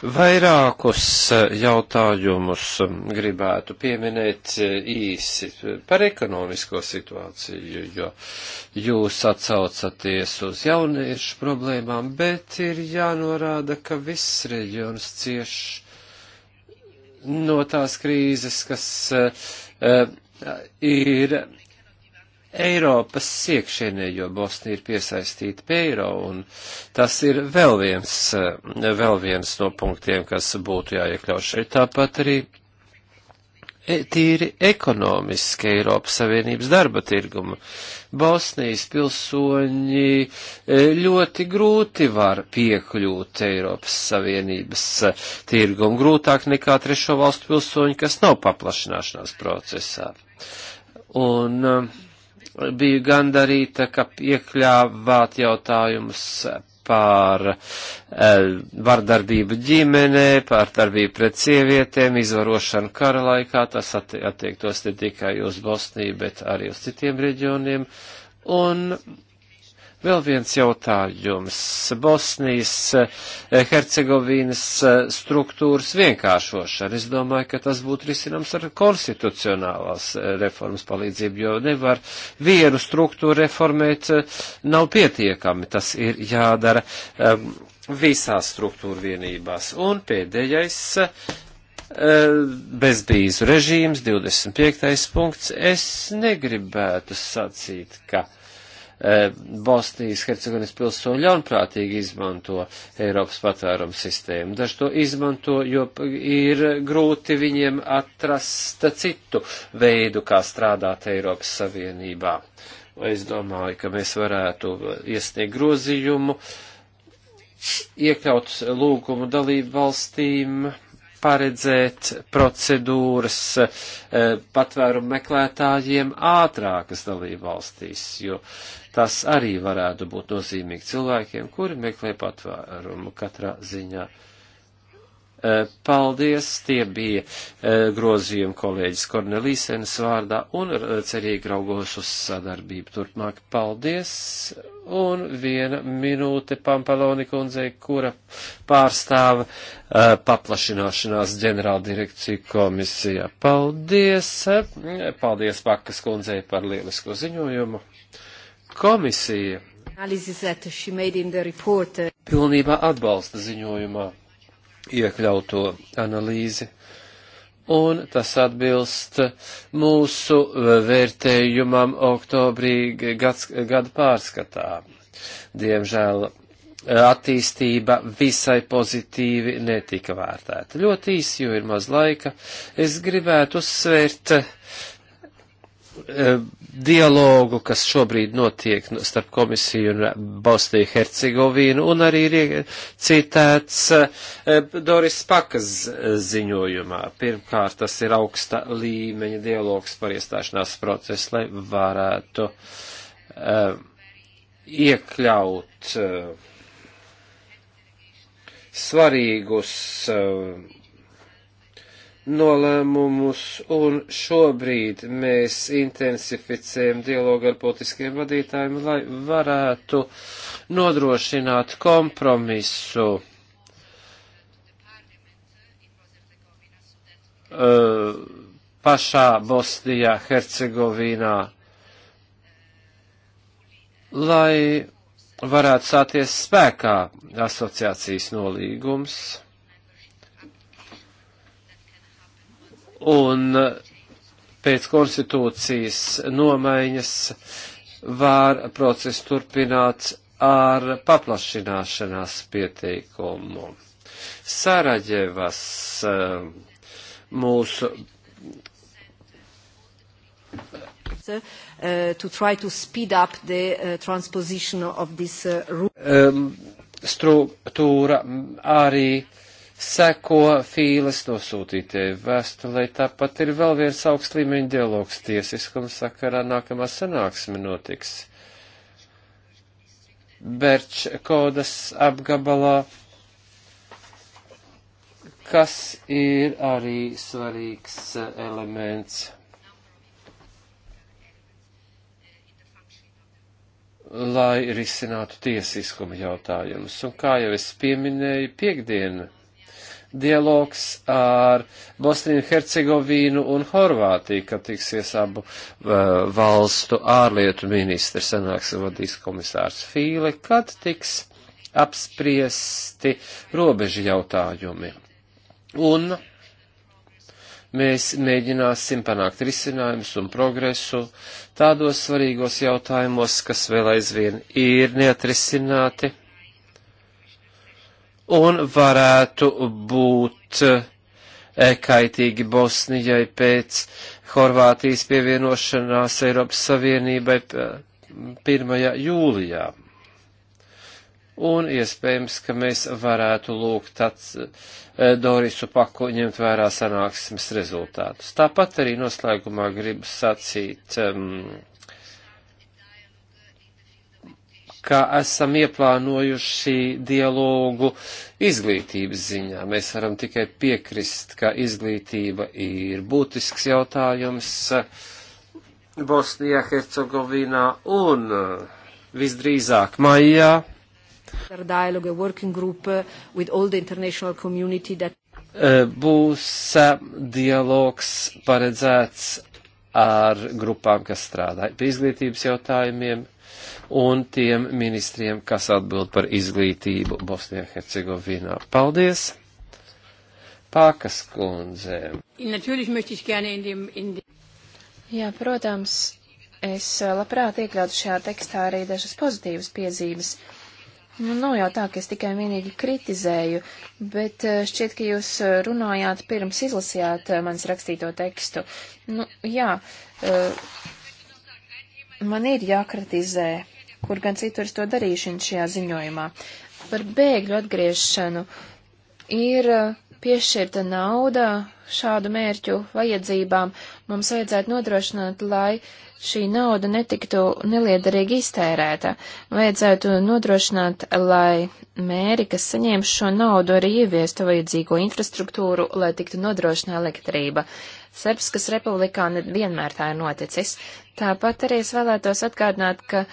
Vairākus eh, jautājumus eh, gribētu pieminēt eh, īsi par ekonomisko situāciju, jo jūs atsaucaties uz jauniešu problēmām, bet ir jānorāda, ka viss reģions cieš no tās krīzes, kas ir Eiropas iekšienē, jo Bosnija ir piesaistīta pie eiro, un tas ir vēl viens, eh, vēl viens no punktiem, kas būtu jāiekļauj šeit. Tāpat arī e, tīri ekonomiski Eiropas Savienības darba tirguma. Bosnijas pilsoņi e, ļoti grūti var piekļūt Eiropas Savienības e, tirgumu, grūtāk nekā trešo valstu pilsoņi, kas nav paplašināšanās procesā. Un uh, biju gandarīta, ka iekļāvāt jautājumus par e, vardarbību ģimenē, par darbību pret sievietēm, izvarošanu kara laikā. Tas attiektos ne tikai uz Bosniju, bet arī uz citiem reģioniem. Un Vēl viens jautājums. Bosnijas, eh, Hercegovīnas eh, struktūras vienkāršošana. Es domāju, ka tas būtu risinams ar konstitucionālās eh, reformas palīdzību, jo nevar vienu struktūru reformēt, nav pietiekami. Tas ir jādara um, visās struktūra vienībās. Un pēdējais bezbīzu režīms, 25. punkts. Es negribētu sacīt, ka uh, E, Bosnijas Hercegovinas pilsoņi ļaunprātīgi izmanto Eiropas patvērumu sistēmu. Daži to izmanto, jo ir grūti viņiem atrast citu veidu, kā strādāt Eiropas Savienībā. Es domāju, ka mēs varētu iesniegt grozījumu, iekļaut lūgumu dalību valstīm paredzēt procedūras eh, patvērumu meklētājiem ātrākas dalībvalstīs, jo tas arī varētu būt nozīmīgi cilvēkiem, kuri meklē patvērumu katrā ziņā. Uh, Eh, paldies, tie bija eh, grozījumi kolēģis Kornelīsenes vārdā un eh, cerīgi raugos uz sadarbību turpmāk. Paldies! Un viena minūte Pampaloni kundzei, kura pārstāv uh, paplašināšanās ģenerāldirekciju komisijā. Paldies! Paldies Pakas kundzei par lielisko ziņojumu. Komisija. Pilnībā atbalsta ziņojumā iekļauto analīzi, un tas atbilst mūsu vērtējumam oktobrī gads, gada pārskatā. Diemžēl e, attīstība visai pozitīvi netika vērtēta. Ļoti īsi, jo ir maz laika, es gribētu uzsvērt Eh, dialogu, kas šobrīd notiek starp komisiju un Bosniju Hercegovīnu, un arī ir citēts eh, Doris Pakas ziņojumā. Pirmkārt, tas ir augsta līmeņa dialogs par iestāšanās procesu, lai varētu uh, iekļaut uh, svarīgus uh, nolēmumus, un šobrīd mēs intensificējam dialogu ar politiskiem vadītājiem, lai varētu nodrošināt kompromisu. Uh, pašā Bosnijā, Hercegovīnā, lai varētu sāties spēkā asociācijas nolīgums. un eh, pēc konstitūcijas nomaiņas var procesu turpināt ar paplašināšanās pieteikumu. Saraģevas eh, mūsu. Uh, to try to speed up the uh, transposition of this uh, rule. Um, struktūra arī uh, seko Fīles nosūtītē vēstulē. Tāpat ir vēl viens augsts līmeņa dialogs tiesiskuma sakarā nākamā sanāksme notiks. Berč kodas apgabalā, kas ir arī svarīgs elements. lai risinātu tiesiskuma jautājumus. Un kā jau es pieminēju, piekdiena dialogs ar Bosniju, Hercegovīnu un Horvātiju, kad tiksies abu eh, valstu ārlietu ministri sanāks vadīs komisārs Fīle, kad tiks apspriesti robežu jautājumi. Un mēs mēģināsim panākt risinājumus un progresu tādos svarīgos jautājumos, kas vēl aizvien ir neatrisināti un varētu būt eh, kaitīgi Bosnijai pēc Horvātijas pievienošanās Eiropas Savienībai 1. jūlijā. Un iespējams, ka mēs varētu lūgt ats, eh, Dorisu Paku ņemt vērā sanāksmes rezultātus. Tāpat arī noslēgumā gribu sacīt. Um, ka esam ieplānojuši dialogu izglītības ziņā. Mēs varam tikai piekrist, ka izglītība ir būtisks jautājums Bosnijā, Hercegovinā un visdrīzāk maijā. Dialogue, working group uh, with all the international community that e, būs e, dialogs paredzēts ar grupām, kas strādā pie izglītības jautājumiem, un tiem ministriem, kas atbild par izglītību Bosnijā Hercegovinā. Paldies! Pākas kundze. Jā, protams, es eh, labprāt iekļautu šajā tekstā arī dažas pozitīvas piezīmes. Nu, nav jau tā, ka es tikai vienīgi kritizēju, bet eh, šķiet, ka jūs eh, runājāt pirms izlasījāt manis rakstīto tekstu. Nu, jā, man ir jākritizē kur gan citur es to darīšanu šajā ziņojumā. Par bēgļu atgriešanu ir uh, piešķirta nauda šādu mērķu vajadzībām. Mums vajadzētu nodrošināt, lai šī nauda netiktu neliederīgi iztērēta. Vajadzētu nodrošināt, lai mēri, kas saņēma šo naudu, arī ieviestu vajadzīgo infrastruktūru, lai tiktu nodrošināta elektrība. Serbskas republikā vienmēr tā ir noticis. Tāpat arī es vēlētos atgādināt, ka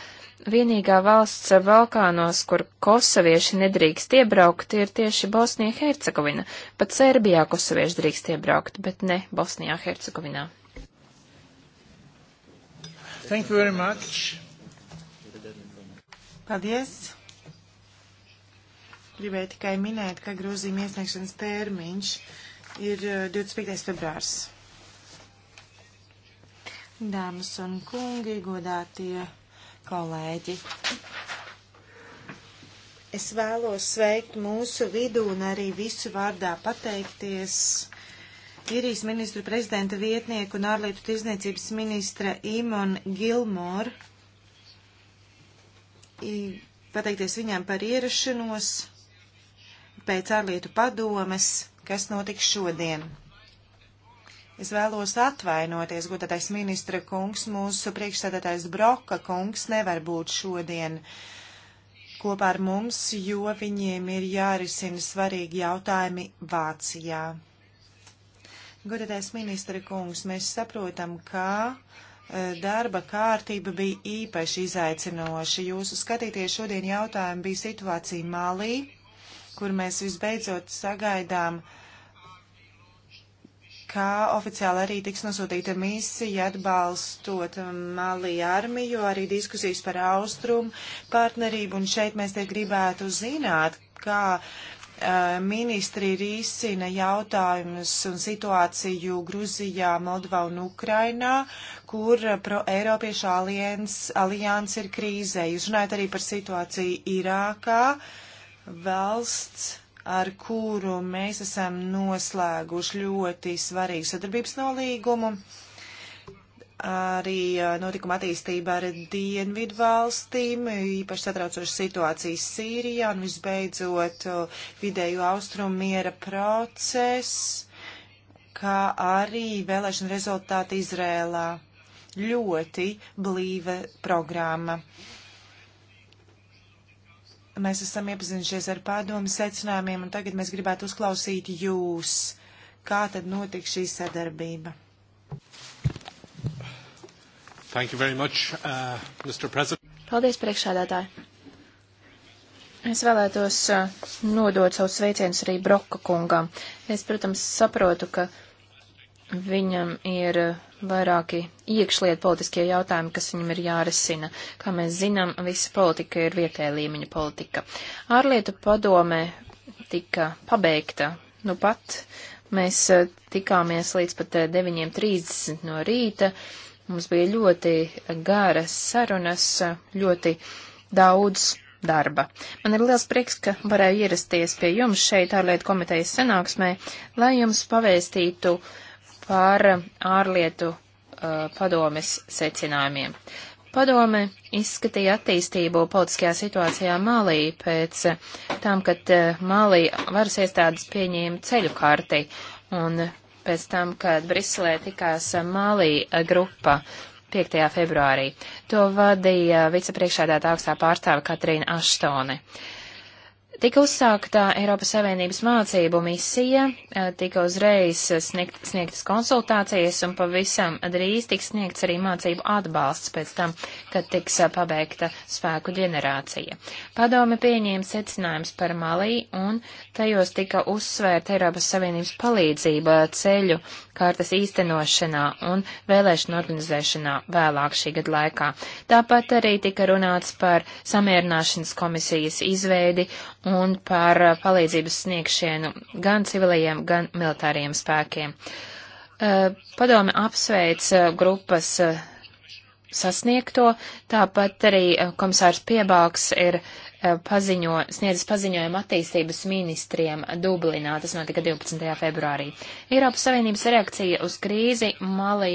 vienīgā valsts Balkānos, kur kosovieši nedrīkst iebraukt, ir tieši Bosnija Hercegovina. Pat Serbijā kosovieši drīkst iebraukt, bet ne Bosnijā Hercegovinā. Thank you very much. Paldies. Gribēju tikai minēt, ka grozījuma iesniegšanas termiņš ir 25. Eh, februārs. Dāmas un kungi, godātie kolēģi! Es vēlos sveikt mūsu vidū un arī visu vārdā pateikties Irijas ministru prezidenta vietnieku un ārlietu tirzniecības ministra Imon Gilmor. Pateikties viņām par ierašanos pēc ārlietu padomes, kas notiks šodien. Es vēlos atvainoties, godātais ministra kungs, mūsu priekšsēdētājs Broka kungs nevar būt šodien kopā ar mums, jo viņiem ir jārisina svarīgi jautājumi Vācijā. Godātais ministra kungs, mēs saprotam, ka e, darba kārtība bija īpaši izaicinoša. Jūsu skatīties šodien jautājumu bija situācija Malī, kur mēs visbeidzot sagaidām uh, ka oficiāli arī tiks nosūtīta misija atbalstot Malī armiju, arī diskusijas par austrumu partnerību, un šeit mēs te gribētu zināt, kā eh, ministri risina jautājumus un situāciju Gruzijā, Moldovā un Ukrainā, kur pro-eiropiešu alians ir krīzē. Jūs runājat arī par situāciju Irākā, valsts ar kuru mēs esam noslēguši ļoti svarīgu sadarbības nolīgumu. Arī notikuma attīstība ar dienvidu valstīm, īpaši satraucošas situācijas Sīrijā un visbeidzot vidēju austrumu miera process, kā arī vēlēšana rezultāti Izrēlā. Ļoti blīva programma. Uh, Mēs esam iepazinušies ar pārdomu secinājumiem, un tagad mēs gribētu uzklausīt jūs. Kā tad notika šī sadarbība? Thank you very much, uh, Mr. President. Paldies, priekšādātāji. Es vēlētos uh, nodot savus sveicienus arī Broka kungam. Es, protams, saprotu, ka viņam ir uh, vairāki iekšliet politiskie jautājumi, kas viņam ir jārisina. Kā mēs zinām, visa politika ir vietēja līmeņa politika. Ārlietu padomē tika pabeigta. Nu pat mēs eh, tikāmies līdz pat 9.30 eh, no rīta. Mums bija ļoti gāras sarunas, eh, ļoti daudz darba. Man ir liels prieks, ka varēju ierasties pie jums šeit ārlietu komitejas sanāksmē, lai jums pavēstītu uh, par ārlietu uh, padomes secinājumiem. Padome izskatīja attīstību politiskajā situācijā Malī pēc tam, kad uh, Malī varas iestādes pieņēma ceļu karti un pēc tam, kad Briselē tikās Malī uh, grupa 5. februārī. To vadīja vicepriekšādātā augstā pārstāve Katrīna Aštone. Uh, Tika uzsāktā Eiropas Savienības mācību misija, eh, tika uzreiz sniegt, sniegtas konsultācijas un pavisam drīz tiks sniegts arī mācību atbalsts pēc tam, kad tiks eh, pabeigta spēku ģenerācija. Padome pieņēma secinājums par Malī un tajos tika uzsvērta Eiropas Savienības palīdzība ceļu kārtas īstenošanā un vēlēšanu organizēšanā vēlāk šī gada laikā. Tāpat arī tika runāts par samierināšanas komisijas izveidi un par uh, palīdzības sniegšanu gan civilajiem, gan militāriem spēkiem. Uh, padome apsveic uh, grupas sasniegto, tāpat arī komisārs Piebāks ir paziņo, sniedzis paziņojumu attīstības ministriem Dublinā, tas notika 12. februārī. Eiropas Savienības reakcija uz krīzi Malī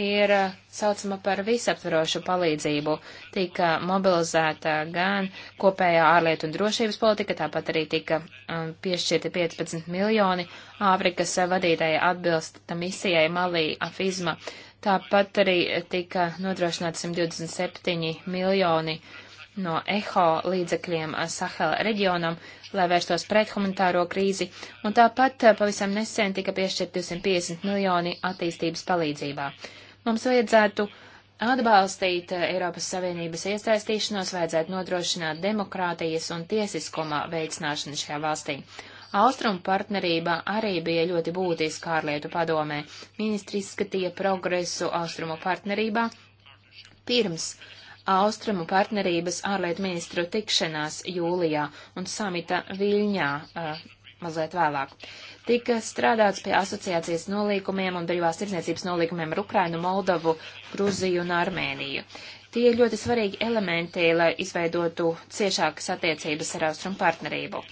ir eh, saucama par visaptvarošu palīdzību. Tika mobilizēta gan kopējā ārlietu un drošības politika, tāpat arī tika um, piešķirti 15 miljoni Āfrikas vadītāja atbilsta misijai Malī afizma. Tāpat arī tika nodrošināti 127 miljoni uh, no EHO līdzekļiem eh, Sahela reģionam, lai vērstos pret humanitāro krīzi, un tāpat eh, pavisam nesen tika piešķirt 250 miljoni attīstības palīdzībā. Mums vajadzētu atbalstīt eh, Eiropas Savienības iesaistīšanos, vajadzētu nodrošināt demokrātijas un tiesiskumā veicināšanu šajā valstī. Austrumu partnerība arī bija ļoti būtiska ārlietu padomē. Ministri izskatīja progresu Austrumu partnerībā pirms uh, Austrumu partnerības ārlietu ministru tikšanās jūlijā un samita Viļņā uh, mazliet vēlāk. Tika strādāts pie asociācijas nolīkumiem un brīvās tirdzniecības nolīkumiem ar Ukrainu, Moldavu, Gruziju un Armēniju. Tie ir ļoti svarīgi elementi, lai izveidotu ciešākas attiecības ar Austrumu partnerību.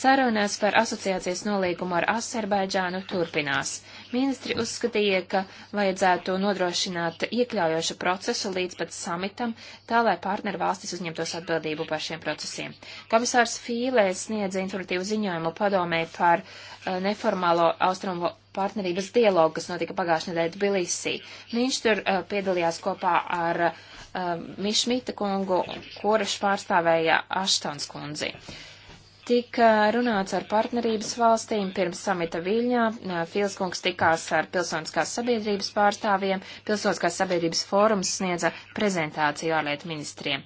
Sarunās par asociācijas nolīgumu ar Azerbaidžānu turpinās. Ministri uzskatīja, ka vajadzētu nodrošināt iekļaujošu procesu līdz pat samitam, tā lai partneru valstis uzņemtos atbildību par šiem procesiem. Komisārs Fīlē sniedza informatīvu ziņojumu padomē par uh, neformālo austrumu partnerības dialogu, kas notika pagājušajā nedēļā Tbilisī. Viņš tur uh, piedalījās kopā ar uh, Mišmita kungu, kurš pārstāvēja Aštons kundzi. Uh, Tika runāts ar partnerības valstīm pirms samita Viļņā. Filskungs tikās ar pilsoniskās sabiedrības pārstāvjiem. Pilsoniskās sabiedrības fórums sniedza prezentāciju ārlietu ministriem.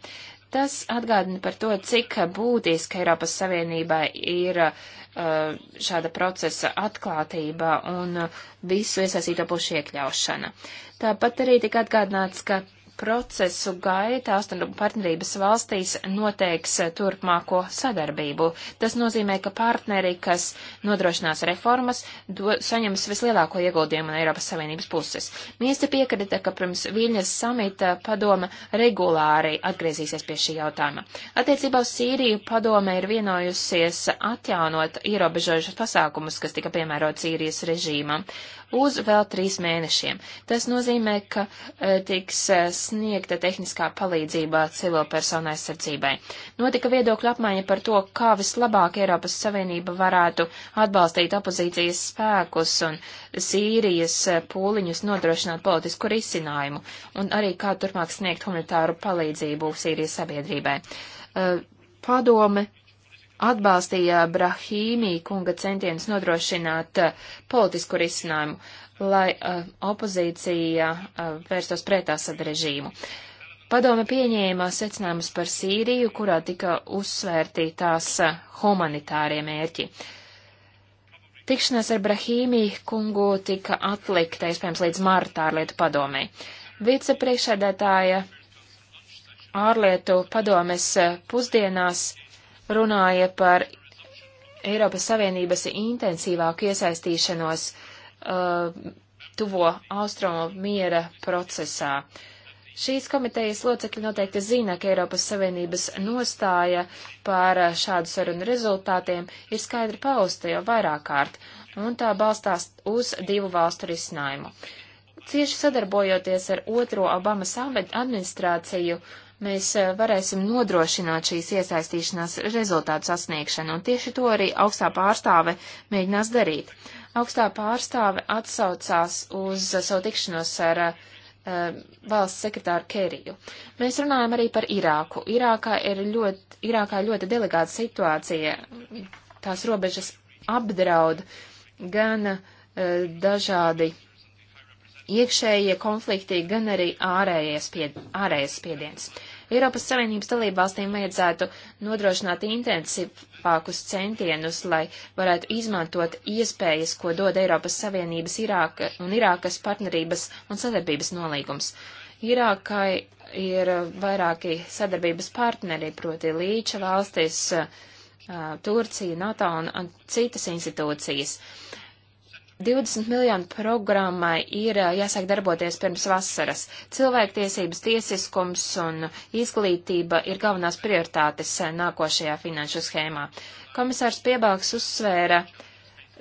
Tas atgādina par to, cik būtiska Eiropas Savienībai ir uh, šāda procesa atklātība un visu iesaistīto pušu iekļaušana. Tāpat arī tika atgādināts, ka procesu gaita Austrumu partnerības valstīs noteiks eh, turpmāko sadarbību. Tas nozīmē, ka partneri, kas nodrošinās reformas, do, saņems vislielāko ieguldījumu no Eiropas Savienības puses. Ministri piekrita, ka pirms Viļņas samita padome regulāri atgriezīsies pie šī jautājuma. Attiecībā uz Sīriju padome ir vienojusies atjaunot ierobežojušas pasākumus, kas tika piemērot Sīrijas režīmam uz vēl trīs mēnešiem. Tas nozīmē, ka e, tiks e, sniegta tehniskā palīdzība civilpersonu aizsardzībai. Notika viedokļu apmaiņa par to, kā vislabāk Eiropas Savienība varētu atbalstīt opozīcijas spēkus un Sīrijas e, pūliņus nodrošināt politisku risinājumu un arī kā turpmāk sniegt humanitāru palīdzību Sīrijas sabiedrībai. Padome atbalstīja Brahīmī kunga centienus nodrošināt uh, politisku risinājumu, lai uh, opozīcija uh, vērstos pretā sadrežīmu. Padome pieņēma secinājumus par Sīriju, kurā tika uzsvērti tās uh, humanitārie mērķi. Tikšanās ar Brahīmī kungu tika atlikta, iespējams, līdz martā ārlietu padomē. Vicepriekšēdētāja ārlietu padomes uh, pusdienās runāja par Eiropas Savienības intensīvāku iesaistīšanos uh, tuvo austrumu miera procesā. Šīs komitejas locekļi noteikti zina, ka Eiropas Savienības nostāja par uh, šādu sarunu rezultātiem ir skaidri pausta jau vairāk kārt, un tā balstās uz divu valstu risinājumu. Cieši sadarbojoties ar otro Obamas administrāciju, uh, mēs eh, varēsim nodrošināt šīs iesaistīšanās rezultātu sasniegšanu, un tieši to arī augstā pārstāve mēģinās darīt. Augstā pārstāve atsaucās uz savu tikšanos ar uh, valsts sekretāru Keriju. Mēs runājam arī par Irāku. Irākā ir ļoti, Irākā ļoti delikāta situācija. Tās robežas apdraud gan uh, dažādi iekšējie konflikti, gan arī ārējais, spied, ārējais spiediens. Eiropas Savienības dalībvalstīm vajadzētu nodrošināt intensīvākus centienus, lai varētu izmantot iespējas, ko dod Eiropas Savienības Irāka un Irākas partnerības un sadarbības nolīgums. Irākai ir vairāki sadarbības partneri, proti Līča valstis, Turcija, NATO un, un citas institūcijas. Uh, 20 miljonu programmai ir jāsāk darboties pirms vasaras. Cilvēktiesības, tiesiskums un izglītība ir galvenās prioritātes nākošajā finanšu schēmā. Komisārs Piebalgs uzsvēra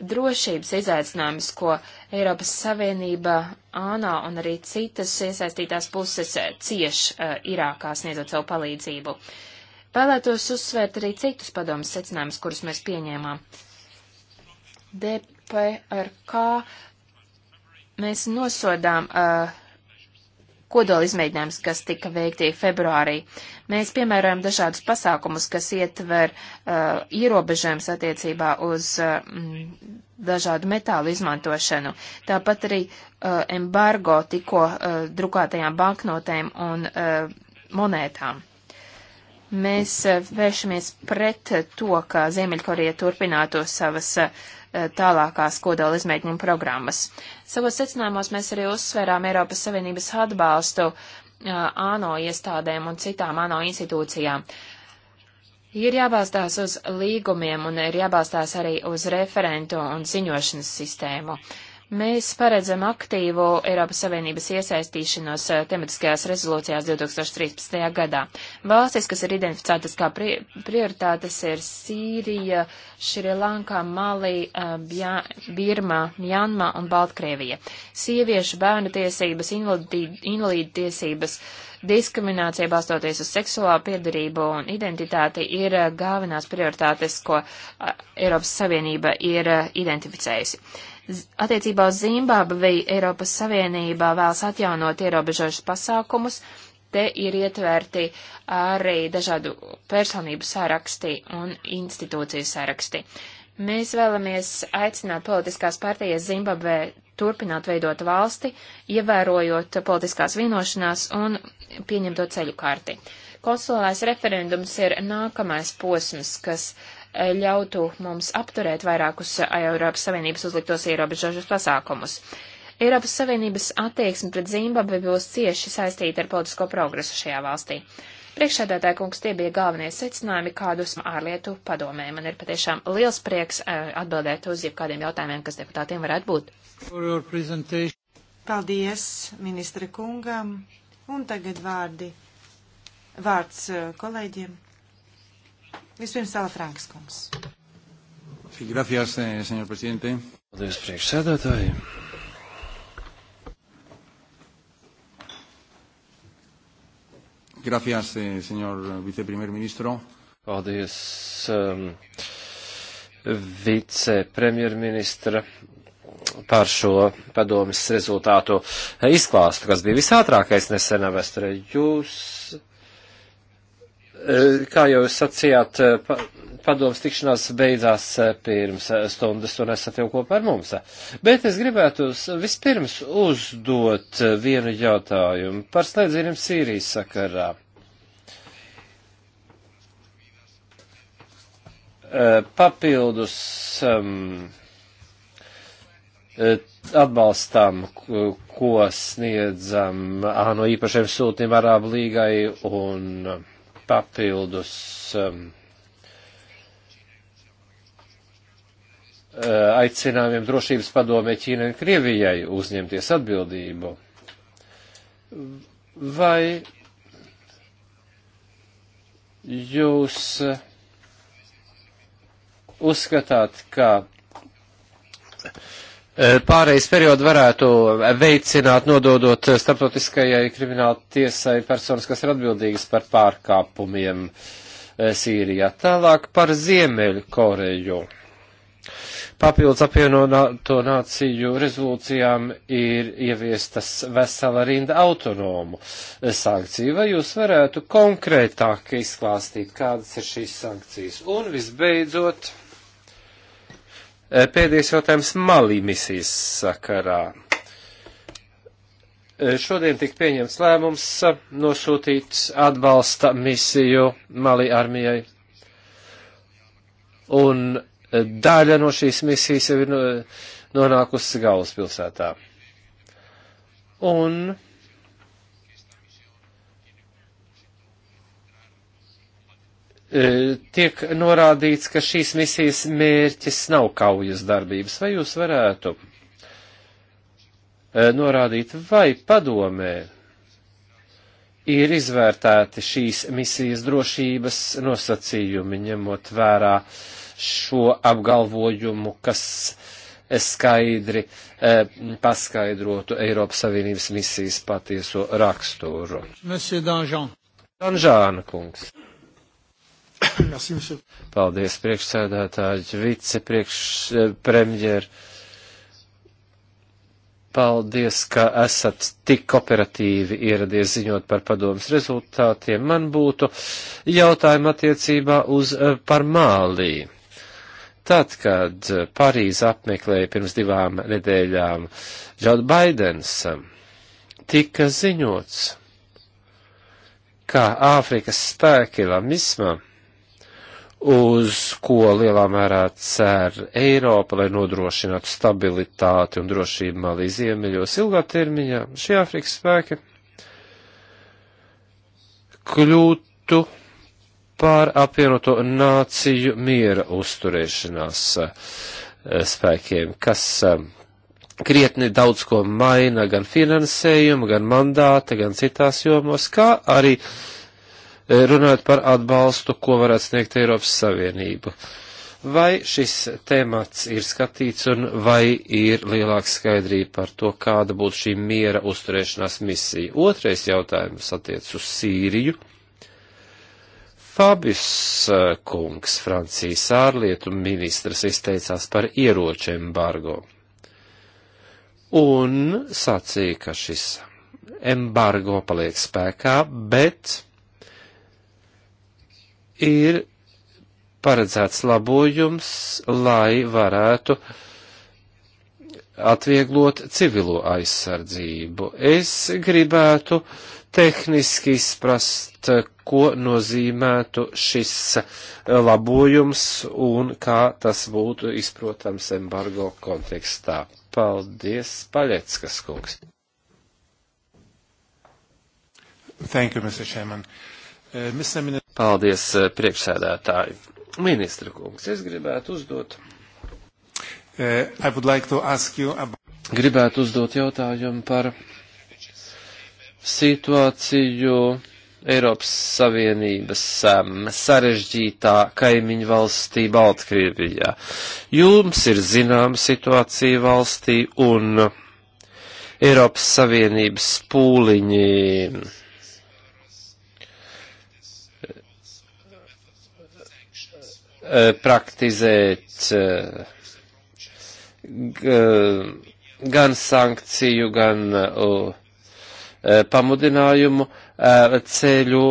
drošības izaicinājumus, ko Eiropas Savienība, ANO un arī citas iesaistītās puses cieš uh, Irākā sniedzot savu palīdzību. Vēlētos uzsvērt arī citus padomus secinājumus, kurus mēs pieņēmām. De PRK mēs nosodām uh, kodola izmēģinājums, kas tika veikti februārī. Mēs piemērojam dažādus pasākumus, kas ietver uh, ierobežojums attiecībā uz uh, dažādu metālu izmantošanu. Tāpat arī uh, embargo tikko uh, drukātajām banknotēm un uh, monētām. Mēs uh, vēršamies pret to, ka Ziemeļkoreja turpinātu savas uh, Eh, tālākās kodola izmēģinuma programmas. Savos secinājumos mēs arī uzsvērām Eiropas Savienības atbalstu eh, ANO iestādēm un citām ANO institūcijām. Ir jābalstās uz līgumiem un ir jābalstās arī uz referentu un ziņošanas sistēmu. Uh, Mēs paredzam aktīvu Eiropas Savienības iesaistīšanos eh, tematiskajās rezolūcijās 2013. gadā. Valstis, kas ir identificētas kā pri prioritātes, ir Sīrija, Šrilanka, Malī, eh, Bjā, Birma, Mjanma un Baltkrievija. Sieviešu bērnu tiesības, invalīdu tiesības, diskriminācija balstoties uz seksuālo piedarību un identitāti ir eh, galvenās prioritātes, ko Eiropas Savienība ir identificējusi. Attiecībā uz Zimbabvi Eiropas Savienībā vēlas atjaunot ierobežošas pasākumus, te ir ietverti arī dažādu personību saraksti un institūciju saraksti. Mēs vēlamies aicināt politiskās partijas Zimbabvē turpināt veidot valsti, ievērojot politiskās vienošanās un pieņemto ceļu karti. Konsulārais referendums ir nākamais posms, kas uh, ļautu mums apturēt vairākus Eiropas Savienības uzliktos ierobežošus pasākumus. Eiropas Savienības attieksme pret Zimbabvi būs cieši saistīta ar politisko progresu šajā valstī. Priekšsēdētāji kungs, tie bija galvenie secinājumi, kādus ārlietu padomē. Man ir patiešām liels prieks atbildēt uz jebkādiem jautājumiem, kas deputātiem varētu būt. Paldies ministra kungam, un tagad vārdi, vārds kolēģiem. Vispirms tālāk Franks kungs. Sí, gracias, eh, senor presidente. Paldies, priekšsēdētāji. Gracias, eh, senor viceprimer ministro. Paldies, um, vicepremjerministra par šo padomis rezultātu izklāstu, kas bija visātrākais nesenā vēsturē. Jūs Eh, kā jau jūs sacījāt, eh, padoms tikšanās beidzās eh, pirms stundas un esat jau kopā ar mums. Bet es gribētu vispirms uzdot vienu jautājumu par slēdzieniem Sīrijas sakarā. Papildus um, atbalstam, ko sniedzam ANO ah, īpašiem sūtījumiem Arābu līgai un papildus um, uh, aicinājumiem drošības padomē Ķīnai un Krievijai uzņemties atbildību? Vai jūs uh, uzskatāt, ka Eh, pārejas periodu varētu veicināt, nododot eh, starptautiskajai krimināla tiesai personas, kas ir atbildīgas par pārkāpumiem eh, Sīrijā. Tālāk par Ziemeļu Koreju. Papildus apvienoto nāciju rezolūcijām ir ieviestas vesela rinda autonomu sankciju. Vai jūs varētu konkrētāk izklāstīt, kādas ir šīs sankcijas? Un visbeidzot Eh, pēdējais jautājums Malī misijas sakarā. Eh, šodien tika pieņemts lēmums eh, nosūtīt atbalsta misiju Mali armijai. Un daļa no šīs misijas jau ir nonākusi galvaspilsētā. Un E, tiek norādīts, ka šīs misijas mērķis nav kaujas darbības. Vai jūs varētu e, norādīt, vai padomē ir izvērtēti šīs misijas drošības nosacījumi, ņemot vērā šo apgalvojumu, kas skaidri eh, paskaidrotu Eiropas Savienības misijas patieso raksturu? Danžāna kungs. Paldies, priekšsēdētāji, vicepremjer. Eh, Paldies, ka esat tik operatīvi ieradies ziņot par padomas rezultātiem. Man būtu jautājumi attiecībā uz eh, par Mālī. Tad, kad Parīzi apmeklēja pirms divām nedēļām Džauds Baidens, tika ziņots, ka Āfrikas spēki lamismam uz ko lielā mērā cer Eiropa, lai nodrošinātu stabilitāti un drošību Malī ziemeļos ilgā termiņā, šie Afrikas spēki kļūtu par apvienoto nāciju miera uzturēšanās eh, spēkiem, kas eh, krietni daudz ko maina gan finansējumu, gan mandāta, gan citās jomos, kā arī uh, Eh, runāt par atbalstu, ko varētu sniegt Eiropas Savienību. Vai šis temats ir skatīts un vai ir lielāka skaidrība par to, kāda būtu šī miera uzturēšanās misija? Otrais jautājums attiec uz Sīriju. Fabis eh, kungs, Francijas ārlietu ministrs, izteicās par ieroču embargo un sacīja, ka šis embargo paliek spēkā, bet ir paredzēts labojums, lai varētu atvieglot civilo aizsardzību. Es gribētu tehniski izprast, ko nozīmētu šis labojums un kā tas būtu izprotams embargo kontekstā. Paldies, Paļeckas kungs! Thank you, Mr. Chairman. Uh, Eh, Paldies, eh, priekšsēdētāji. Ministra kungs, es gribētu uzdot. Eh, like about... Gribētu uzdot jautājumu par situāciju Eiropas Savienības um, sarežģītā kaimiņu valstī Baltkrievijā. Jums ir zināma situācija valstī un Eiropas Savienības pūliņi E, praktizēt e, e, gan sankciju, gan pamudinājumu ceļu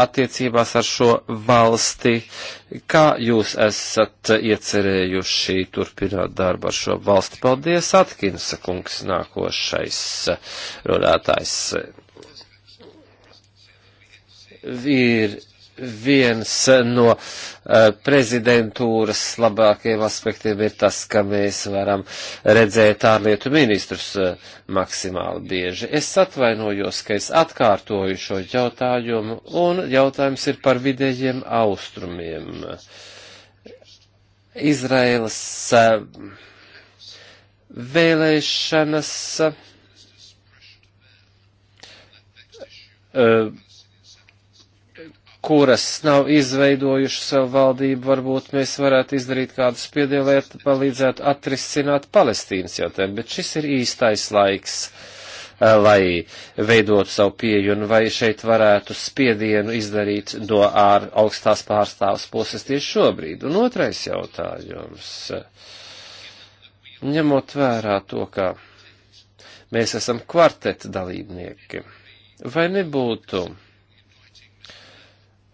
attiecībās ar šo valsti. Kā jūs esat iecerējuši turpināt darbu ar šo valsti? Paldies, Atkinsa kungs, nākošais runātājs. Ir viens no eh, prezidentūras labākajiem aspektiem ir tas, ka mēs varam redzēt ārlietu ministrus eh, maksimāli bieži. Es atvainojos, ka es atkārtoju šo jautājumu, un jautājums ir par vidējiem austrumiem. Izraēlas eh, vēlēšanas. Uh, kuras nav izveidojuši savu valdību, varbūt mēs varētu izdarīt kādu spiedienu, lai palīdzētu atrisināt Palestīnas jautājumu, bet šis ir īstais laiks, eh, lai veidotu savu pieju un vai šeit varētu spiedienu izdarīt no ār augstās pārstāvas puses tieši šobrīd. Un otrais jautājums. Ņemot vērā to, ka mēs esam kvarteta dalībnieki, vai nebūtu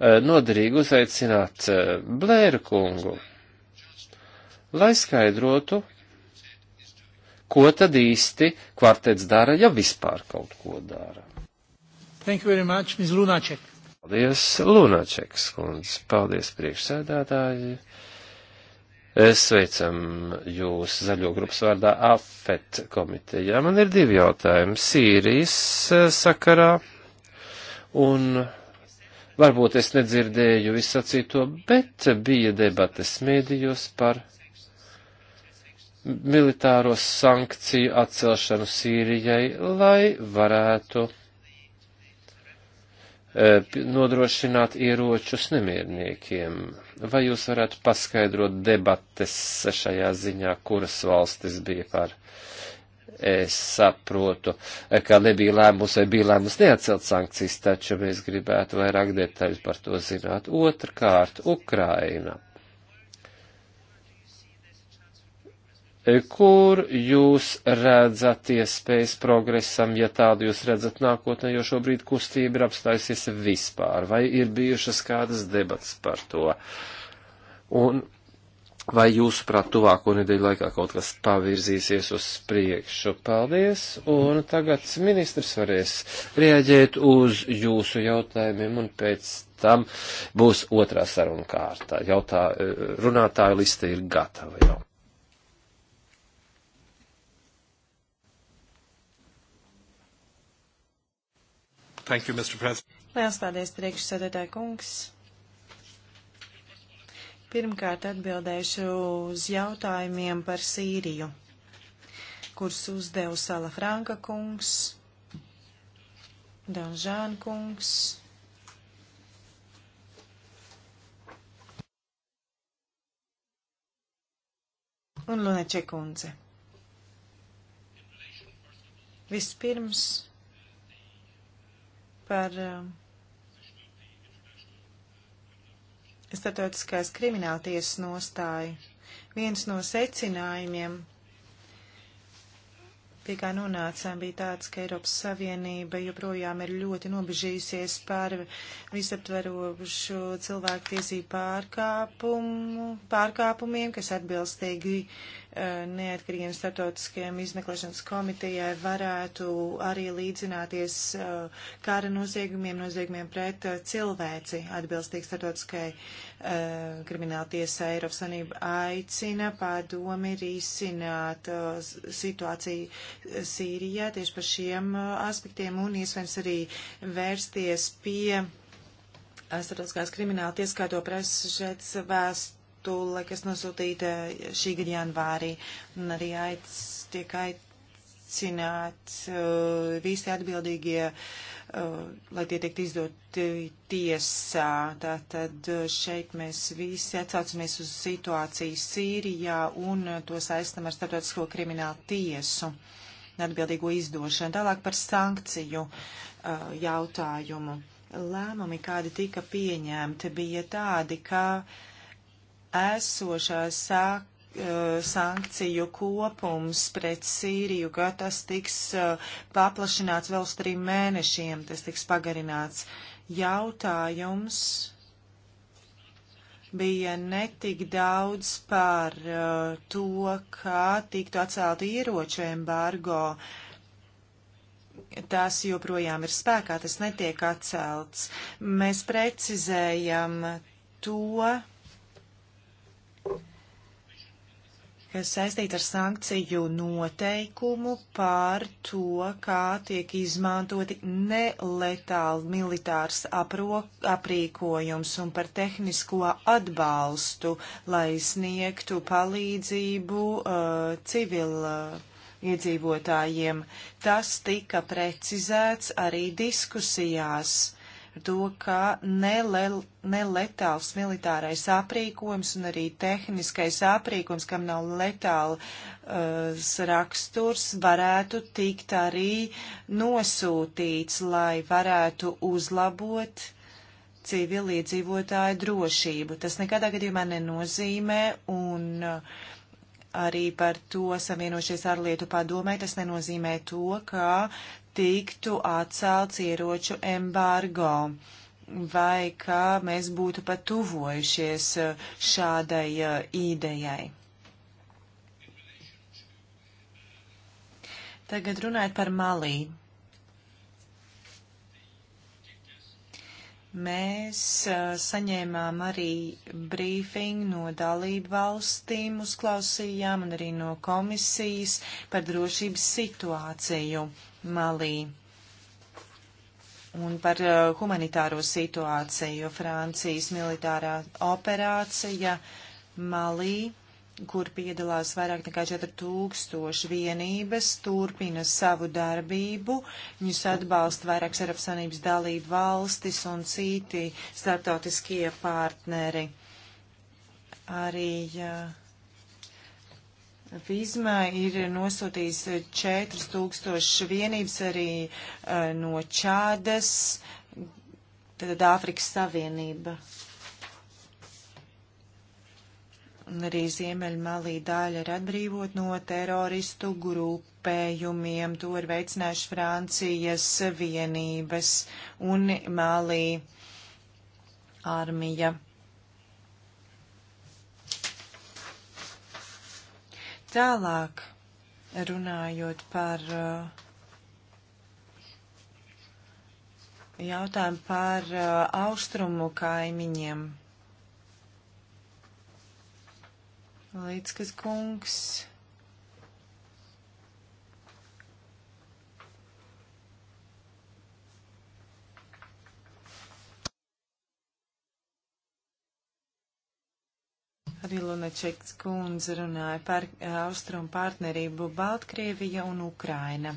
Eh, noderīgi uzaicināt eh, Blēru kungu, lai skaidrotu, ko tad īsti kvartets dara, ja vispār kaut ko dara. Thank you very much, Ms. Lunaček. Paldies, Lunačeks kundze. Paldies, priekšsēdētāji. Sveicam jūs zaļo grupas vārdā AFET komitejā. Man ir divi jautājumi. Sīrijas eh, sakarā un Varbūt es nedzirdēju visacīto, bet bija debates mēdījos par militāro sankciju atcelšanu Sīrijai, lai varētu e, nodrošināt ieročus nemierniekiem. Vai jūs varētu paskaidrot debates šajā ziņā, kuras valstis bija par Es saprotu, ka nebija lēmums vai bija lēmums neatcelt sankcijas, taču mēs gribētu vairāk detaļas par to zināt. Otrkārt, Ukraina. Kur jūs redzat iespējas progresam, ja tādu jūs redzat nākotnē, jo šobrīd kustība ir apstājusies vispār, vai ir bijušas kādas debats par to? Un Vai jūsuprāt, tuvāko nedēļu laikā kaut kas pavirzīsies uz priekšu? Paldies! Un tagad ministrs varēs rieģēt uz jūsu jautājumiem, un pēc tam būs otrā saruna kārta. Jautā, eh, runātāju liste ir gatava jau. Thank you, Mr. President. Lielas paldies, priekšsēdētāji kungs. Pirmkārt atbildēšu uz jautājumiem par Sīriju, kurus uzdevu Sala Franka kungs, Danžāna kungs. un Luneče kundze. Vispirms par uh, starptautiskās krimināltiesas nostāju. Viens no secinājumiem, pie kā nonācām, bija tāds, ka Eiropas Savienība joprojām ir ļoti nobežījusies par visaptverošu cilvēku tiesību pārkāpumu, pārkāpumiem, kas atbilstīgi uh, neatkarīgiem starptautiskajiem izmeklēšanas komitejai varētu arī līdzināties eh, kara noziegumiem, noziegumiem pret eh, cilvēci atbilstīgi starptautiskai eh, krimināla tiesa Eiropas Sanība aicina padomi risināt situāciju Sīrijā tieši par šiem aspektiem un iespējams arī vērsties pie starptautiskās krimināla tiesā, kā to prasa šeit vēst vēstule, kas nosūtīta šī gada janvārī, un arī aic, tiek aicināts uh, visi atbildīgie, uh, lai tie tiek izdoti tiesā. Tātad uh, šeit mēs visi atsaucamies uz situāciju Sīrijā un uh, to saistam ar starptautisko kriminālu tiesu atbildīgo izdošanu. Tālāk par sankciju uh, jautājumu lēmumi, kādi tika pieņemti, bija tādi, ka esošās sāk eh, sankciju kopums pret Sīriju, ka tas tiks eh, paplašināts vēl uz trim mēnešiem, tas tiks pagarināts. Jautājums bija netik daudz par eh, to, kā tiktu atcelt ieroču embargo. Tas joprojām ir spēkā, tas netiek atcelts. Mēs precizējam to, saistīta ar sankciju noteikumu par to, kā tiek izmantoti neletāli militārs apro, aprīkojums un par tehnisko atbalstu, lai sniegtu palīdzību uh, civil uh, iedzīvotājiem. Tas tika precizēts arī diskusijās par to, ka nelel, neletāls militārais aprīkojums un arī tehniskais aprīkojums, kam nav letāla uh, raksturs, varētu tikt arī nosūtīts, lai varētu uzlabot civiliedzīvotāju drošību. Tas nekādā gadījumā nenozīmē un. Uh, arī par to savienošies ārlietu padomē, tas nenozīmē to, ka tiktu atcelts ieroču embargo vai ka mēs būtu patuvojušies eh, šādai eh, idejai. Tagad runājot par Malī. Mēs uh, saņēmām arī brīfingu no dalību valstīm, uzklausījām un arī no komisijas par drošības situāciju Malī un par uh, humanitāro situāciju, jo Francijas militārā operācija Malī, kur piedalās vairāk nekā 4000 vienības, turpina savu darbību. Viņus atbalsta vairākas Eiropas Savienības dalību valstis un citi starptautiskie partneri. Arī uh, Fizmā ir nosūtījis 4000 vienības arī uh, no Čādas, tad Āfrikas Savienība. Un arī Ziemeļmalī daļa ir atbrīvot no teroristu grupējumiem. To ir veicinājuši Francijas vienības un Malī armija. Tālāk, runājot par uh, jautājumu par uh, austrumu kaimiņiem. Līdz kas kungs Arī Lunačeks kundze runāja par eh, austrumu partnerību Baltkrievija un Ukraina.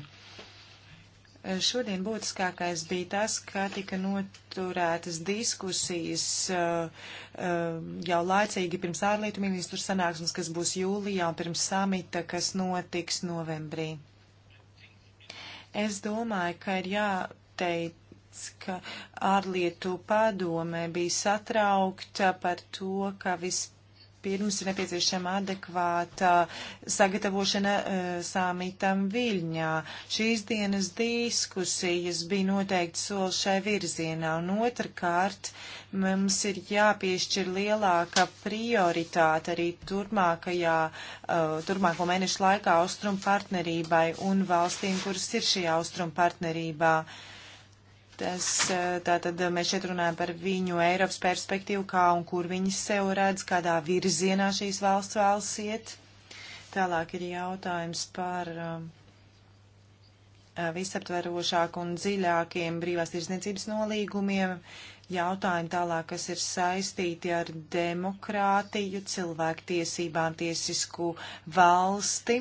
Eh, šodien būtiskākais bija tas, kā tika noturētas diskusijas eh, jau laicīgi pirms ārlietu ministru sanāksmes, kas būs jūlijā, un pirms samita, kas notiks novembrī. Es domāju, ka ir jāteic, ka ārlietu padome bija satraukta par to, ka vispār Pirms ir nepieciešama adekvāta sagatavošana uh, samitam Viļņā. Šīs dienas diskusijas bija noteikti soli šai virzienā, un otrkārt mums ir jāpiešķir lielāka prioritāte arī turpmākajā, uh, e, turpmāko mēnešu laikā austrumu partnerībai un valstīm, kuras ir šajā austrumu partnerībā. Uh, Tas, eh, tātad eh, mēs šeit runājam par viņu Eiropas perspektīvu, kā un kur viņi sev redz, kādā virzienā šīs valsts vēlas iet. Tālāk ir jautājums par eh, visaptverošāku un dziļākiem brīvās tirsniecības nolīgumiem. Jautājumi tālāk, kas ir saistīti ar demokrātiju, cilvēktiesībām, tiesisku valsti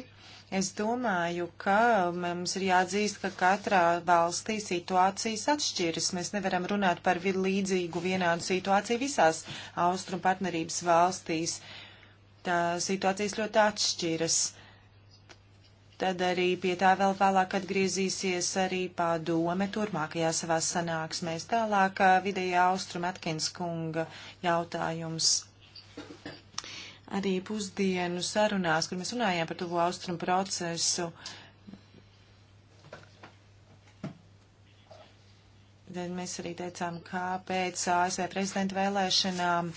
Es domāju, ka mums ir jāatzīst, ka katrā valstī situācijas atšķiras. Mēs nevaram runāt par līdzīgu vienādu situāciju visās austrumu partnerības valstīs. Tā situācijas ļoti atšķiras. Tad arī pie tā vēl vēlāk atgriezīsies arī padome turpmākajā savā sanāksmēs. Tālāk vidējā austruma Atkins kunga jautājums arī pusdienu sarunās, kur mēs runājām par tuvo austrumu procesu. Tad mēs arī teicām, kā pēc ASV prezidenta vēlēšanām,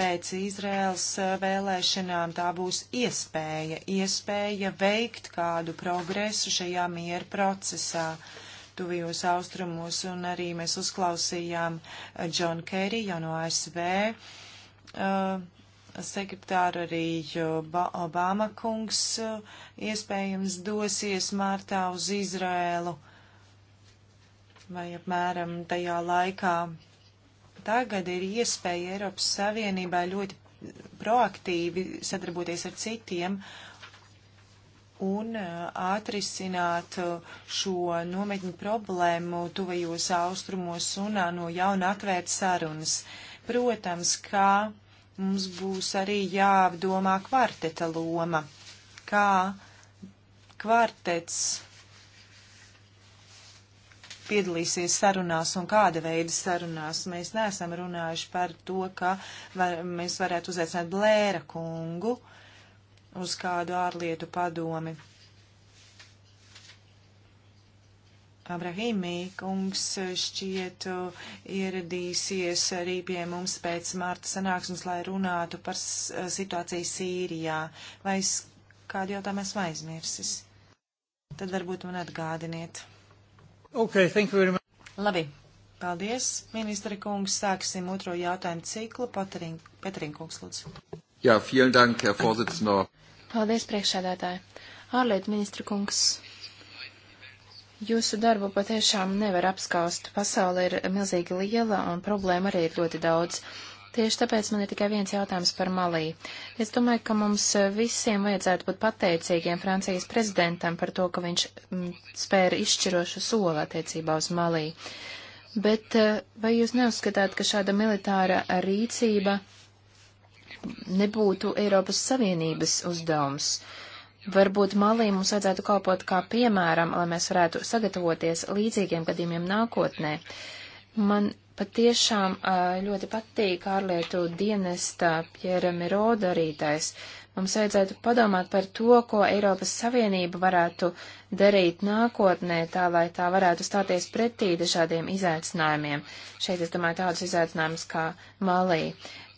pēc Izraels eh, vēlēšanām tā būs iespēja, iespēja veikt kādu progresu šajā miera procesā tuvijos austrumos, un arī mēs uzklausījām eh, John Kerry, jau no ASV. Uh, eh, sekretāru arī Obama kungs eh, iespējams dosies martā uz Izrēlu vai apmēram tajā laikā. Tagad ir iespēja Eiropas Savienībā ļoti proaktīvi sadarboties ar citiem un eh, atrisināt eh, šo nometņu problēmu tuvajos austrumos un no jauna atvērt sarunas. Protams, kā Mums būs arī jāapdomā kvarteta loma, kā kvartets piedalīsies sarunās un kāda veida sarunās. Mēs neesam runājuši par to, ka var, mēs varētu uzaicināt Blēra kungu uz kādu ārlietu padomi. Abrahīmī kungs šķiet uh, ieradīsies arī pie mums pēc marta sanāksmes, lai runātu par uh, situāciju Sīrijā. Vai es kādu jautājumu esmu aizmirsis? Tad varbūt man atgādiniet. Okay, thank you very much. Labi, Paldies, ministra kungs. Sāksim otro jautājumu ciklu. Petrīna kungs, lūdzu. Jā, vielen dank, Herr Vorsitzender. Paldies, priekšsēdētāji. Ārlietu ministra kungs, Jūsu darbu patiešām nevar apskaust. Pasaule ir milzīgi liela un problēma arī ir ļoti daudz. Tieši tāpēc man ir tikai viens jautājums par Malī. Es domāju, ka mums visiem vajadzētu būt pateicīgiem Francijas prezidentam par to, ka viņš m, mm, spēra izšķirošu soli attiecībā uz Malī. Bet eh, vai jūs neuzskatāt, ka šāda militāra rīcība nebūtu Eiropas Savienības uzdevums? Uh, Varbūt Malī mums vajadzētu kalpot kā piemēram, lai mēs varētu sagatavoties līdzīgiem gadījumiem nākotnē. Man patiešām ļoti patīk ārlietu dienesta Pjera Miro darītais. Mums vajadzētu padomāt par to, ko Eiropas Savienība varētu darīt nākotnē, tā lai tā varētu stāties pretī dažādiem izaicinājumiem. Šeit es domāju tādus izaicinājumus kā Malī.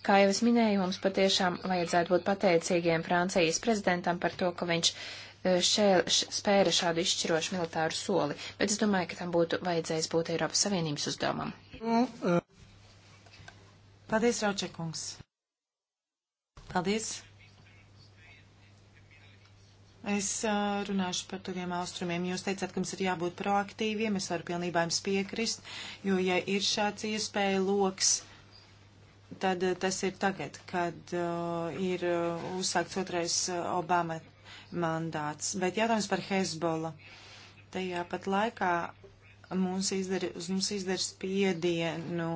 Kā jau es minēju, mums patiešām vajadzētu būt pateicīgiem Francijas prezidentam par to, ka viņš e, šēl, š, spēra šādu izšķirošu militāru soli, bet es domāju, ka tam būtu vajadzējis būt Eiropas Savienības uzdevumam. Paldies, Raučekungs. Paldies. Es uh, runāšu par tuviem austrumiem. Jūs teicāt, ka mums ir jābūt proaktīviem. Es varu pilnībā jums piekrist, jo, ja ir šāds iespēja loks, uh, tad eh, tas ir tagad, kad uh, ir eh, uzsākts otrais Obama mandāts. Bet jautājums par Hezbola. Tajā pat laikā mums izdara, uz mums izdara spiedienu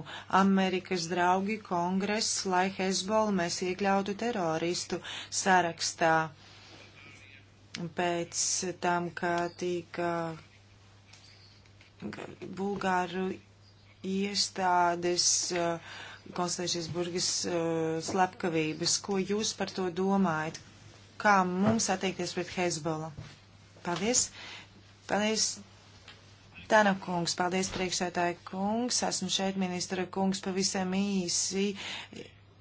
Amerikas draugi kongress, lai Hezbola mēs iekļautu teroristu sarakstā. Pēc tam, kā tika Bulgāru iestādes uh, konstatējušies burgas uh, eh, slepkavības. Ko jūs par to domājat? Kā mums attiekties pret Hezbola? Paldies! Paldies! Tana kungs, paldies priekšsētāja kungs, esmu šeit ministra kungs pavisam īsi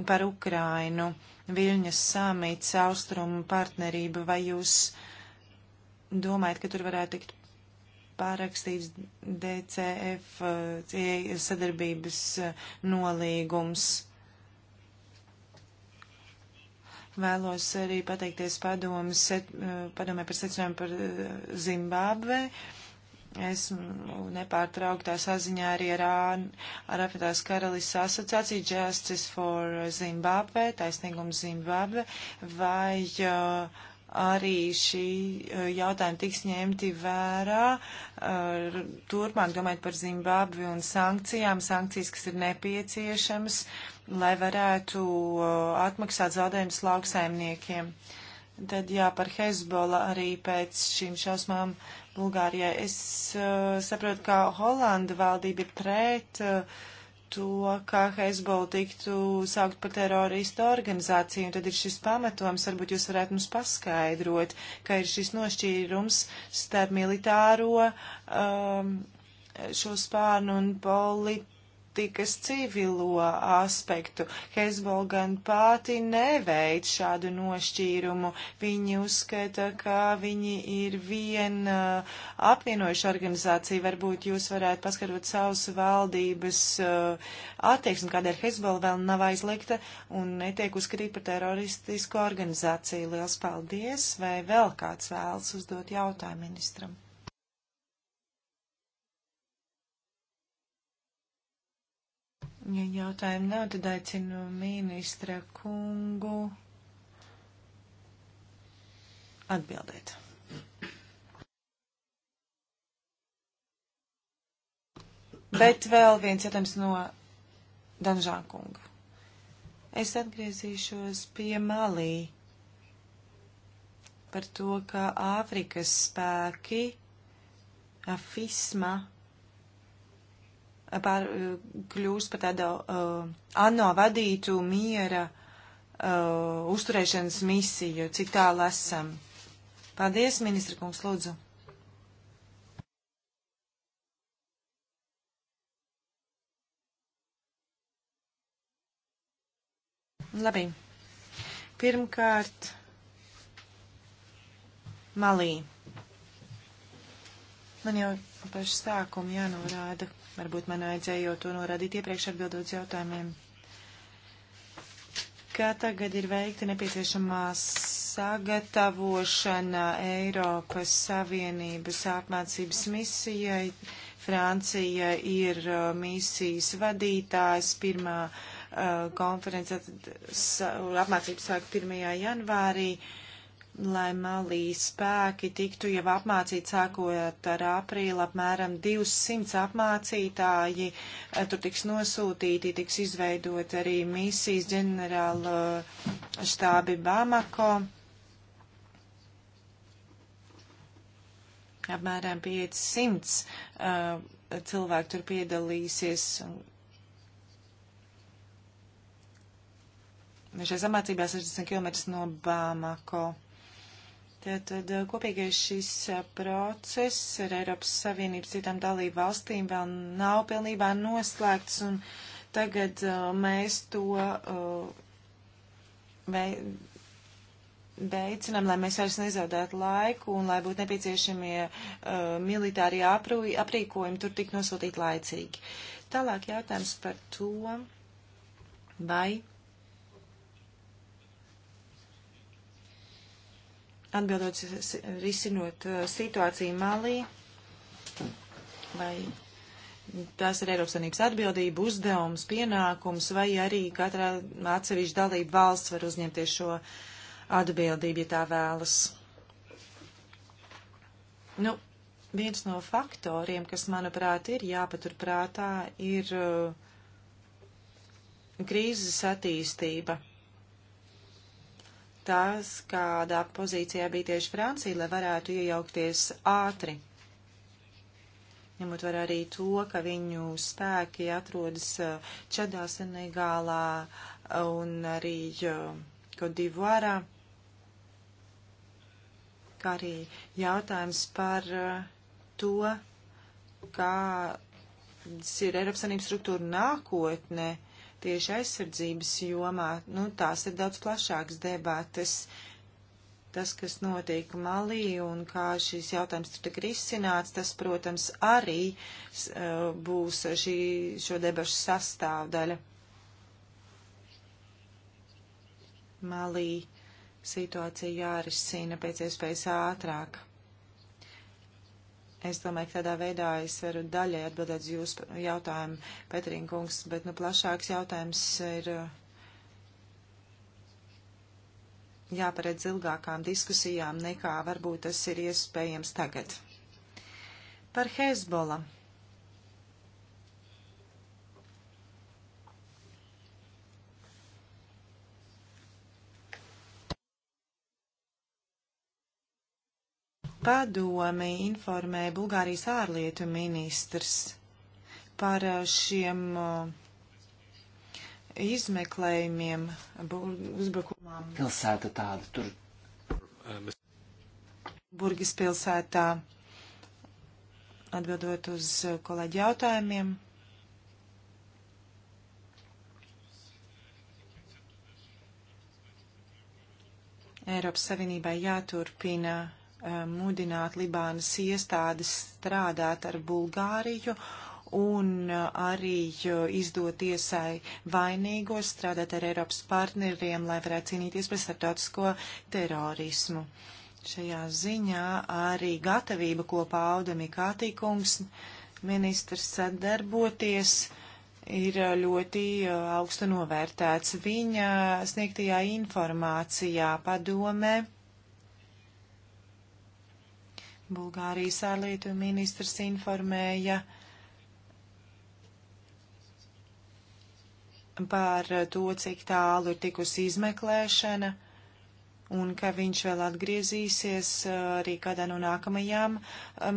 par Ukrainu. Viļņas samīts, austrumu partnerība, vai jūs domājat, ka tur varētu tikt pārakstīts DCF eh, sadarbības eh, nolīgums. Vēlos arī pateikties padomas, eh, padomē par secinājumu par Zimbabve. Esmu nepārtrauktā saziņā arī ar, ar apvienotās karalistas asociāciju Justice for Zimbabwe, taisnīgums Zimbabwe, vai uh, arī šī eh, jautājuma tiks ņemti vērā. Eh, turpmāk domājot par Zimbabvi un sankcijām, sankcijas, kas ir nepieciešamas, lai varētu eh, atmaksāt zaudējumus lauksaimniekiem. Tad jā, par Hezbola arī pēc šīm šausmām Bulgārijai. Es uh, saprotu, ka Holanda valdība ir pret. Uh, to, ka Hezbollah tiktu saukt par teroristu organizāciju, un tad ir šis pamatojums, varbūt jūs varētu mums paskaidrot, ka ir šis nošķīrums starp militāro um, šo spārnu un politiku politikas civilo aspektu. Hezbol gan pati neveic šādu nošķīrumu. Viņi uzskata, ka viņi ir viena uh, apvienojuša organizācija. Varbūt jūs varētu paskatot savus valdības uh, attieksmi, kādēļ Hezbol vēl nav aizlikta un netiek uzskatīt par teroristisku organizāciju. Liels paldies! Vai vēl kāds vēlas uzdot jautājumu ministram? Ja jautājumu nav, tad aicinu ministra kungu atbildēt. Bet vēl viens jautājums no Danžāna kunga. Es atgriezīšos pie Malī par to, ka Āfrikas spēki, afisma, pār, eh, kļūst par tādu uh, eh, ANO vadītu miera uh, uzturēšanas misiju, cik tālu esam. Paldies, ministra kungs, lūdzu. Labi. Pirmkārt, Malī. Man jau pašu sākumu jānorāda. Varbūt man vajadzēja to norādīt iepriekš atbildot jautājumiem. Kā tagad ir veikta nepieciešamā sagatavošana Eiropas Savienības apmācības misijai? Francija ir uh, misijas vadītājs pirmā uh, konference, apmācības sāk 1. janvārī. Uh, lai malī spēki tiktu jau apmācīti sākot ar aprīlu, apmēram 200 apmācītāji eh, tur tiks nosūtīti, tiks izveidot arī misijas ģenerāla štābi Bamako. Apmēram 500 uh, eh, cilvēki tur piedalīsies. Šajās apmācībās 60 km no Bamako. Tātad eh, kopīgais šis eh, process ar Eiropas Savienības citām dalību valstīm vēl nav pilnībā noslēgts, un tagad uh, mēs to veicinām, uh, lai mēs vairs nezaudētu laiku un lai būtu nepieciešamie uh, militārie aprīkojumi tur tik nosūtīt laicīgi. Tālāk jautājums par to, vai atbildot, risinot uh, situāciju Malī, vai tas ir Eiropas Savienības atbildība, uzdevums, pienākums, vai arī katrā atsevišķa dalība valsts var uzņemties šo atbildību, ja tā vēlas. Nu, viens no faktoriem, kas, manuprāt, ir jāpaturprātā, ir uh, krīzes attīstība tas, kādā pozīcijā bija tieši Francija, lai varētu iejaukties ātri. Ņemot vērā arī to, ka viņu spēki atrodas eh, Čadā, Senegālā eh, un arī Kodivuārā, eh, kā arī jautājums par to, kādas ir Eiropas Sanības struktūra nākotne. Uh, tieši aizsardzības jomā, nu, tās ir daudz plašākas debates. Tas, kas notiek Malī un kā šis jautājums tur tik risināts, tas, protams, arī būs šī, šo debašu sastāvdaļa. Malī situācija jārisina pēc iespējas ātrāk. Es domāju, ka tādā veidā es varu daļai atbildēt uz jūsu jautājumu, Petrīnkungs, bet nu, plašāks jautājums ir uh, jāparedz ilgākām diskusijām, nekā varbūt tas ir iespējams tagad. Par Hezbola Padomi informēja Bulgārijas ārlietu ministrs par uh, šiem uh, izmeklējumiem uzbrukumām. Pilsēta tāda tur. Burgas pilsētā atbildot uz uh, kolēģi jautājumiem. Eiropas Savienībai jāturpina Um, mudināt Libānas iestādes strādāt ar Bulgāriju un uh, arī uh, izdot tiesai vainīgos strādāt ar Eiropas partneriem, lai varētu cīnīties pret starptautisko terorismu. Šajā ziņā arī gatavība, ko pauda Mikātīkungs, ministrs sadarboties, ir uh, ļoti augstu novērtēts viņa sniegtajā informācijā padomē Bulgārijas ārlietu ministrs informēja par to, cik tālu ir tikusi izmeklēšana un ka viņš vēl atgriezīsies uh, arī kādā no nākamajām uh,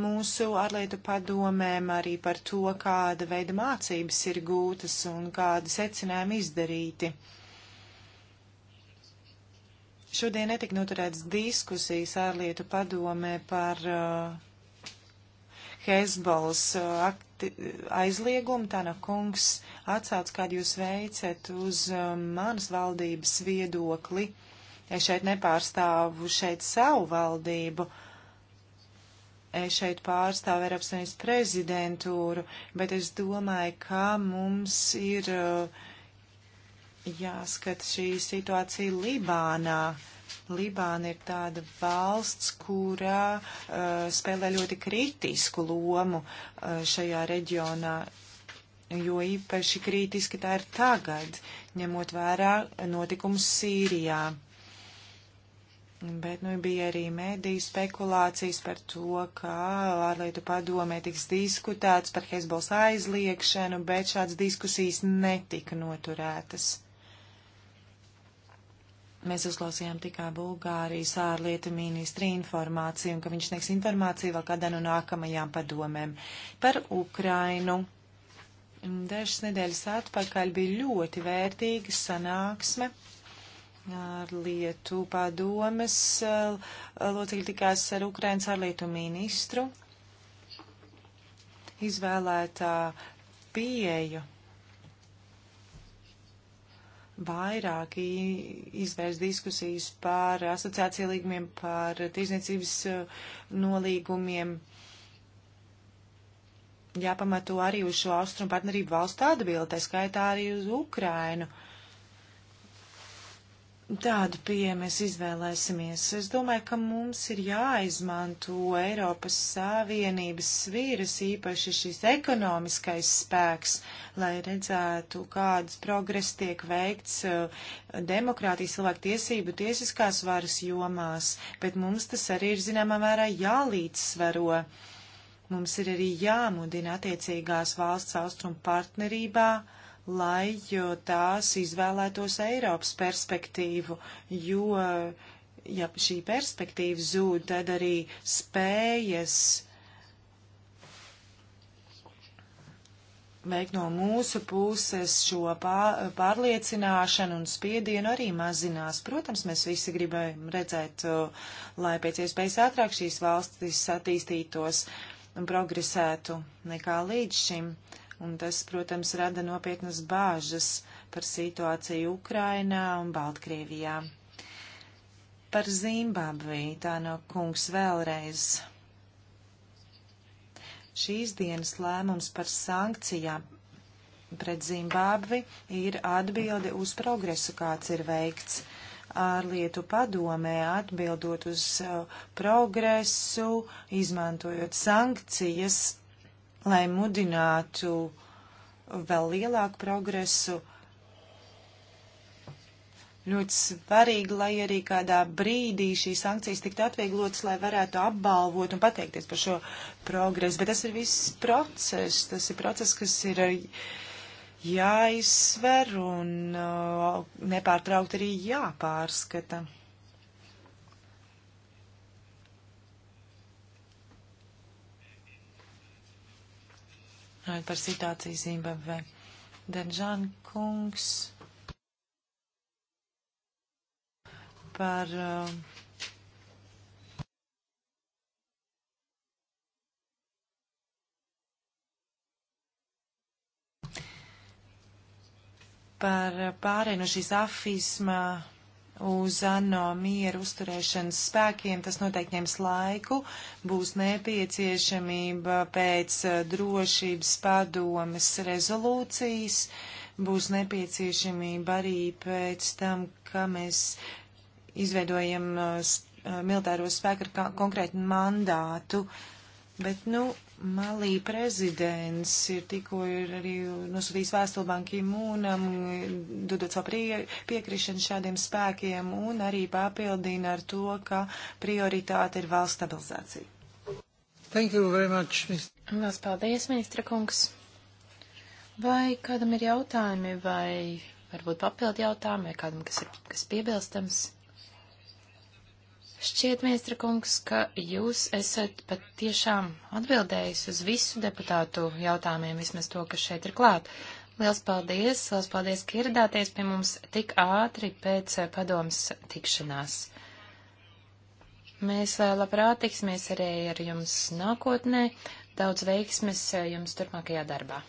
mūsu ārlietu padomēm arī par to, kāda veida mācības ir gūtas un kādi secinājumi izdarīti. Šodien netika noturētas diskusijas ārlietu padomē par uh, Hezbollas uh, aizliegumu. Tāna kungs atsauc, kādu jūs veicat uz uh, manas valdības viedokli. Es šeit nepārstāvu šeit savu valdību. Es šeit pārstāvu Eiropas Savienības prezidentūru, bet es domāju, ka mums ir. Uh, jāskat šī situācija Libānā. Libāna ir tāda valsts, kurā uh, spēlē ļoti kritisku lomu uh, šajā reģionā, jo īpaši kritiski tā ir tagad, ņemot vērā notikumus Sīrijā. Bet nu, bija arī mēdīju spekulācijas par to, ka ārlietu padomē tiks diskutēts par Hezbols aizliekšanu, bet šāds diskusijas netika noturētas. Mēs uzklausījām tikai Bulgārijas ārlietu ministri informāciju, un ka viņš sniegs informāciju vēl kādā no nākamajām padomēm par Ukrainu. Dažas nedēļas atpakaļ bija ļoti vērtīga sanāksme ārlietu padomes eh, locekļi tikās ar Ukrainas ārlietu ministru izvēlētā pieeju vairāk izvērst diskusijas par asociāciju līgumiem, par tirzniecības uh, nolīgumiem. Jāpamato arī uz šo austrumu partnerību valstu atbildi, tā skaitā arī uz Ukrainu. Uh, tādu pieeju mēs izvēlēsimies. Es domāju, ka mums ir jāizmanto Eiropas Savienības svīras, īpaši šis ekonomiskais spēks, lai redzētu, kādas progress tiek veikts uh, demokrātijas, cilvēku tiesību, tiesiskās varas jomās, bet mums tas arī ir zināmā mērā jālīdzsvaro. Mums ir arī jāmudina attiecīgās valsts austrumu partnerībā lai tās izvēlētos Eiropas perspektīvu, jo, ja šī perspektīva zūd, tad arī spējas veikt no mūsu puses šo pārliecināšanu un spiedienu arī mazinās. Protams, mēs visi gribam redzēt, lai pēc iespējas ātrāk šīs valstis attīstītos un progresētu nekā līdz šim. Uh, un tas, protams, rada nopietnas bāžas par situāciju Ukrainā un Baltkrievijā. Par Zimbabvi tā no kungs vēlreiz. Šīs dienas lēmums par sankcijām pret Zimbabvi ir atbildi uz progresu, kāds ir veikts. Ārlietu padomē atbildot uz eh, progresu, izmantojot sankcijas, lai mudinātu vēl lielāku progresu. Ļoti svarīgi, lai arī kādā brīdī šīs sankcijas tiktu atvieglotas, lai varētu apbalvot un pateikties par šo progresu. Bet tas ir viss process, tas ir process, kas ir jāizsver un uh, nepārtraukt arī jāpārskata. runājot par situāciju Zimbabvē. Denžāna kungs par uh, par pārēju no šīs afisma uz ANO mieru uzturēšanas spēkiem. Tas noteikti ņems laiku, būs nepieciešamība pēc eh, drošības padomes rezolūcijas, būs nepieciešamība arī pēc tam, ka mēs izveidojam eh, eh, militāro spēku ar konkrētu mandātu. Bet, nu, Malī prezidents ir tikko ir arī nosūtījis vēstuli Banki Mūnam, dodot savu prie, piekrišanu šādiem spēkiem un arī papildina ar to, ka prioritāte ir valsts stabilizācija. Thank you very much, Mr. Lās paldies, ministra kungs. Vai kādam ir jautājumi vai varbūt papildu jautājumi vai kādam, kas ir kas piebilstams? Šķiet, ministra kungs, ka jūs esat pat tiešām atbildējis uz visu deputātu jautājumiem, vismaz to, kas šeit ir klāt. Liels paldies, liels paldies, ka ieradāties pie mums tik ātri pēc padomas tikšanās. Mēs labprāt tiksimies arī ar jums nākotnē. Daudz veiksmes jums turpmākajā darbā.